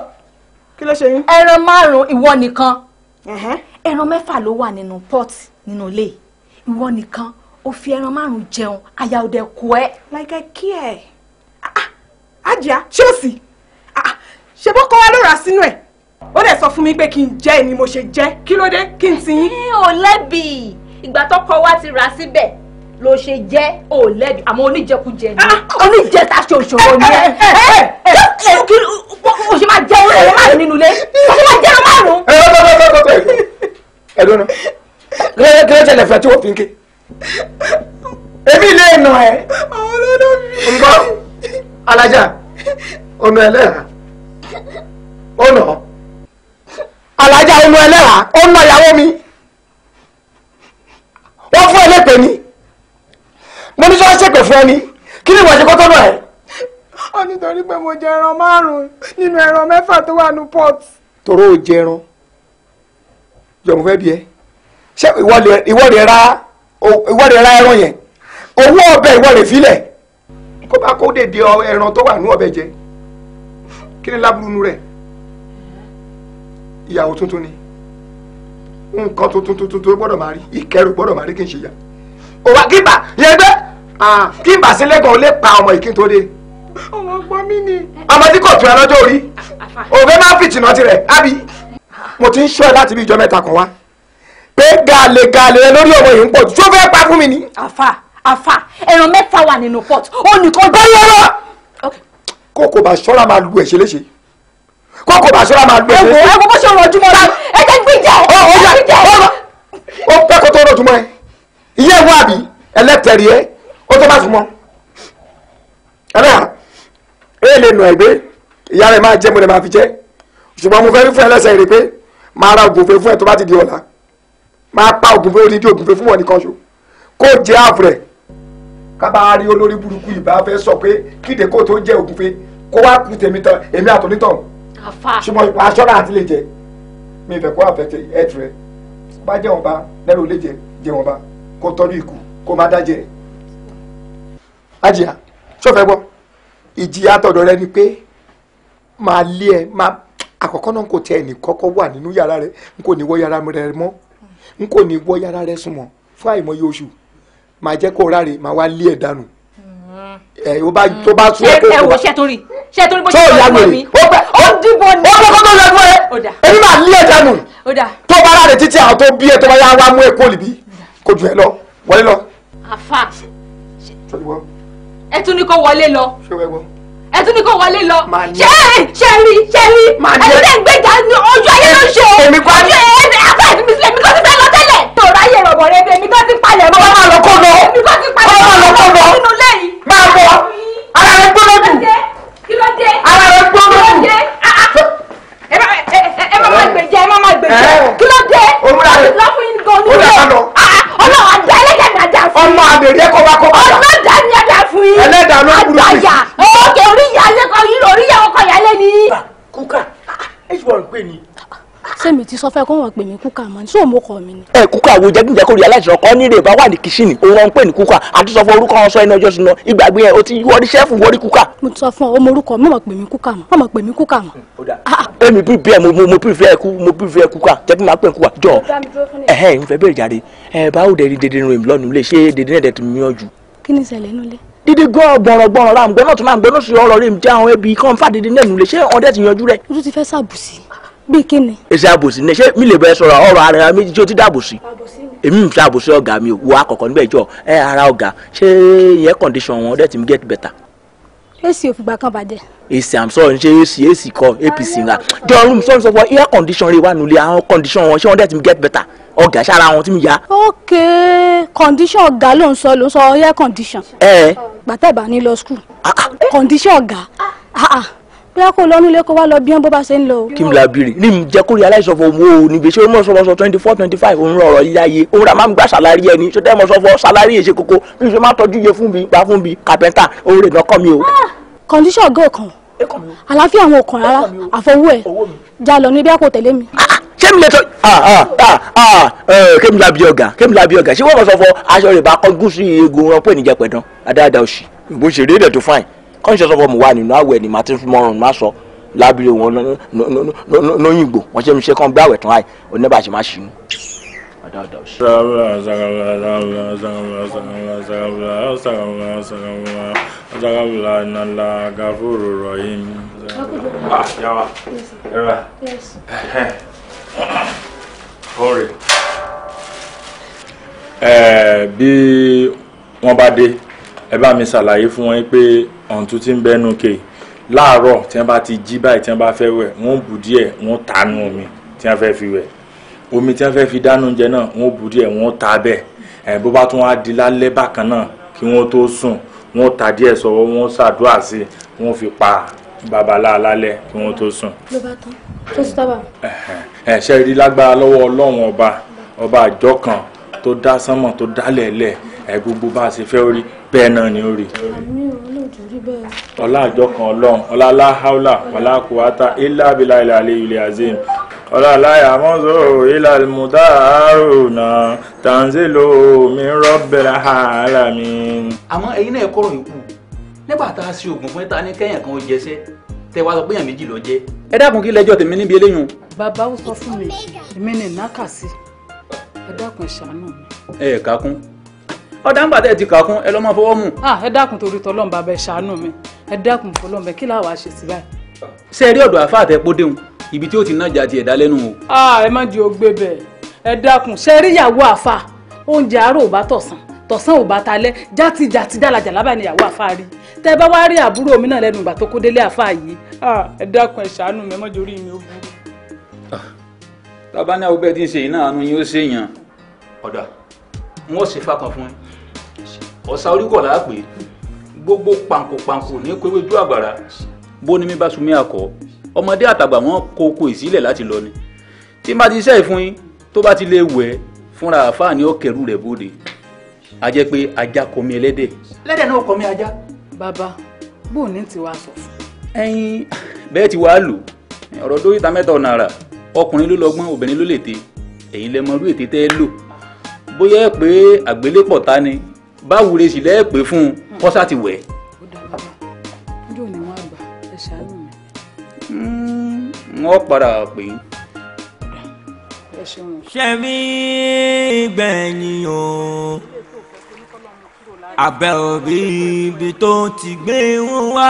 kí ló ṣe yín. ẹran márùn-ún ìwọ nìkan ẹran mẹ́fà ló wà nínú pot nínú ilé ìwọ nìkan ó fi ẹran márùn jẹun aya ọdẹ kú ẹ. like i care. Ah, ah, ajá ṣé o sì ṣe bó kọ́ wa ló rà sínú ẹ̀ ó dẹ̀ sọ fún mi pé kí n jẹ́ ni mo ṣe jẹ́ kí ló dé kí n ti yín. ẹ ìgbà tó kọ wá ti rà síbẹ̀ ló ṣe jẹ́ ò lẹ́bi àmọ́ oníjẹkújẹ ni ah, oníjẹta ṣe òṣòro ni ẹ ẹ eh, eh, eh, o ṣe máa jẹ owó ẹ̀rọ márùn nínú ilé o ṣe máa jẹ ẹ̀rọ márùn. ẹ ẹ bẹ bẹ bẹ bẹ ẹdun na kí fẹ́ tí wọ́n fi ń ké èmi ilé ìnà ẹ. àwọn alájà ọmọ ẹlẹ́ra ó alájà ọmọ ẹlẹ́ra ó ìyàwó mi wọ́n fún ẹlẹ́pẹ̀ ni mo ní sọ́ọ́ ṣèpè fún ẹni kí ni ìwà ṣe kó tọ́nà ẹ̀. ó nítorí pé mo jẹ ẹran márùn-ún nínú ẹran mẹ́fà tó wà ní port. toró o jẹ ẹran jọ̀mọ̀ fẹ́ bí ẹ ṣé ìwọ́de ra ìwọ́de ra ẹran yẹn owó ọbẹ̀ ìwọ́de filẹ̀ kó bá kó dèdè ẹran tó wà ní ọbẹ̀ jẹ kí ni lábúrú rẹ̀ ìyàwó tuntun ni nǹkan tuntun tuntun tó gbọ́dọ̀ máa rí ìkẹrù gbọ́dọ̀ máa rí kí n ṣe yà òwà kíbà yẹgbẹ́ ah. kíbà sílẹ̀kùn ó lè pa ọmọ ìkí tó dé. ọmọ gbọ́ mí ni. ọmọ tí kò tura lọ́jọ́ orí òwe máa fìtì náà tirẹ̀ àbí. mo ti ń ṣọ́ ẹ láti bí ìjọ mẹ́ta kan wá pé gàlè gàlè rẹ lórí ọmọ yìí ń pọ̀ jù tó fẹ́ pa fún mi ni. àfà àfà ẹran mẹ́ta wà nínú pot ó nìkan gbọ́ yọrọ. kó kò bá ṣọ́ra máa lu ẹ̀ṣẹ̀ léṣe kó kò bá ṣọ́ra máa lu ẹ̀ṣẹ̀ léṣe. ẹ wo ẹ wo bó ṣe rọjú mọ́ra ẹ jẹ́ gbíjẹ́ ẹ jẹ́ gbíjẹ́. ó pẹ́ kó tó rọjú mọ́ ẹ ìyá ìwọ àbí ẹlẹ́tẹ̀rì ẹ ó tó bá fún mọ́ ẹ̀rẹ́ à èyí lè nù ẹ̀gbẹ́ ìyá rẹ̀ máa jẹ́ mo lè máa fi jẹ́ ṣùgbọ́n mo fẹ́ rí fún ẹlẹ́sẹ̀ rẹ̀ pé máa ra ògùnfẹ́ fún ẹ tó bá ti di ọ̀la máa pa ògùnfẹ́ onídìí ògùnfẹ́ fún wọn nìkan ṣo kó jẹ́ àbúrẹ̀ kábà rí olórí burúkú ìbá fẹ́ sọ pé kíde kó tó jẹ́ ògùnfẹ́ kó wá kú tèmi tán èmi àtọ̀nítàn ṣùgbọ́n ìpa aṣọ́ra àti lè jẹ mi ìfẹ́ kó àfẹ́ ẹ̀ tì rẹ̀ bá jẹ́ wọn bá lẹ́nu lè jẹ jẹ wọn bá. kó iku ikú kó má dájẹ́ ajá sọfẹ́ gbọ́ ìjìyà tọ̀dọ̀ rẹ ni pé máa lé ẹ náà kò wà nínú yàrá rẹ n wọ yàrá rẹ mọ n wọ yàrá rẹ fún àìmọye oṣù máa kó ráre máa wá lé ẹ dànù mm-hmm. ẹ o bá mm-hmm. tó bá ẹ kó. ẹ wo ṣe torí ṣe torí bó ṣe tó dìbò ní. tó lọ ẹ máa lé ẹ dànù tó bá ráre títí àwọn tó kò jù ẹ lọ wọlé lọ. àfà ẹ tún ní kó wọlé lọ ẹ tún ní kó wọlé lọ ṣé ṣe rí ṣe rí ẹni tẹ́ ń gbéjà ní ojú ayé ló ṣe ojú ẹni àbá ẹ̀dùn mi sílẹ̀ mi kò ti fẹ́ lọ tẹ́lẹ̀. tòrọ ayé rọ̀bọ̀ rẹ bẹ́ẹ̀ mi kò ti palẹ̀ mọ́. máa lọ kó lọ mi kò ti palẹ̀ mọ́ nínú lẹ́yìn. máa bọ̀ ara rẹ gbọ́dọ̀ jù ara rẹ gbọ́dọ̀ jù. Ah, ah, ẹ má má gbèjà ẹ má má gbèjà kí ló dé lọ́fún yín gan-an nílé ọmọ àbèrè ẹ̀kọ́ bá kọ́ padà. ọlọ́dà ni ẹ̀dá fún yín. ẹlẹ́dà ló burú sí. àgbàyà òkè oríyà lẹ́kọ̀ọ́ yìí oríyà ọkọ̀ yà lẹ́ni. kúkà ẹ ṣùgbọ́n pè ní sẹ́mi ti sọ fẹ́ kó wọ́n pè mí kúkà mọ́ sóò mo kọ̀ mí ni. ẹ kúkà wo jẹgúnjẹkó rí aláìsàn kan nílé ìbá wà ní kìsìnì òun ọ̀n pè ní kúkà àti sọ fún orúkọ ọsọ ẹni ọjọ́ sinú ìgbàgbé yẹn o ti wọrí sẹ́fù wọrí kúkà. mo ti sọ fún ọ ọmọ orúkọ mọ̀ pè mí kúkà mọ̀ mọ̀ pè mí kúkà mọ̀. èmi ah, ah. bí bẹ́ẹ̀ mo mo bí fẹ́ mo bí fẹ́ kúkà jẹ́bí máa pè kúkà jọ ẹ̀hẹ́ ń fẹ́ bẹ́ẹ̀ jáde ẹ̀ báwo dẹ̀ dédé rìn lọ́nu lè ṣe dédé náà dẹ̀ ti yanjú. kí ni ìṣẹ̀lẹ̀ nulẹ̀ dídí gan gbọ̀nrọ̀ gbọ̀nrọ̀ ra ǹgbẹ́ náà tún náà ǹgbẹ́ náà sì ọ̀rọ̀ rẹ̀ ń jẹ́ àwọn ẹbí kan fàdídé náà nulẹ̀ ṣé ọ̀dẹ̀ ti yanjú rẹ̀. o tún ti fẹ́ sàbùsì bí kíni. èsì àbòsí ni ṣé mi lè bẹ sọ̀rọ̀ ọ̀rọ̀ ara méjì tí o ti dàbòsí. èmi ń fẹ́ àbòsí ọ̀gá mi wo àkọ́kọ́ níbẹ̀ jọ ẹ ara ọ̀gá ṣé ìyẹn condition wọn let me get better. èsì òfìgbà kan bàjẹ́. èsì i'm sorry ṣé èsì èsì kọ apc ńlá jọrùm sọ sọ fọ air condition rẹ wà nulẹ̀ àwọn condition wọn ṣé wọn let me get better ọ̀gá ṣára wọn tí mi yá. ok condition ọ̀gá ló ń sọ ló ń sọ air condition. ẹ gbàtẹ́ ìbá ní lọ school. Ah, ah bóyá kò lọ nílé kó wá lọ bíọ́n bó bá ṣe ń lọ. kí n la bìrì ní jẹ́ aláìsàn fún òun o níbi ṣé ó mọ̀ sọ́wọ́ sọ twenty four twenty five òun rọ̀rọ̀ ilé ayé òun rà má ń gbà sàlárí ẹni ṣé tẹ́ mọ̀ sọ́fọ́ sàlárí èṣe kókó bí ṣe má tọ́jú iye fún mi gbà fún mi kàpẹ́ntà òun rè nọ́kọ́ mi o. kọ́ndíṣọ̀ gé òkàn àlàáfíà àwọn òkàn rárá àfọwọ́ ẹ̀ já lọ níbi àpò tẹ̀lé mi kémi ah, ah, lè tọ́ ah, kémi labi ọ̀gá kémi labi ọ̀gá ṣé wọ́n mọ̀ sọ fún conscious of ọmọ wa nínú àwẹ̀ ni màá ti fún ọrùn má sọ lábílẹ̀ wọn lóyìnbó wọn ṣe ń ṣe kán bí àwẹ̀ tán láì oníbàṣẹ má ṣì ń. bí wọ́n bá dé ẹ bá mi ṣàlàyé fún wọn pé ọ̀ǹtún ti ń bẹ́nu ke láàárọ̀ tí wọ́n bá ti jí báyìí tí wọ́n bá fẹ́ wẹ̀ wọ́n bù díẹ̀ wọ́n tànú omi tí wọ́n fẹ́ fi wẹ̀ omi tí wọ́n fẹ́ fi dánú oúnjẹ náà wọ́n bù díẹ̀ wọ́n ta bẹ́ẹ̀ ẹ̀ bó bá tún wá di lálẹ́ bákan náà kí wọ́n tó sùn wọ́n ta díẹ̀ sọ́wọ́ wọ́n ṣàdúrà sí wọ́n fi pa babalá alálẹ̀ kí wọ́n tó sùn. ló bá tán tó sábà. ẹ ṣe rí lágbára lọ́wọ́ ọlọ́run ọba ọba àjọ kan tó dá sánmọ̀ ẹ bá a ṣe fẹ́ orí bẹ́ẹ̀ náà ni ó rí. ọlá àjọ kan ọlọ́run ọlá aláhàúlà wàlá kùwátà ilá abilà ilà àlẹ ilẹ̀ azeem ọlá aláya mọ́tò ilà mùdárò náà tanzelo mi rọ́bẹ̀rẹ̀ ààrà mi. àmọ́ ẹ̀yin náà kọ̀rọ̀ ikú nígbà tá a ṣe oògùn fún ta ní kẹ́yìn kan ó jẹsẹ́ tẹ wá sọ pé èèyàn méjì ló jẹ. ẹ dákun kí lẹ́jọ́ tèmi níbi eléyìí. bàbá ó sọ fún mi èmi ní nákàsí ẹ dákun ìṣàánú mi. ẹ kakún ọ̀dà ń gbàtẹ́ ti kà kún ẹ lọ́ máa fọwọ́ mú. Ah, ẹ dákun torí tọlọ́run bàbá ẹ ṣàánú mi ẹ dákun fọlọ́run bẹ kí làwọn àṣẹ sí báyìí. ṣé ẹ rí ọ̀dọ̀ àfa àtẹ́pọ́déhùn ibi tí ó ti nájà ti ẹ̀dá lẹ́nu o. Ah, ẹ má jẹ́ ògbé bẹ́ẹ̀ ẹ dákun ṣe rí ìyàwó àfa oúnjẹ àárọ̀ ò bá tọ̀sán tọ̀sán ò bá talẹ́ játijàti jálajàlá báyìí ìyàwó àfa rí tẹ bá wá rí àbúrò mi náà lẹ́nu ìgbà tó kó délé àfa yìí ah, ẹ dákun ẹ ṣàánú mi ẹ má jẹ́ orí mi ó burú. tábánà ọgbẹ́ ọ̀dà n ó sì fa kan fún ẹ ọ̀sà oríkọ̀ là á pè é gbogbo pàǹkópàǹkó ní pẹ́wéjú àgbàrá bó ni mi bá sunmí akọ ọmọdé àtàgbà wọn kó oko ìsílẹ̀ láti lọ ni tí n bá ti ṣe ìfún yín tó bá ti lè wẹ̀ fúnra àáfàá ni ó kẹrù rẹ̀ bóde a jẹ́ pé ajá kọmi ẹlẹ́dẹ̀ lẹ́dẹ̀ náà kọmi ajá. bàbá bò ní tiwa sọ fún. ẹyin bẹ́ẹ̀ ti wàá lò ọ̀rọ̀ dókítà mẹ́ta ọ̀nà àrà ọkùnrin ló lọ́gbọ́n obìnrin ló lè te ẹ̀yin lẹ mọ irú ète tẹ́ ẹ lò bóyá ẹ pé àgbélépọ̀ ta ni báwo lè sì lẹ́ẹ̀ pé fún un kọ́sà ti wẹ̀. ó dà bàbá ní wọn àgbà ẹ ṣàánú mi. Hmm, wọn padà pè é. ṣẹ́mi gbẹ̀yìn o abẹ́ òbí ibi tó ti gbé wọn wá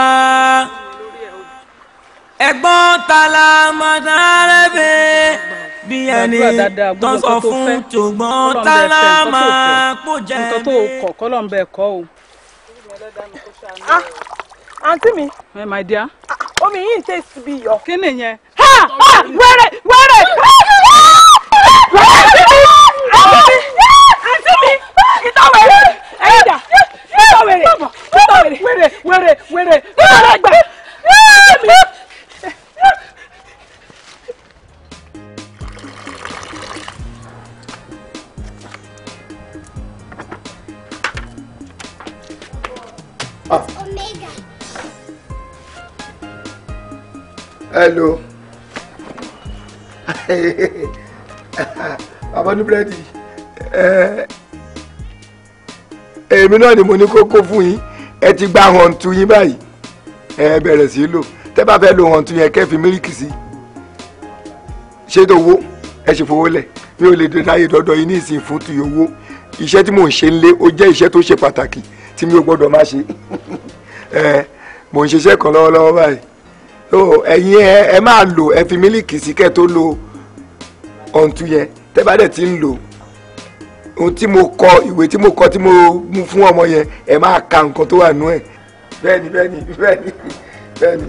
ẹ̀gbọ́n ta la máa dá bẹ́ẹ̀ bí ẹni tó sọ fún ṣùgbọ́n tálá máa kó jẹ mí. nǹkan tó kọ̀ kọ́lọ̀ ń bẹ kọ́ o. Ah, àǹtí mi. ẹ eh, my dear. Ah, omi yìí ń tẹ̀sí bí yọ. kí ni yẹn. wẹ́rẹ̀ wẹ́rẹ̀. àǹtí mi àǹtí mi ìtọ́ wẹ̀rẹ̀ ẹ̀yìn dà ìtọ́ wẹ̀rẹ̀ ìtọ́ wẹ̀rẹ̀ wẹ̀rẹ̀ wẹ̀rẹ̀ wẹ̀rẹ̀ gbà. hello bàbá ní búrẹ́dì eh, èmi náà ni mo ní kókó fún yín ẹ ti gba họ̀ǹtù yín báyìí ẹ bẹ̀rẹ̀ sí í lò tẹ́ bá fẹ́ lo họ̀ǹtù yẹn kẹ́fì mílíkì sí ṣé tó wó ẹ ṣe fowó lẹ̀ mi ò lè dènàyè dọ́dọ̀ yín ní ìsìn fún ti owó iṣẹ́ tí mò ń ṣe ń lé ó jẹ́ iṣẹ́ tó ṣe pàtàkì tí mi ò gbọ́dọ̀ má ṣe *laughs* eh, mò ń ṣiṣẹ́ kan lọ́wọ́lọ́wọ́ báyìí ẹ̀yin ẹ máa lò ẹ fi mílìkì sí kẹ́ tó lo ọ̀ǹtù yẹn tẹ́ bá dẹ̀ ti ń lò ohun tí mo kọ ìwé tí mo kọ tí mo mú fún ọmọ yẹn ẹ máa ka nǹkan tó wà nú ẹ̀ bẹ́ẹ̀ni bẹ́ẹ̀ni bẹ́ẹ̀ni bẹ́ẹ̀ni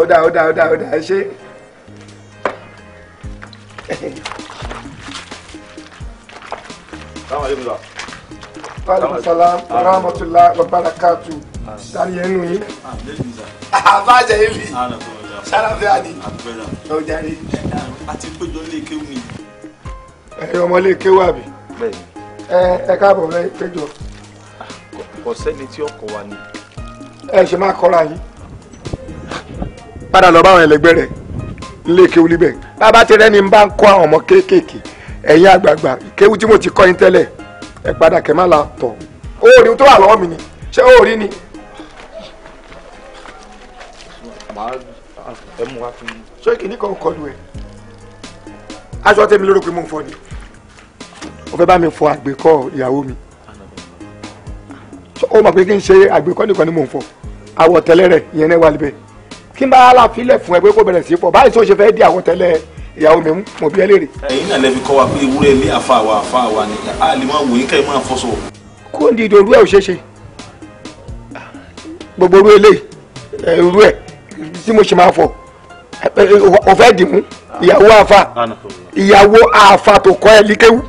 ọ̀dà ọ̀dà ọ̀dà ọ̀dà ṣé. Assalamu alaikum. Wa alaikum salam wa rahmatullahi wa barakatuh. tani yẹn nù yín. àbájá ebi sáràfẹ́ àdì ọjàre. àti péjọ léèké wù mí. ẹ̀yin ọmọ léèké wà bí. ẹ káàbọ̀ bẹ́ẹ̀ péjọ. kò sẹ́ni tí ọkọ̀ wa ni. ẹ ṣe máa kọ́ra yín. padà lọ báwọn ẹlẹgbẹ́ rẹ̀ léèké wù níbẹ̀. bàbá ti rẹ́ni bá ń kọ́ àwọn ọmọ kéékèèké ẹ̀yin àgbààgbà tí mo ti kọ́ yín tẹ́lẹ̀ eh, padà kẹ́ má la tọ̀. oòrùn oh, tó wà lọ́wọ́ mi ni ṣé oòrùn oh, ni màá ẹ mú wá fún mi. ṣé kìíní kan kọlu ẹ aṣọ tèmi lórí pé mò ń fọ ni o fẹ́ bá mi fọ àgbékọ́ ìyàwó mi ó mọ̀ pé kí n ṣe àgbékọ́ nìkan ni mò ń fọ àwọ̀ tẹ́lẹ̀ rẹ̀ ìyẹn náà wà níbẹ̀ kí n bá aláfilẹ̀ fún ẹ pé kó bẹ̀rẹ̀ sí pọ̀ báyìí tó ṣe di àwọ̀ tẹ́lẹ̀ ìyàwó mi mọ̀ bí ẹ léèrè. ẹ̀yin náà lẹbi kọ́ wa pé ewúrẹ́ ilé àfa wa àfa wa ni a lè máa wò yín kẹ́ ẹ máa fọ́sọ. kó ní ìdòrú ẹ ò ṣeé ṣe gbogbo orú eléyìí ẹ orú ẹ tí mo ṣe máa fọ ọ̀fẹ́ dìmú ìyàwó àfa ìyàwó àfa tó kọ́ ẹ líkéwú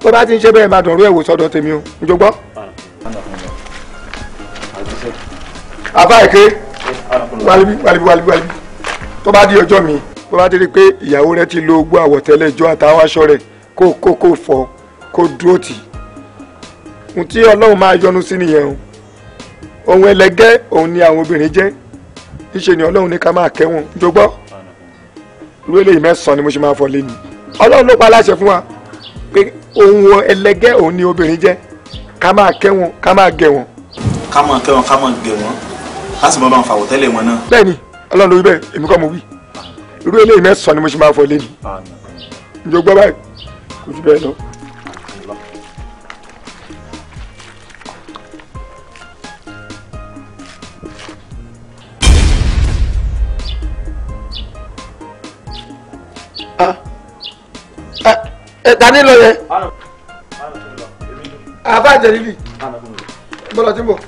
tó bá ti ń ṣe bẹ́ẹ̀ máa dọ̀rọ̀ ẹ̀wò sọ́dọ̀ tèmi o njó gbọ́. àfa èké wàlíbí wàlíbí wàlíbí wàlíbí tó bá di ọjọ́ mi tó bá ti rí i pé ìyàwó rẹ ti lo ogbó àwọ̀tẹ́lẹ̀ ìjọ àtàwọn aṣọ rẹ kó kó kó fọ kó dúró tì ohun tí ọlọ́run máa yọ́nú sí nìyẹn o ohun ẹlẹgẹ́ òun ni àwọn obìnrin jẹ́ níṣẹ́ ni ọlọ́run ní ká máa kẹ́ wọn jogbọ́ irú eléyìí mẹ́sàn-án ni mo ṣe máa fọ lé ni ọlọ́run ló pa aláṣẹ fún wa pé ohun ẹlẹgẹ́ òun ni obìnrin jẹ́ ká máa kẹ́ wọn ká máa gẹ̀ ká máa kẹ́ ká máa gẹ̀ wọn ká bá wọn fàwọ̀ tẹ́lẹ̀ wọn náà. bẹ́ẹ̀ni ọlọ́run ló wí bẹ́ẹ̀ èmi kọ́ mo wí irú eléyìí mẹ́sàn ni mo ṣe máa fọ lé ni báyìí kò jù bẹ́ẹ̀ lọ. dání lọ yẹn. àbá àjẹrìbì bọ́lá tí ń bọ̀.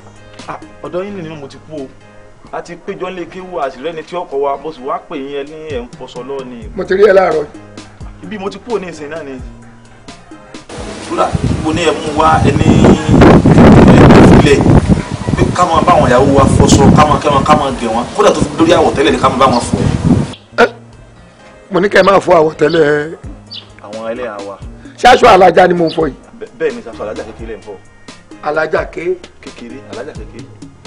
ọ̀dọ́ yín nìyẹn mo ti kú o a ti péjọ lé kéwú àṣìlẹ́ ni tí ọkọ̀ wa mo sì wá pè yín ẹ ní ẹ̀ ń fọṣọ lọ́ọ̀ ni. mo ti rí ẹ láàárọ̀. ibi mo ti kú ní ìsìn náà ni. kúrà mo ní ẹ mú wá ẹni ilẹ̀ pé ká máa bá àwọn ìyàwó wa fọṣọ ká máa kẹ́wọn ká máa gẹ̀ wọn kódà tó fi dórí àwọ̀tẹ́lẹ̀ ni ká máa bá wọn fọ. mo ní kẹ́ ẹ máa fọ àwọ̀tẹ́lẹ̀ àwọn ẹlẹ́yà wa. ṣáṣọ alájà ni mo ń fọ yìí. bẹ́ẹ̀ ni ṣáṣọ alájà kékeré ń fọ. alájà ké. kékeré alájà kékeré.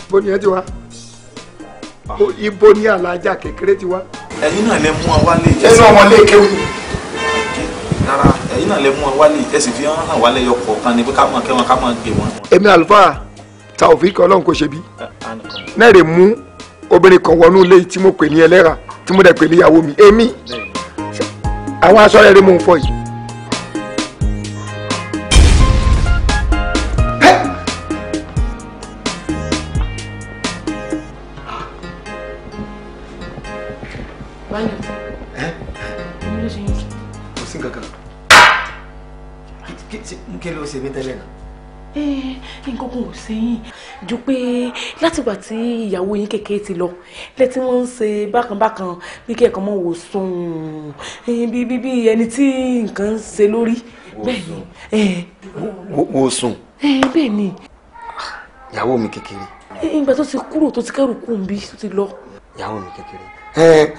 bó ni ẹ ti wá. Ah. ibo ni alájà kékeré ti wá. ẹ̀yin náà lè mú wa wálé. ẹnu ọmọ lè kéwù. rárá ẹ̀yin náà lè mú wa wálé ẹ sì fi hàn wálé yọkọ̀ kan ni pé ká máa kẹ́ wọn ká máa gé wọn. èmi àlùfáà taofik ọlọ́run kò ṣe bí náà rè mú obìnrin kan wọnú ilé tí mo pè ní ẹlẹ́ra tí mo dẹ̀ pè níyàwó mi èmi. bẹ́ẹ̀ àwọn aṣọ rẹ̀ rí mú un fọ yìí. látìgbà tí ìyàwó yín kékeré ti lọ lẹ́tí wọ́n ń ṣe bákanbákan bí kẹ́ẹ̀kan mọ́ wò sùn eh, bí bí bí ẹni tí nǹkan ń ṣe lórí bẹ́ẹ̀ ni. Eh. wò sùn. Eh, bẹ́ẹ̀ ni. ìyàwó mi kékeré. ìgbà tó ti kúrò tó ti kẹ́rù kù ń bí tó ti lọ. ìyàwó mi kékeré.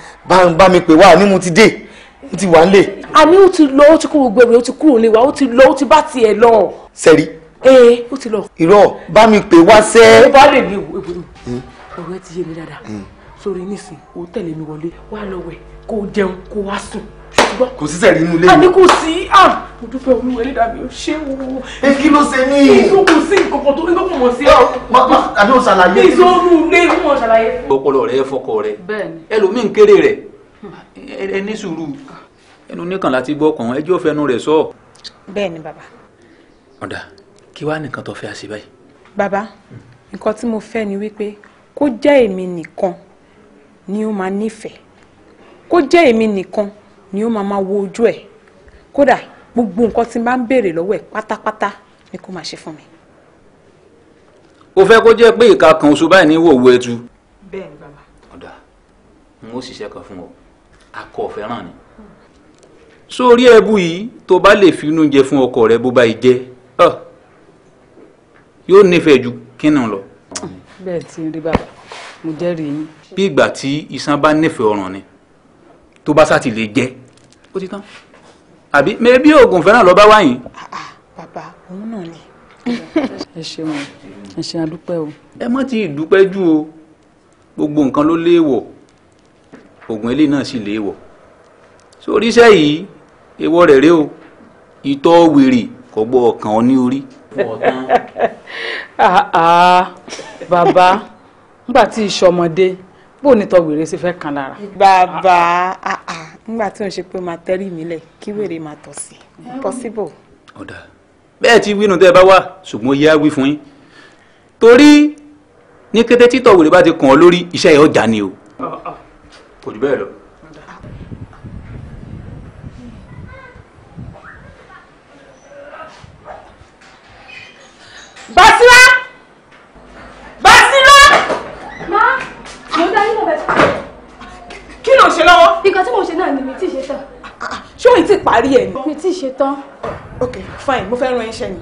bá mi pè wá ní mo ti dé mo ti wà ń lè. àní ó ti lọ ó ti kó gbogbo ẹ̀rọ ó ti kúrò lè ó ti lọ ó ti bá tiẹ̀ lọ. sẹ́rí ee eh, eh, o ti lọ. irọ́ bá mi pè wá sẹ́. ó bá lè ní ewu ewu mi hmm. ọ̀rọ̀ ẹ ti yé mi dáadáa hmm. sórí nísìn ó tẹ̀lé mi wọlé wá lọ wẹ̀ kó jẹun kó wá sùn ṣùgbọ́n. kò sí sẹ́ẹ̀rí inú ilé mi. a ní kò sí ah, mo dúpẹ́ olúwa ẹlẹ́dàá mi ò ṣé wo. ẹ eh, kí ló ṣe ní. inú kò sí nǹkan tó ní kókò mọ̀ sí. Oh, àbí o ṣàlàyé. ìṣòro ilé inú wọn ṣàlàyé. ọpọlọ rẹ fọkọ rẹ ẹlòmíín kéré rẹ hmm. ẹ ní sùúrù ẹnu nìkan láti gbọ́ kàn ẹjọ́ fẹnu rẹ̀ sọ. bẹ́ẹ̀ ni ọ̀dà kí wàá nìkan tó fẹ́ àṣẹ báyìí. bàbá nǹkan tí mo fẹ́ ni wípé kó jẹ́ èmi nìkan ni ó máa nífẹ̀ẹ́ kó jẹ́ èmi nìkan ni ó máa máa wo ojú ẹ̀ kódà gbogbo nǹkan tí n bá ń béèrè lọ́wọ́ ẹ̀ pátápátá ni kó máa ṣe fún mi. ó fẹ́ kó jẹ́ pé ìka kan oṣù báyìí ní wòwò ẹtu. bẹ́ẹ̀ ni bàbá. ọ̀dà n ó ṣiṣẹ́ kan fún ọ akọ ọ̀fẹ́ràn ni sórí ẹ̀bù yìí tó bá lè finú jẹ fún ọkọ rẹ bó bá yìí jẹ́ yóò nífẹ̀ẹ́ ju kínní lọ. bẹ́ẹ̀ tí ń rí bàbá mo jẹ́rìí yín. bí ìgbà tí iṣan bá nífẹ̀ẹ́ ọ̀ràn ni tó bá sá ti lè jẹ́ ó ti tán àbí mẹ́bí oògùn fẹ́ràn lọ́ọ́ bá wáyìn. Ah, ah, bàbá òun náà ni ẹ ṣeun ẹ ṣe àdúpẹ́ o. ẹ má ti dúpẹ́ jù o gbogbo nǹkan ló léèwọ̀ oògùn eléyìí náà sì léèwọ̀ sórí iṣẹ́ yìí èèwọ̀ rẹ̀ rèé o ìtọ̀ wèrè kò gbọ́ ọkàn ọ ní orí. Ah, ah, ah, bàbá nígbà tí ìṣọmọdé bó ní tọ wèrè sí fẹ́ kan lára. bàbá nígbà tí ò ń ṣe pé máa tẹ́rì mí lẹ̀ kí wèrè máa tọ̀ sí possible. ọ̀dà bẹ́ẹ̀ tí wínú tẹ́ ẹ bá wà ṣùgbọ́n ó yẹ á wí fún yín torí ní kété títọ̀ wèrè bá ti kàn ọ́ lórí iṣẹ́ ẹ̀ ọjà ni o kò jù bẹ́ẹ̀ lọ. Basira! dá yín lọ bẹ́ẹ̀. kí ló ń ṣe lọ́wọ́. nǹkan tí mo ṣe náà ni mi ti ṣe tán. ṣé òun ti parí ẹ̀ ni. mi ti ṣe tán. ok fine mo fẹ́ ran iṣẹ́ ni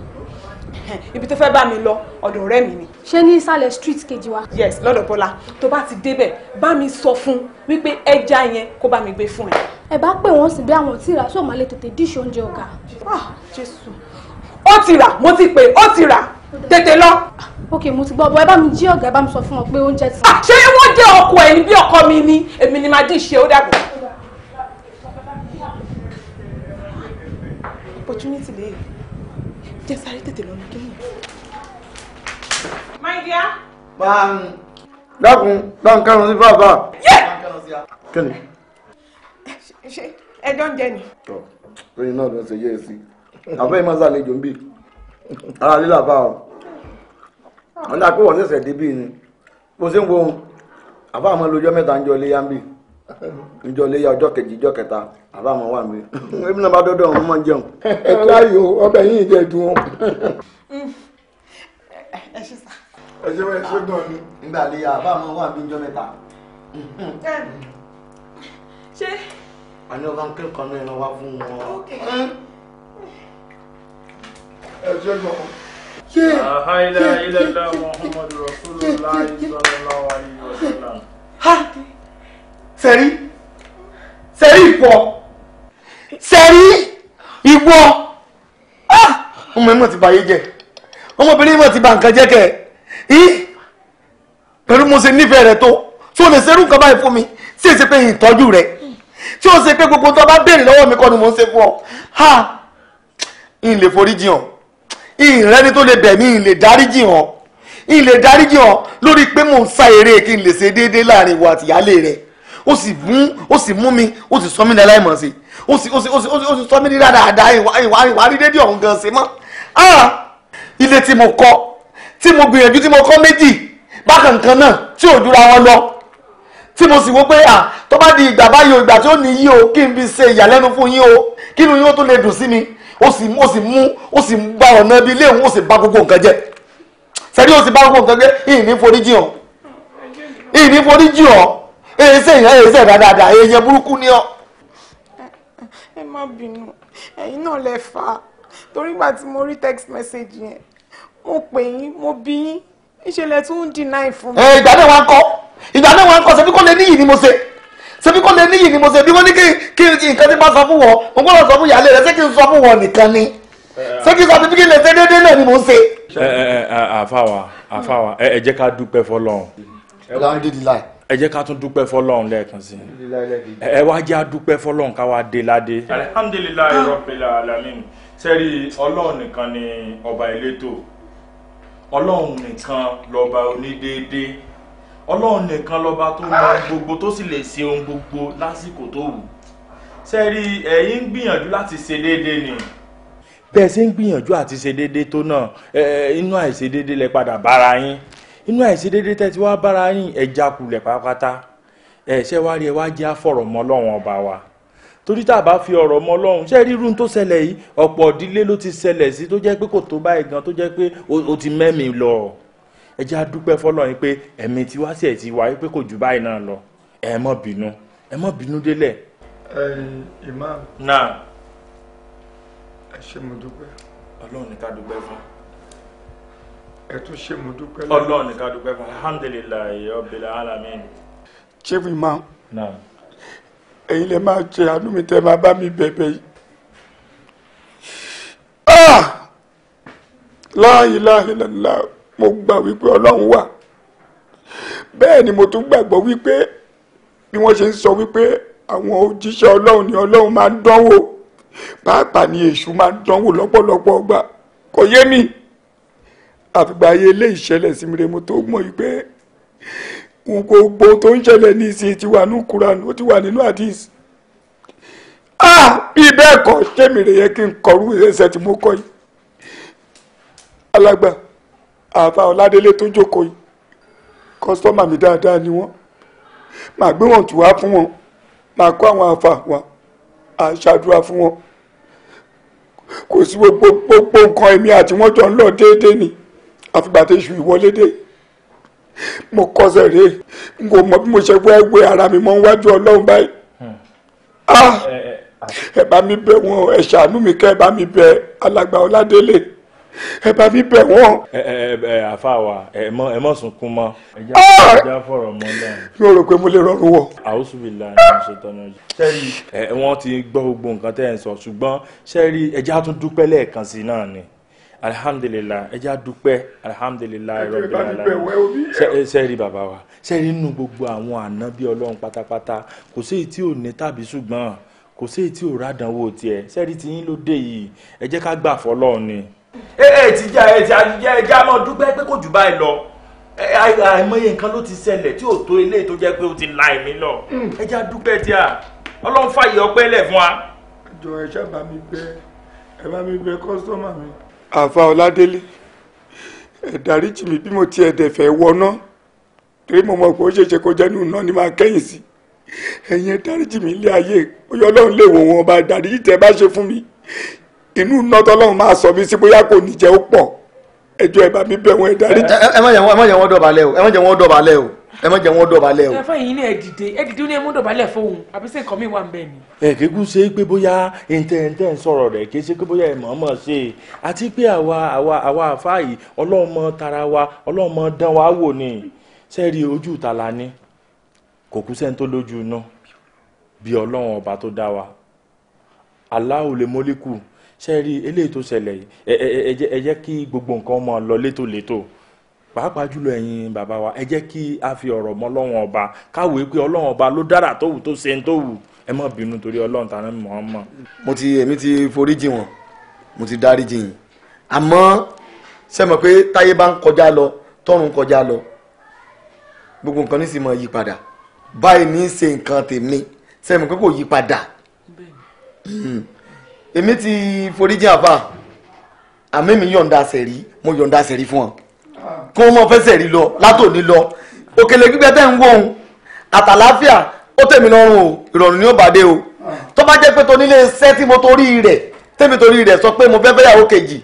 ibi tó fẹ́ bá mi lọ ọ̀dọ̀ ọ̀rẹ́ mi ni. ṣé ní ìsàlẹ̀ street kejì wa. yes lọ́dọ̀ bọ́lá tó bá ti débẹ̀ bá mi sọ fún wípé ẹja yẹn kó bá mi gbé fún ẹ. ẹ bá pè wọ́n sí bí àwọn tí ìrà sóò máa lè tètè díṣe oúnjẹ ọ̀gá. Ah, ó ti rà mo ti pè ó ti rà tètè lọ ok mo ti gbọ́ ọ̀bọ̀ ẹ bá mi jí ọ̀gá ẹ bá mi sọ fún wọn pé oúnjẹ ti. Ah, ṣé wọ́n jẹ́ ọkọ ẹ̀ ní bí ọkọ mi ni èmi ni màá dín ṣe ó dàgbà. opportunity lè jẹ́ sáré tètè lọ́nu kí mọ̀. my dear. máa ń dákun dáhùn kárùn sí fàáfà. kí ni. ṣe ẹjọ́ ń jẹ ni. lóyún náà ló ń ṣe yẹ́ ẹ sí àbẹ́ ìmọ̀ ń bì ara lílà bá ọ wọn dà pé wọn ṣẹ̀ṣẹ̀ débí ni bó ṣe ń wo àbá àmọ́ lójọ́ mẹ́ta ń jọ ilé yámbì ìjọ ilé ya ọjọ́ kejì ìjọ kẹta àbá àmọ́ wà *laughs* mí ebi náà bá dọ́dọ̀ ọ̀hún mọ́ jẹun. *laughs* ẹ láyò ọbẹ̀ yìí jẹ́ dùn *laughs* ẹ ṣe sá. ṣe wọ́n ẹ nígbà ilé ya àbá àmọ́ wà mí ìjọ mẹ́ta. ṣé. àní ọba ń kẹ́kọ̀ọ́ náà wá fún wọn. ẹ ṣe gan la ilaha illallah muhammadu rasulullah sallallahu alayhi wa sallam. sẹ́rí sẹ́rí ìwọ sẹ́rí ìwọ ọmọ ẹ̀ mọ̀ ti bàyé jẹ́ ọmọbìnrin mọ̀ ti bà nǹkan jẹ́ kẹ́ ẹ́ pẹ̀lú mo ṣe nífẹ̀ẹ́ rẹ̀ tó tí o lè ṣerú nǹkan báyìí fún mi tí o ṣe pé ìtọ́jú rẹ̀ tí o ṣe pé gbogbo tó bá béèrè lọ́wọ́ mi kọ́ ni mo ń ṣe fún ọ ha n lè forí jiyàn ìrẹ́ni tó lè bẹ̀ mí ìlè dáríjì hàn ìlè dáríjì hàn lórí pé mò ń sá eré kí n lè ṣe déédéé láàrin ìwọ àti ìyáálé rẹ̀ ó sì mú ó sì mú mi ó sì sọ mí ní aláìmọ̀ọ́sẹ̀ ó sì ó sì ó sì ó sì sọ mí ní dáadáa ìwà rí déédéé ọ̀hún gan-an ṣe mọ́ ilé tí mo kọ́ tí mo gbìyànjú tí mo kọ́ méjì bákan kan náà tí ò jura wọn lọ tí mo sì wò pé à tó bá di ìgbà báyìí o ìgbà tí ó ní yí o kí n fi ṣe ìyàlẹ́nu fún yín o kí inú yín ó tó lè dùn sí mi ó sì ó sì mú ó sì gba ọ̀nà ẹbí ilé òun ó sì bà gbogbo nǹkan jẹ́ sẹ́ni ó sì bà gbogbo nǹkan jẹ́ ìní foríjì ọ́ ìní foríjì ọ́ èyí sẹ́yìn èyí sẹ́yìn dáadáa èyí burúkú ni ọ́. ẹ̀yin náà lè fa tí mo rí text message yẹn mo pè yín mo bí yín tún ń fún mi. ìgbà náà ń ìgbà náà ń lè ni mo ṣe. ṣebí kò lè níyì ni mo ṣe bí wọ́n ní kí nǹkan tí bá sọ fún wọn mo gbọ́dọ̀ sọ fún ìyáálé rẹ̀ ṣé kí n sọ fún wọn nìkan ni ṣé kí n sọ fún kí n lè ṣe déédéé náà ni mo ṣe. ẹ ẹ àfàwà àfàwà ẹ jẹ́ ká dúpẹ́ fọlọ́run. ẹ jẹ́ ká tún dúpẹ́ fọlọ́run lẹ́ẹ̀kan sí i ẹ wá jẹ́ àdúpẹ́ fọlọ́run ká wá dé ládé. alihamdulilayi rọ́pẹ̀lá alamin sẹ́rí ọlọ́run nìkan ni ọba elétò ọlọ́run nìkan lọ́ba onídéédéé ọlọ́run nìkan lọ́ba tó mọ gbogbo tó sì lè ṣe ohun gbogbo lásìkò tó wù sẹ́rí ẹ̀yin ń gbìyànjú láti ṣe déédéé ni bẹ́ẹ̀ ṣe ń gbìyànjú àti ṣe déédéé tó náà inú àìṣedéédéé lẹ padà bára yín inú àìṣedéédéé tẹ́ ti wá bára yín ẹja kulẹ̀ pátápátá ẹ̀ṣẹ́ wá rí ẹ wá jẹ́ àfọ̀rọ̀mọ́ ọlọ́run ọba wa torí tá a bá fi ọ̀rọ̀ mọ́ ọlọ́run ṣé rí irun tó ṣẹlẹ̀ yìí ọ̀pọ̀ ìdílé ló ti ṣẹlẹ̀ sí tó jẹ́ pé kò tó báyìí gan tó jẹ́ pé ó ti mẹ́mìí lọ ẹ jẹ́ àdúpẹ́ fọ́lọ́ yín pé ẹ̀mí tiwa sí ẹ̀ ti wáyé pé kò jù báyìí náà lọ ẹ má bínú ẹ má bínú délẹ̀. ẹ imam. náà. ẹ ṣé mo dúpẹ́. ọlọ́run ní ká dúpẹ́ fún. ẹ tún ṣé mo dúpẹ́. ọlọ́run ní ká dúpẹ́ fún alhamdulilayi rabbil alamin. chief imam. náà. ẹ̀yin lè máa ṣe àánú mi tẹ́ máa bá mi bẹ̀bẹ̀ yìí. Ah! la ilaha illallah mo gbà wípé ọlọ́run wà bẹ́ẹ̀ ni mo tún gbàgbọ́ wípé bí wọ́n ṣe ń sọ wípé àwọn òjíṣẹ́ ọlọ́run ni ọlọ́run máa ń dánwò pàápàá ni èṣù máa ń dánwò lọ́pọ̀lọpọ̀ ọgbà kò yé mi àfìgbà ayé ilé ìṣẹ̀lẹ̀ sí mi rè mo tó mọ̀ wípé gbogbo tó ń ṣẹlẹ̀ ní ìsìn ti wà ní Quran ó ti wà nínú hadith ah bí bẹ́ẹ̀ kọ́ ṣé mi rè yẹ kí n kọrú ẹsẹ̀ tí mo kọ yìí alágbà àfa ọládélé tó jókòó yìí kọ́sítọ́mà mi dáadáa ni wọ́n màá gbé wọn tù wá fún wọn màá kó àwọn àfa wa àṣàdúrà fún wọn kò sí gbogbo nǹkan èmi àti wọn jọ ń lọ déédéé ni àfìgbà tí èṣù ìwọlé dé mo kọsẹ̀ rèé n kò mọ bí mo ṣe wẹ́ wẹ ara mi mọ́ níwájú ọlọ́run báyìí hmm. ah! eh, eh, eh, ẹ bá mi bẹ̀ wọ́n ẹ ṣàánú mi kẹ́ ẹ bá mi bẹ̀ alàgbà ọládélé ẹ bá mi bẹ̀ wọ́n. ẹ ẹ ẹ àfa wa ẹ mọ ẹ mọ sunkún mọ. ẹ ah! já fọ̀rọ̀ mọ́ náà. yóò rò pé mo lè rọrùn wọ. àwùsù bíi la ẹ ṣe tọ́nà jù. sẹ́rí ẹ wọ́n ti gbọ́ gbogbo nǹkan tẹ́ ẹ̀ ń sọ ṣùgbọ́n sẹ́rí ẹ já tún dúpẹ́ lẹ́ẹ̀kan sí náà ni alihamdulilayi ẹ já dúpẹ́ alihamdulilayi rọbì alayi sẹ́rí bàbá wa sẹ́rí nínú gbogbo àwọn ànábì ọlọ́run pátápátá kò sí èyí tí ò ní tàbí ṣùgbọ́n kò sí èyí tí ò rádànwó tiẹ̀ sẹ́rí tiyín ló dé yìí ẹ jẹ́ ká gbà fọlọ́ọ̀ ni ẹ ẹ ti jẹ ẹ ti àjẹ ẹjẹ àmọ́ dúpẹ́ pé kò jù báyìí lọ àìmọye nǹkan ló ti ṣẹlẹ̀ tí ò tó eléyìí tó jẹ́ pé ó ti la ẹ̀mí lọ ẹjẹ hmm. àdúpẹ́ tí a ọlọ́run fàyè ọpẹ́ lẹ̀ fún wa. jọ ẹ ṣáà bá mi bẹ ẹ bá mi bẹ kọ́sítọ́mà mi. àfa ọládélé ẹ dáríjì mi bí mo tiẹ̀ dẹ̀ fẹ́ wọná torí mo mọ̀ pé ó ṣeéṣe kó jẹ́ nínú náà ni máa kẹ́yìn sí ẹ̀yin ẹ dáríjì mi ilé ayé ó yọ ọlọ́run lè wò wọn bá dáríjì tẹ́ bá ṣe fún mi inú iná tọ́lọ́run máa sọ mí sí bóyá kò ní jẹ́ ó pọ̀ ẹjọ́ ẹ bá mi bẹ̀ wọ́n ẹ dárí. ẹ má jẹ́ wọ́n dọ̀bálẹ̀ o ẹ má jẹ́ wọ́n dọ̀bálẹ̀ o ẹ má jẹ́ wọ́n dọ̀bálẹ̀ o. ẹfọ yìí ni ẹ dìde ẹ dìde ní ẹ mú dọ̀bálẹ̀ fóun àbí ṣé nǹkan mi wà ń bẹ ni. ẹ kékun ṣe é pé bóyá ntẹ ntẹ ń sọ̀rọ̀ rẹ kì í ṣe pé bóyá ẹ mọ̀ọ́mọ̀ ṣe é àti pé àwa àwa àwa àfáà yìí ọlọ́mọ tara wa ọlọ́mọ dán wa wò ni sẹ́ẹ̀rì ojú ìta la kò kú sẹ́ni tó lójú iná bí ọlọ́run ọba tó dá wa aláwo mólíkù ṣe rí eléyìí tó ṣẹlẹ̀ yìí ẹ jẹ́ kí gbogbo nǹkan máa lọ létòlétò pàápàá jùlọ ẹ̀yin bàbá wa ẹ jẹ́ kí a fi ọ̀rọ̀ mọ́ Ọlọ́run ọba káwé pé Ọlọ́run ọba ló dára tó wù tó ṣe ń tó wù ẹ má bínú torí Ọlọ́run tàná mọ̀ ọ́n mọ̀. mo ti èmi ti foríjì wọn mo ti dáríjì yín àmọ́ ṣe mọ̀ pé táyé bá ń kọjá lọ tọ́run kọjá lọ gbogbo nǹkan ní yí padà báyìí ní í ṣe nǹkan tèmi ṣe mọ̀ pé kò yí padà. bẹ́ẹ̀ ni hmm èmi ti foríjì àfà àmì mi yọ̀ǹda sẹ̀rí mo yọ̀ǹda sẹ̀rí fún ọ kí wọ́n mọ̀ fẹ́ sẹ̀rí lọ látòní lọ òkèlè gbígbẹ́ tẹ́ ń wọ̀hún àtàláfíà ó tẹ̀mí lọ́rùn o ìrọ̀rùn ni ó bàdé o tó bá jẹ́ pé tó nílé iṣẹ́ tí mo torí rẹ̀ tẹ́mi torí rẹ̀ sọ pé mo fẹ́ fẹ́ yàwó kejì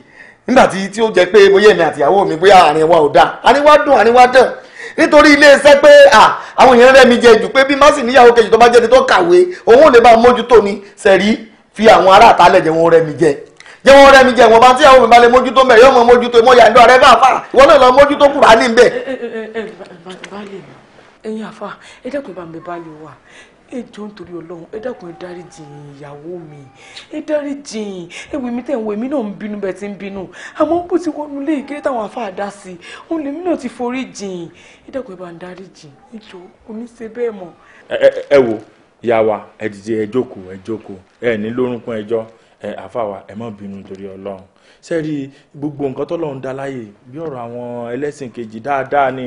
nígbà tí tí ó jẹ́ pé bóyá èmi àtìyàwó mi bóyá àárín wa ò dáa àárín wa dùn àárín wa dùn nítorí ilé iṣẹ́ pé àwọn èèyàn rẹ̀ mi jẹ jù pé bí má sì níyàwó kejì tó bá jẹ́ ni tó kàwé òun ò lè bá mójútó ni sẹ̀rí fi àwọn ará àtàlẹ̀ jẹ́ wọn rẹ́ mi jẹ jẹ́ wọn rẹ́ mi jẹ wọn bá tí àwọn òmìnira lè mójútó mẹ́ yọmọ mójútó mọ́ yàndó rẹ bá fà wọn náà lọ mójútó kúrò ní bẹ́ẹ̀. ẹ̀yin àfa ẹ bá mi bá lè wà ẹ jọ̀ọ́ nítorí Ọlọ́run ẹ dákun ẹ dáríjì ìyàwó mi ẹ dáríjì ẹwì mi tẹ ń wo èmi náà ń bínú bẹ́ẹ̀ tí ń bínú àmọ́ bó ti wọnú ilé ìkéré táwọn afáà dá sí òun lèmi náà ti forí jìn ẹ dákun bá ń dáríjì ẹ jọ̀ọ́ oníṣe bẹ́ẹ̀ mọ́. ẹ ẹ wo ìyá wa ẹ dìde ẹ jókòó ẹ jókòó ẹ ní lórúnkún ẹjọ́ ẹ àfàwà ẹ má bínú torí ọlọ́run sẹ́ẹ̀rí gbogbo nǹkan tọ́lọ́run dá láyè bí ọ̀rọ̀ àwọn ẹlẹ́sìn kejì dáadáa ni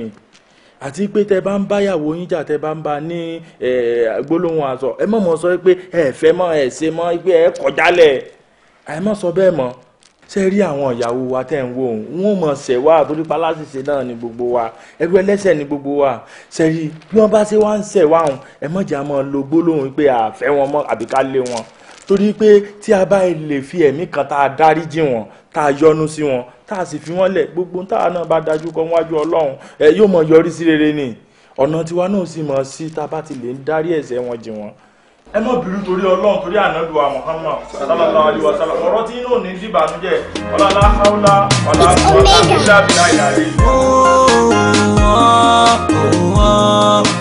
àti pé tẹ bá ń báyàwó yín jà tẹ bá ń bá ní gbólóhùn àṣọ ẹ má mọ̀ sọ pé ẹ fẹ́ mọ́ ẹ ṣe mọ́ pé ẹ kọjálẹ̀ ẹ má sọ bẹ́ẹ̀ mọ́ ṣe rí àwọn ìyàwó wa tẹ́ ń wò ó wọ́n mọ̀ ṣẹ̀ wá àtòrí paláṣìṣe náà ni gbogbo wa ẹgbẹ́ ẹlẹ́ṣẹ̀ ni gbogbo wa ṣe rí bí wọ́n bá ṣe wá ń ṣẹ̀ wá òun ẹ mọ̀jà mọ́ lo gbólóhùn pé àfẹ́ wọn mọ́ àbí ká lé wọn torí pé tí a bá lè fi ẹ̀mí kan tá a dáríjì wọn tá a yọ́nú sí wọn tá a sì fi wọ́n lẹ̀ gbogbo táwa náà bá dájú kọ wájú Ọlọ́run ẹ yóò mọ yọrí sí rere ni ọ̀nà tiwa náà sì mọ̀ sí tá a bá ti lè ń dárí ẹ̀ṣẹ̀ wọn jì wọn ẹ má bínú torí ọlọ́run torí ànádùá Muhammad sallallahu alayhi wa sallam ọ̀rọ̀ tí inú ò ní dìbànújẹ́ ọlọ́lá haúlá ọ̀là àbúrò ọ̀là àbúrò ìlà ìlà rẹ̀.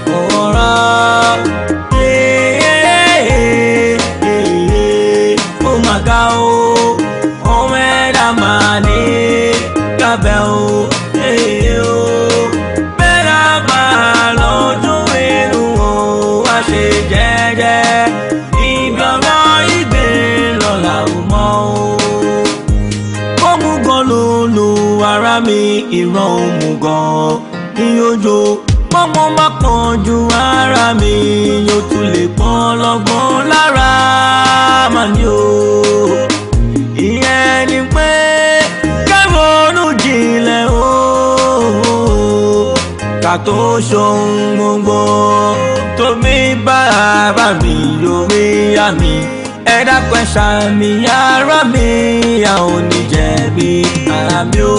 tún lè pọ́n lọ́gbọ́n lára mà ní o. ìyẹn ni pé kẹ́rọ̀ọ́nù jinlẹ̀ o ká tó ṣohun gbogbo tómi bàbá mi lórí àmì ẹ̀dá pẹ̀ṣà mi ara mi àwọn oníjẹ̀bi ara mi o.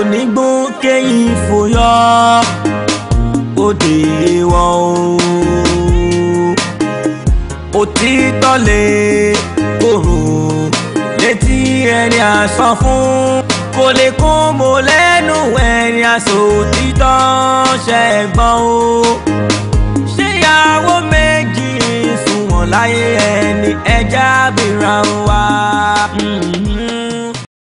onígbó kẹ́yìn fòyọ́ òde wọn o òtítọ́ lè kòrò létí ẹni àsọ fún kò lè kó mo lẹ́nu ẹni àsọ òtítọ́ ṣẹ̀gbọ́n o ṣé ìyàwó méjì sùn wọ̀n láyé ẹni ẹja bìíràn wa. Mm-hmm.